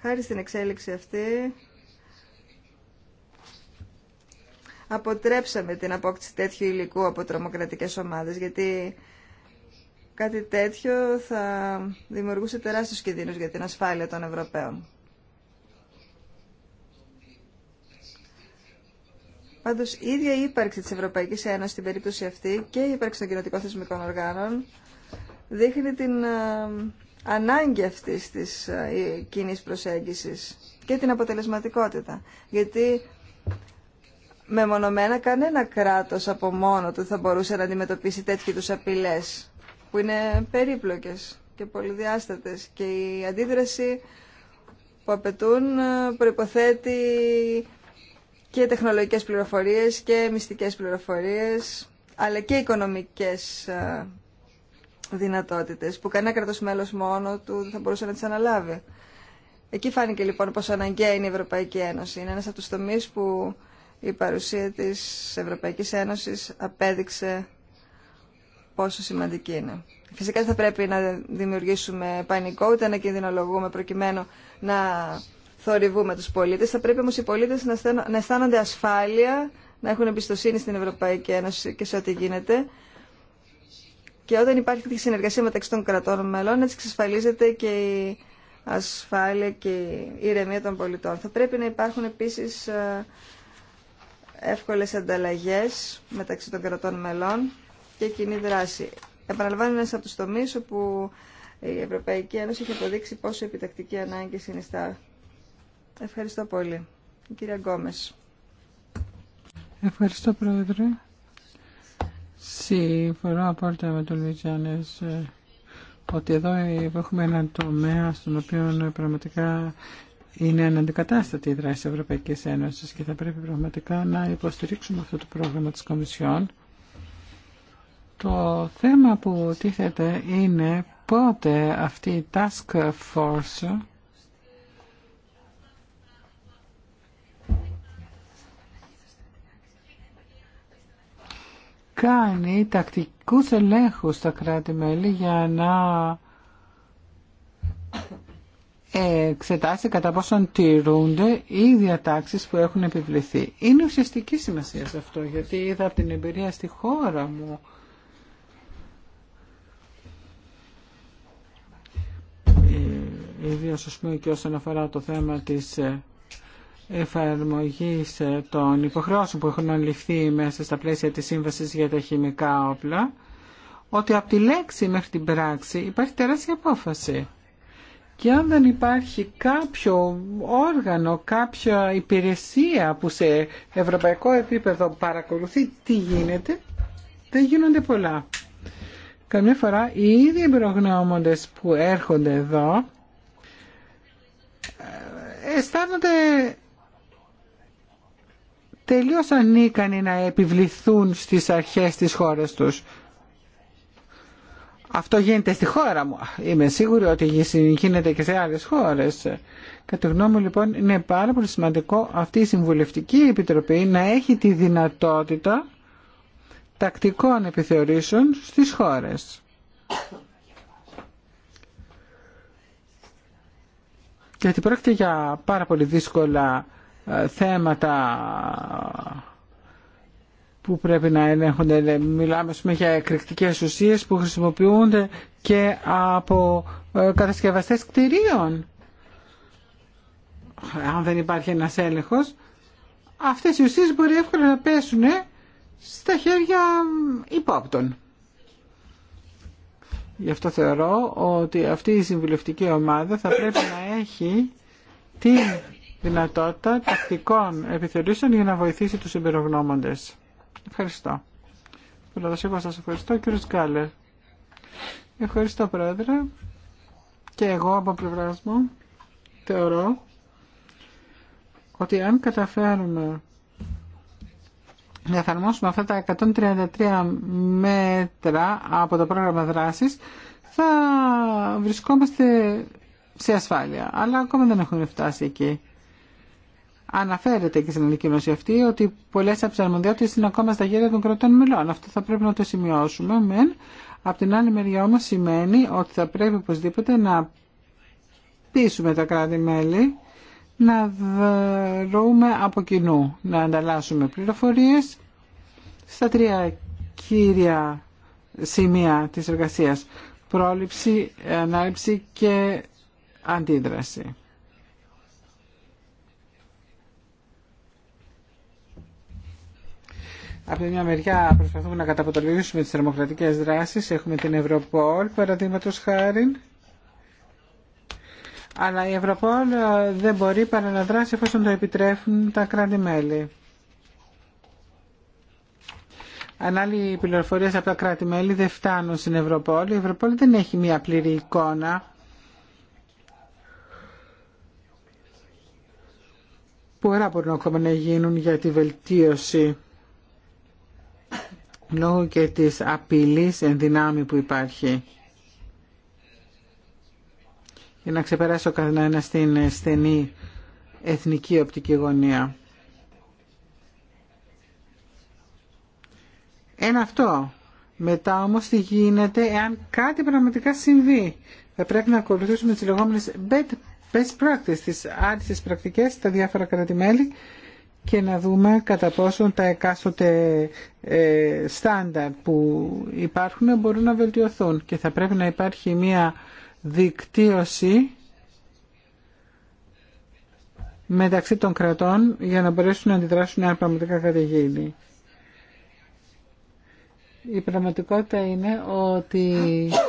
χάρη στην εξέλιξη αυτή, αποτρέψαμε την απόκτηση τέτοιου υλικού από τρομοκρατικές ομάδες, γιατί κάτι τέτοιο θα δημιουργούσε τεράστιους κινδύνους για την ασφάλεια των Ευρωπαίων. Πάντως, η ίδια η ύπαρξη της Ευρωπαϊκής Ένωσης στην περίπτωση αυτή και η ύπαρξη των κοινωτικών θεσμικών οργάνων δείχνει την ε, ανάγκη αυτής της ε, κοινή προσέγγισης και την αποτελεσματικότητα. Γιατί μεμονωμένα κανένα κράτος από μόνο του θα μπορούσε να αντιμετωπίσει τέτοιου τους απειλές που είναι περίπλοκες και πολυδιάστατες και η αντίδραση που απαιτούν ε, προϋποθέτει και τεχνολογικές πληροφορίες και μυστικές πληροφορίες αλλά και οικονομικές ε, δυνατότητες που κανένα κρατός μέλος μόνο του δεν θα μπορούσε να τις αναλάβει. Εκεί φάνηκε λοιπόν πόσο αναγκαία είναι η Ευρωπαϊκή Ένωση. Είναι ένας από τους τομείς που η παρουσία της Ευρωπαϊκής Ένωσης απέδειξε πόσο σημαντική είναι. Φυσικά θα πρέπει να δημιουργήσουμε πανικό, ούτε να κινδυνολογούμε προκειμένου να θορυβούμε τους πολίτες. Θα πρέπει όμως οι πολίτες να αισθάνονται ασφάλεια, να έχουν εμπιστοσύνη στην Ευρωπαϊκή Ένωση και σε ό,τι γίνεται. Και όταν υπάρχει τη συνεργασία μεταξύ των κρατών μελών, έτσι εξασφαλίζεται και η ασφάλεια και η ηρεμία των πολιτών. Θα πρέπει να υπάρχουν επίσης ε, εύκολες ανταλλαγές μεταξύ των κρατών μελών και κοινή δράση. Επαναλαμβάνω ένας από τους τομείς όπου η Ευρωπαϊκή Ένωση έχει αποδείξει πόσο επιτακτική ανάγκη συνιστά. Ευχαριστώ πολύ. Η κυρία Γκόμες. Ευχαριστώ Πρόεδρε. Συμφωνώ απόλυτα με τον Λιτζάνες ε, ότι εδώ έχουμε έναν τομέα στον οποίο πραγματικά είναι αναντικατάστατη η δράση της Ευρωπαϊκής Ένωσης και θα πρέπει πραγματικά να υποστηρίξουμε αυτό το πρόγραμμα της Κομισιόν. Το θέμα που τίθεται είναι πότε αυτή η task force κάνει τακτικούς ελέγχους στα κράτη-μέλη για να εξετάσει κατά πόσον τηρούνται οι διατάξεις που έχουν επιβληθεί. Είναι ουσιαστική σημασία σε αυτό, γιατί είδα από την εμπειρία στη χώρα μου ε, ιδίως πούμε και όσον αφορά το θέμα της ε, εφαρμογής ε, των υποχρεώσεων που έχουν ληφθεί μέσα στα πλαίσια της σύμβασης για τα χημικά όπλα, ότι από τη λέξη μέχρι την πράξη υπάρχει τεράστια απόφαση. Και αν δεν υπάρχει κάποιο όργανο, κάποια υπηρεσία που σε ευρωπαϊκό επίπεδο παρακολουθεί τι γίνεται, δεν γίνονται πολλά. Καμιά φορά οι ίδιοι εμπειρογνώμοντες που έρχονται εδώ ε, αισθάνονται τελείως ανίκανοι να επιβληθούν στις αρχές της χώρας τους. Αυτό γίνεται στη χώρα μου. Είμαι σίγουρη ότι γίνεται και σε άλλες χώρες. Κατά γνώμη λοιπόν είναι πάρα πολύ σημαντικό αυτή η Συμβουλευτική Επιτροπή να έχει τη δυνατότητα τακτικών επιθεωρήσεων στις χώρες. Γιατί πρόκειται για πάρα πολύ δύσκολα ε, θέματα που πρέπει να ελέγχονται. Ναι, μιλάμε πούμε, για εκρηκτικές ουσίες που χρησιμοποιούνται και από ε, κατασκευαστές κτηρίων. Αν δεν υπάρχει ένας έλεγχος, αυτές οι ουσίες μπορεί εύκολα να πέσουν ε, στα χέρια υπόπτων. Γι' αυτό θεωρώ ότι αυτή η συμβουλευτική ομάδα θα πρέπει να έχει τη δυνατότητα τακτικών επιθεωρήσεων για να βοηθήσει τους συμπερογνώμοντες. Ευχαριστώ. εγώ σας ευχαριστώ. Κύριε Σκάλε. Ευχαριστώ πρόεδρε. Και εγώ από πλευρά μου θεωρώ ότι αν καταφέρουμε να εφαρμόσουμε αυτά τα 133 μέτρα από το πρόγραμμα δράσης θα βρισκόμαστε σε ασφάλεια. Αλλά ακόμα δεν έχουν φτάσει εκεί. Αναφέρεται και στην ανακοίνωση αυτή ότι πολλέ από τι αρμοδιότητε είναι ακόμα στα χέρια των κρατών μελών. Αυτό θα πρέπει να το σημειώσουμε, μεν. Απ' την άλλη μεριά όμω σημαίνει ότι θα πρέπει οπωσδήποτε να πείσουμε τα κράτη-μέλη να δρούμε από κοινού, να ανταλλάσσουμε πληροφορίες στα τρία κύρια σημεία της εργασίας. Πρόληψη, ανάληψη και αντίδραση. Από τη μια μεριά προσπαθούμε να καταποτολίσουμε τις θερμοκρατικές δράσεις. Έχουμε την Ευρωπόλ, παραδείγματο χάρη. Αλλά η Ευρωπόλ ε, δεν μπορεί παρά να δράσει εφόσον το επιτρέφουν τα κράτη-μέλη. Αν άλλοι πληροφορίε από τα κράτη-μέλη δεν φτάνουν στην Ευρωπόλ, η Ευρωπόλ δεν έχει μια πλήρη εικόνα πολλά μπορούν ακόμα να γίνουν για τη βελτίωση λόγω και της απειλής δυνάμει που υπάρχει. Για να ξεπεράσω ο στην στενή εθνική οπτική γωνία. Ένα αυτό. Μετά όμως τι γίνεται εάν κάτι πραγματικά συμβεί. Θα πρέπει να ακολουθήσουμε τις λεγόμενες best practices, τις άρτησες πρακτικές στα διάφορα κράτη-μέλη, και να δούμε κατά πόσον τα εκάστοτε ε, στάνταρ που υπάρχουν μπορούν να βελτιωθούν και θα πρέπει να υπάρχει μια δικτύωση μεταξύ των κρατών για να μπορέσουν να αντιδράσουν αν πραγματικά γίνει. Η πραγματικότητα είναι ότι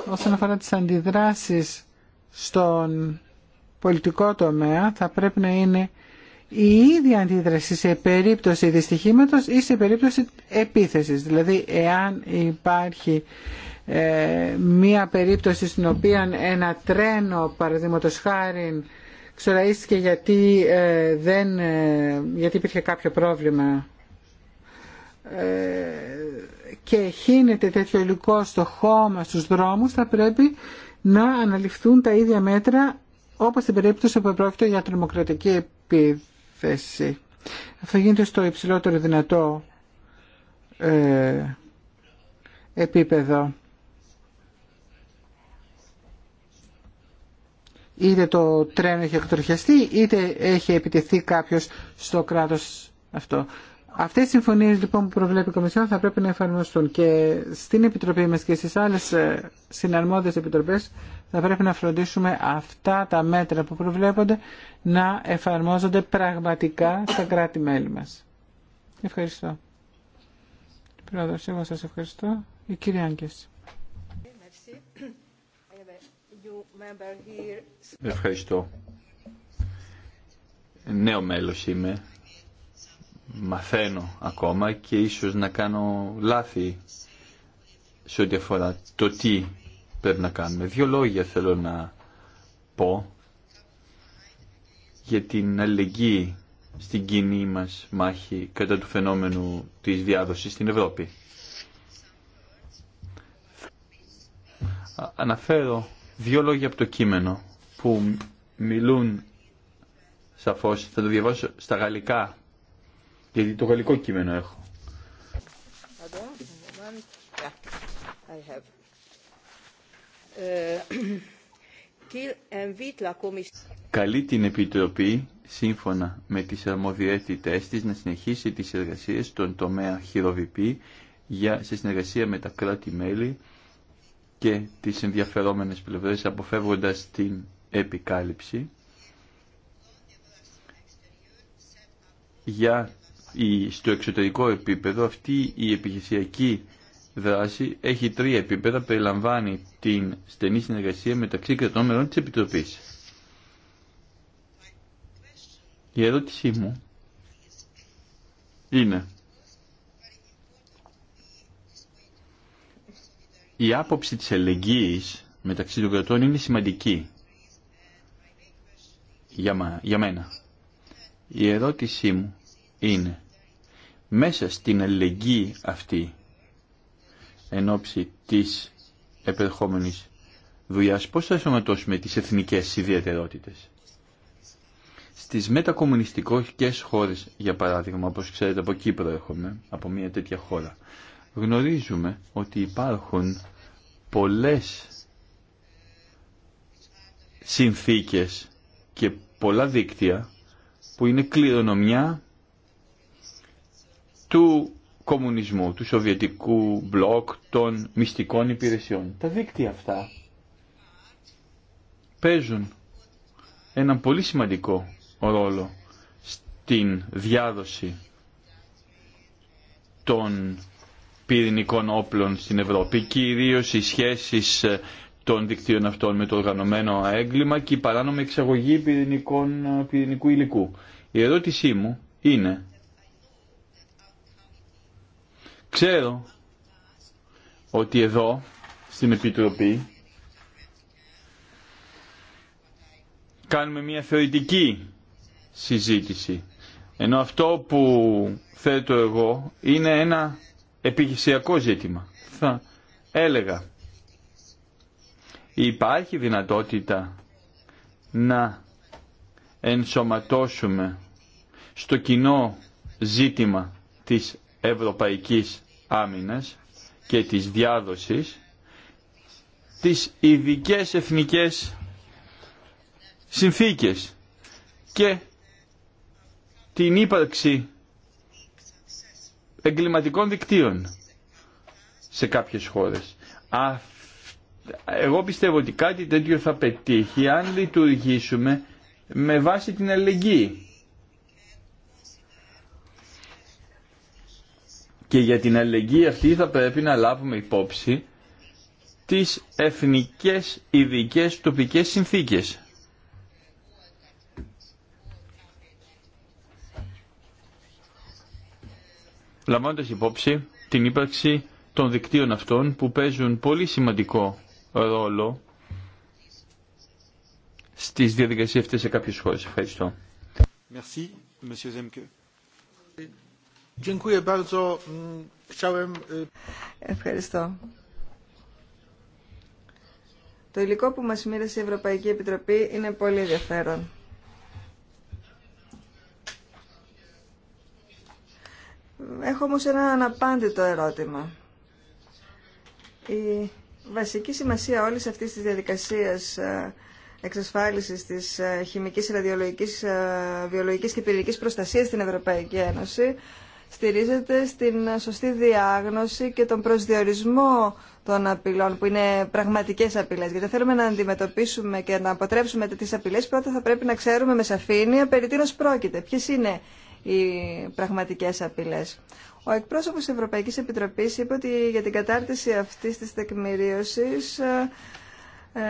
όσον αφορά τις αντιδράσεις στον πολιτικό τομέα θα πρέπει να είναι η ίδια αντίδραση σε περίπτωση δυστυχήματος ή σε περίπτωση επίθεσης. Δηλαδή, εάν υπάρχει ε, μία περίπτωση στην οποία ένα τρένο, παραδείγματος χάρη, ξοραίστηκε γιατί, ε, δεν, ε, γιατί υπήρχε κάποιο πρόβλημα και χύνεται τέτοιο υλικό στο χώμα, στους δρόμους, θα πρέπει να αναλυφθούν τα ίδια μέτρα όπως στην περίπτωση που πρόκειται για τρομοκρατική επίθεση θέση. Αυτό γίνεται στο υψηλότερο δυνατό ε, επίπεδο. Είτε το τρένο έχει εκτροχιαστεί, είτε έχει επιτεθεί κάποιος στο κράτος αυτό. Αυτές οι συμφωνίες λοιπόν που προβλέπει η Κομισιόν θα πρέπει να εφαρμοστούν και στην Επιτροπή μας και στις άλλες ε, συναρμόδιες επιτροπές θα πρέπει να φροντίσουμε αυτά τα μέτρα που προβλέπονται να εφαρμόζονται πραγματικά στα κράτη-μέλη μας. Ευχαριστώ. Πρόεδρος, εγώ σας ευχαριστώ. Η κυρία Άγκες. Ευχαριστώ. Νέο μέλος είμαι. Μαθαίνω ακόμα και ίσως να κάνω λάθη σε ό,τι αφορά το τι πρέπει να κάνουμε. Δύο λόγια θέλω να πω για την αλληλεγγύη στην κοινή μας μάχη κατά του φαινόμενου της διάδοσης στην Ευρώπη. Αναφέρω δύο λόγια από το κείμενο που μιλούν σαφώς, θα το διαβάσω στα γαλλικά, γιατί το γαλλικό κείμενο έχω. I have καλεί την Επιτροπή σύμφωνα με τις αρμοδιότητές της να συνεχίσει τις εργασίες στον τομέα χειροβιπή για, σε συνεργασία με τα κράτη-μέλη και τις ενδιαφερόμενες πλευρές αποφεύγοντας την επικάλυψη για στο εξωτερικό επίπεδο αυτή η επιχειρησιακή δράση έχει τρία επίπεδα, περιλαμβάνει την στενή συνεργασία μεταξύ κρατών μελών της Επιτροπής. Η ερώτησή μου είναι η άποψη της ελεγγύης μεταξύ των κρατών είναι σημαντική για, για μένα. Η ερώτησή μου είναι μέσα στην αλληλεγγύη αυτή εν ώψη της επερχόμενης δουλειάς, πώς θα ενσωματώσουμε τις εθνικές ιδιαιτερότητες. Στις μετακομμουνιστικές χώρες, για παράδειγμα, όπως ξέρετε από Κύπρο έχουμε από μια τέτοια χώρα, γνωρίζουμε ότι υπάρχουν πολλές συνθήκες και πολλά δίκτυα που είναι κληρονομιά του κομμουνισμού, του Σοβιετικού μπλοκ, των μυστικών υπηρεσιών. Τα δίκτυα αυτά παίζουν έναν πολύ σημαντικό ρόλο στην διάδοση των πυρηνικών όπλων στην Ευρώπη, κυρίως οι σχέσεις ε, των δικτύων αυτών με το οργανωμένο έγκλημα και η παράνομη εξαγωγή ε, πυρηνικού υλικού. Η ερώτησή μου είναι Ξέρω ότι εδώ στην Επιτροπή κάνουμε μια θεωρητική συζήτηση. Ενώ αυτό που θέτω εγώ είναι ένα επιχειρησιακό ζήτημα. Θα έλεγα υπάρχει δυνατότητα να ενσωματώσουμε στο κοινό ζήτημα της ευρωπαϊκής άμυνας και της διάδοσης τις ειδικέ εθνικές συνθήκες και την ύπαρξη εγκληματικών δικτύων σε κάποιες χώρες. Εγώ πιστεύω ότι κάτι τέτοιο θα πετύχει αν λειτουργήσουμε με βάση την αλληλεγγύη. Και για την αλληλεγγύη αυτή θα πρέπει να λάβουμε υπόψη τις εθνικές ειδικέ τοπικές συνθήκες. Λαμβάνοντας υπόψη την ύπαρξη των δικτύων αυτών που παίζουν πολύ σημαντικό ρόλο στις διαδικασίες αυτές σε κάποιες χώρες. Ευχαριστώ. Ευχαριστώ. Το υλικό που μας μοίρασε η Ευρωπαϊκή Επιτροπή είναι πολύ ενδιαφέρον. Έχω όμως ένα αναπάντητο ερώτημα. Η βασική σημασία όλης αυτής της διαδικασίας ε, εξασφάλισης της ε, χημικής, ραδιολογικής, ε, βιολογικής και πυρηνικής προστασίας στην Ευρωπαϊκή Ένωση στηρίζεται στην σωστή διάγνωση και τον προσδιορισμό των απειλών που είναι πραγματικές απειλές. Γιατί θέλουμε να αντιμετωπίσουμε και να αποτρέψουμε τις απειλές πρώτα θα πρέπει να ξέρουμε με σαφήνεια περί τίνος πρόκειται. Ποιες είναι οι πραγματικές απειλές. Ο εκπρόσωπος της Ευρωπαϊκής Επιτροπής είπε ότι για την κατάρτιση αυτής της τεκμηρίωσης ε, ε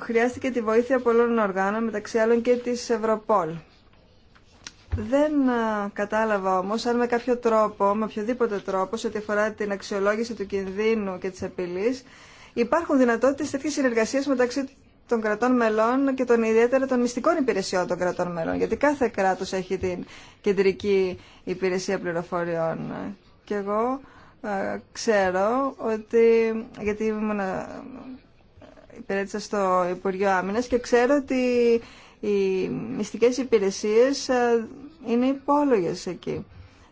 χρειάστηκε τη βοήθεια πολλών οργάνων, μεταξύ άλλων και της Ευρωπόλ. Δεν ε, κατάλαβα όμως αν με κάποιο τρόπο, με οποιοδήποτε τρόπο, σε ό,τι αφορά την αξιολόγηση του κινδύνου και της απειλής, υπάρχουν δυνατότητες τέτοιες συνεργασίες μεταξύ των κρατών μελών και των ιδιαίτερα των μυστικών υπηρεσιών των κρατών μελών. Γιατί κάθε κράτος έχει την κεντρική υπηρεσία πληροφοριών. Και εγώ ε, ξέρω ότι, γιατί ήμουν, ε, υπηρέτησα στο Υπουργείο Άμυνας και ξέρω ότι οι μυστικές υπηρεσίες είναι υπόλογε εκεί.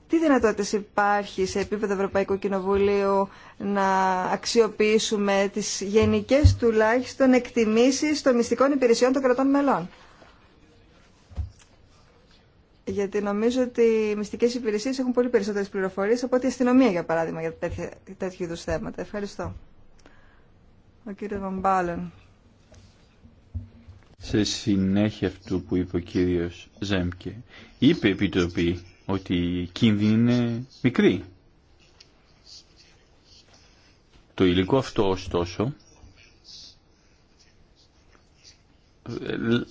Τι δυνατότητες υπάρχει σε επίπεδο Ευρωπαϊκού Κοινοβουλίου να αξιοποιήσουμε τις γενικές τουλάχιστον εκτιμήσεις των μυστικών υπηρεσιών των κρατών μελών. Γιατί νομίζω ότι οι μυστικές υπηρεσίες έχουν πολύ περισσότερες πληροφορίες από ότι η αστυνομία, για παράδειγμα, για τέτοιου είδους θέματα. Ευχαριστώ. Ο κύριος Βαμπάλεν σε συνέχεια αυτού που είπε ο κύριος Ζέμκε. Είπε η Επιτροπή ότι η κίνδυνη είναι μικρή. Το υλικό αυτό ωστόσο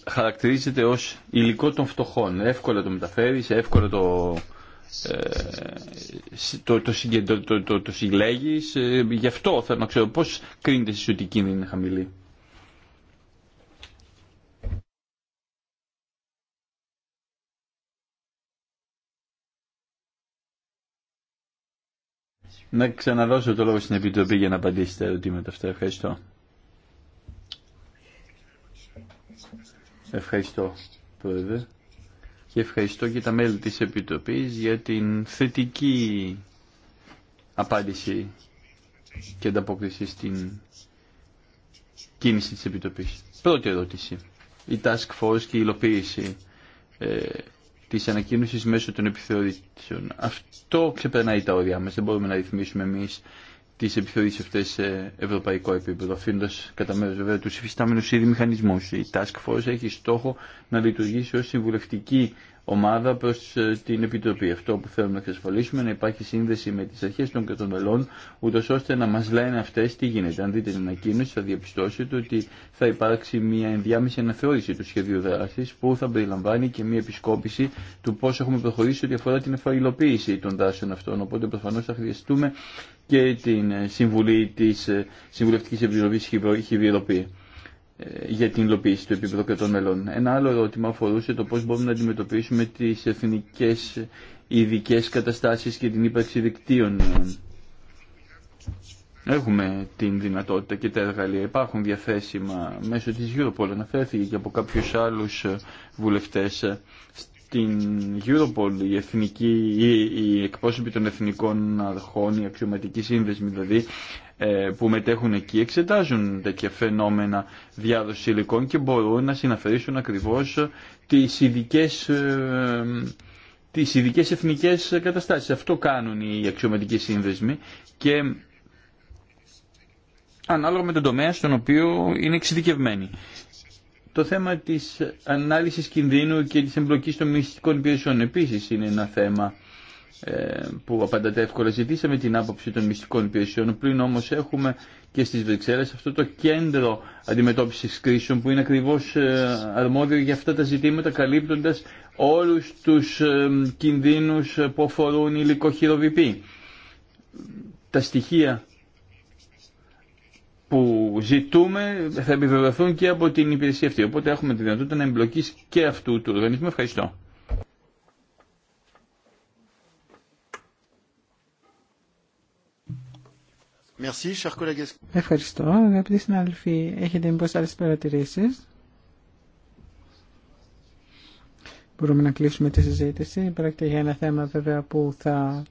χαρακτηρίζεται ως υλικό των φτωχών. Εύκολα το μεταφέρεις, εύκολα το, ε, το, το, το, το, το, συλλέγεις. Ε, γι' αυτό θέλω να ξέρω πώς κρίνεται ότι η κίνδυνη είναι χαμηλή. Να ξαναδώσω το λόγο στην Επιτροπή για να απαντήσει τα ερωτήματα αυτά. Ευχαριστώ. Ευχαριστώ, Πρόεδρε. Και ευχαριστώ και τα μέλη της Επιτροπής για την θετική απάντηση και ανταπόκριση στην κίνηση της Επιτροπής. Πρώτη ερώτηση. Η Task Force και η υλοποίηση ε, Τη ανακοίνωση μέσω των επιθεωρήσεων. Αυτό ξεπερνάει τα όρια μα. Δεν μπορούμε να ρυθμίσουμε εμεί τι επιθεωρήσει αυτέ σε ευρωπαϊκό επίπεδο, αφήνοντα κατά μέρο βέβαια του υφιστάμενου ήδη μηχανισμού. Η Task Force έχει στόχο να λειτουργήσει ω συμβουλευτική ομάδα προ ε, την Επιτροπή. Αυτό που θέλουμε να εξασφαλίσουμε είναι να υπάρχει σύνδεση με τι αρχέ των κρατομελών, ούτω ώστε να μα λένε αυτέ τι γίνεται. Αν δείτε την ανακοίνωση θα διαπιστώσετε ότι θα υπάρξει μια ενδιάμεση αναθεώρηση του σχεδίου δράση, που θα περιλαμβάνει και μια επισκόπηση του πώ έχουμε προχωρήσει ό,τι αφορά την εφαρμογή των δράσεων αυτών. Οπότε προφανώ θα χρειαστούμε και την ε, συμβουλή τη ε, Συμβουλευτική Επιτροπή Χιβιεροπή. Ε, για την υλοποίηση του επίπεδου των μελών. Ένα άλλο ερώτημα αφορούσε το πώς μπορούμε να αντιμετωπίσουμε τις εθνικές ειδικέ καταστάσεις και την ύπαρξη δικτύων. Έχουμε την δυνατότητα και τα εργαλεία υπάρχουν διαθέσιμα μέσω της Europol. Αναφέρθηκε και από κάποιους άλλους βουλευτές στην Europol η εθνική η οι εκπρόσωποι των εθνικών αρχών, η Αξιωματική σύνδεσμοι δηλαδή, ε, που μετέχουν εκεί εξετάζουν τέτοια φαινόμενα διάδοση υλικών και μπορούν να συναφερήσουν ακριβώς τις ειδικές, ε, τις ειδικές εθνικές καταστάσεις. Αυτό κάνουν οι αξιωματικοί σύνδεσμοι και ανάλογα με τον τομέα στον οποίο είναι εξειδικευμένοι. Το θέμα της ανάλυσης κινδύνου και της εμπλοκής των μυστικών υπηρεσιών επίσης είναι ένα θέμα ε, που απαντάτε εύκολα. Ζητήσαμε την άποψη των μυστικών υπηρεσιών. Πριν όμω έχουμε και στι Βρυξέλλε αυτό το κέντρο αντιμετώπιση κρίσεων που είναι ακριβώ ε, αρμόδιο για αυτά τα ζητήματα, καλύπτοντα όλου του ε, κινδύνου που αφορούν χειροβιπή. Τα στοιχεία που ζητούμε θα επιβεβαιωθούν και από την υπηρεσία αυτή. Οπότε έχουμε τη δυνατότητα να εμπλοκεί και αυτού του οργανισμού. Ευχαριστώ. Ευχαριστώ. Αγαπητοί συνάδελφοι, έχετε μήπως άλλες παρατηρήσεις. Μπορούμε να κλείσουμε τη συζήτηση. Πρόκειται για ένα θέμα βέβαια που θα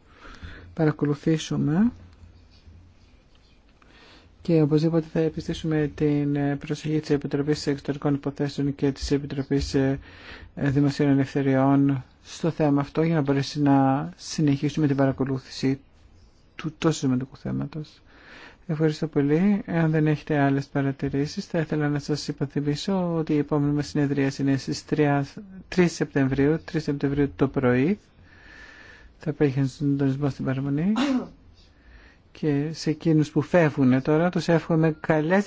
παρακολουθήσουμε και οπωσδήποτε θα επιστήσουμε την προσοχή της Επιτροπής Εξωτερικών Υποθέσεων και της Επιτροπής ε, ε, Δημοσίων Ελευθεριών στο θέμα αυτό για να μπορέσει να συνεχίσουμε την παρακολούθηση του τόσο σημαντικού θέματος. Ευχαριστώ πολύ. Αν δεν έχετε άλλες παρατηρήσεις, θα ήθελα να σας υποθυμίσω ότι η επόμενη μας συνεδρία είναι στις 3, 3 Σεπτεμβρίου, 3 Σεπτεμβρίου το πρωί. Θα υπάρχει ένα συντονισμό στην παραμονή. Και σε εκείνους που φεύγουν τώρα, τους εύχομαι καλές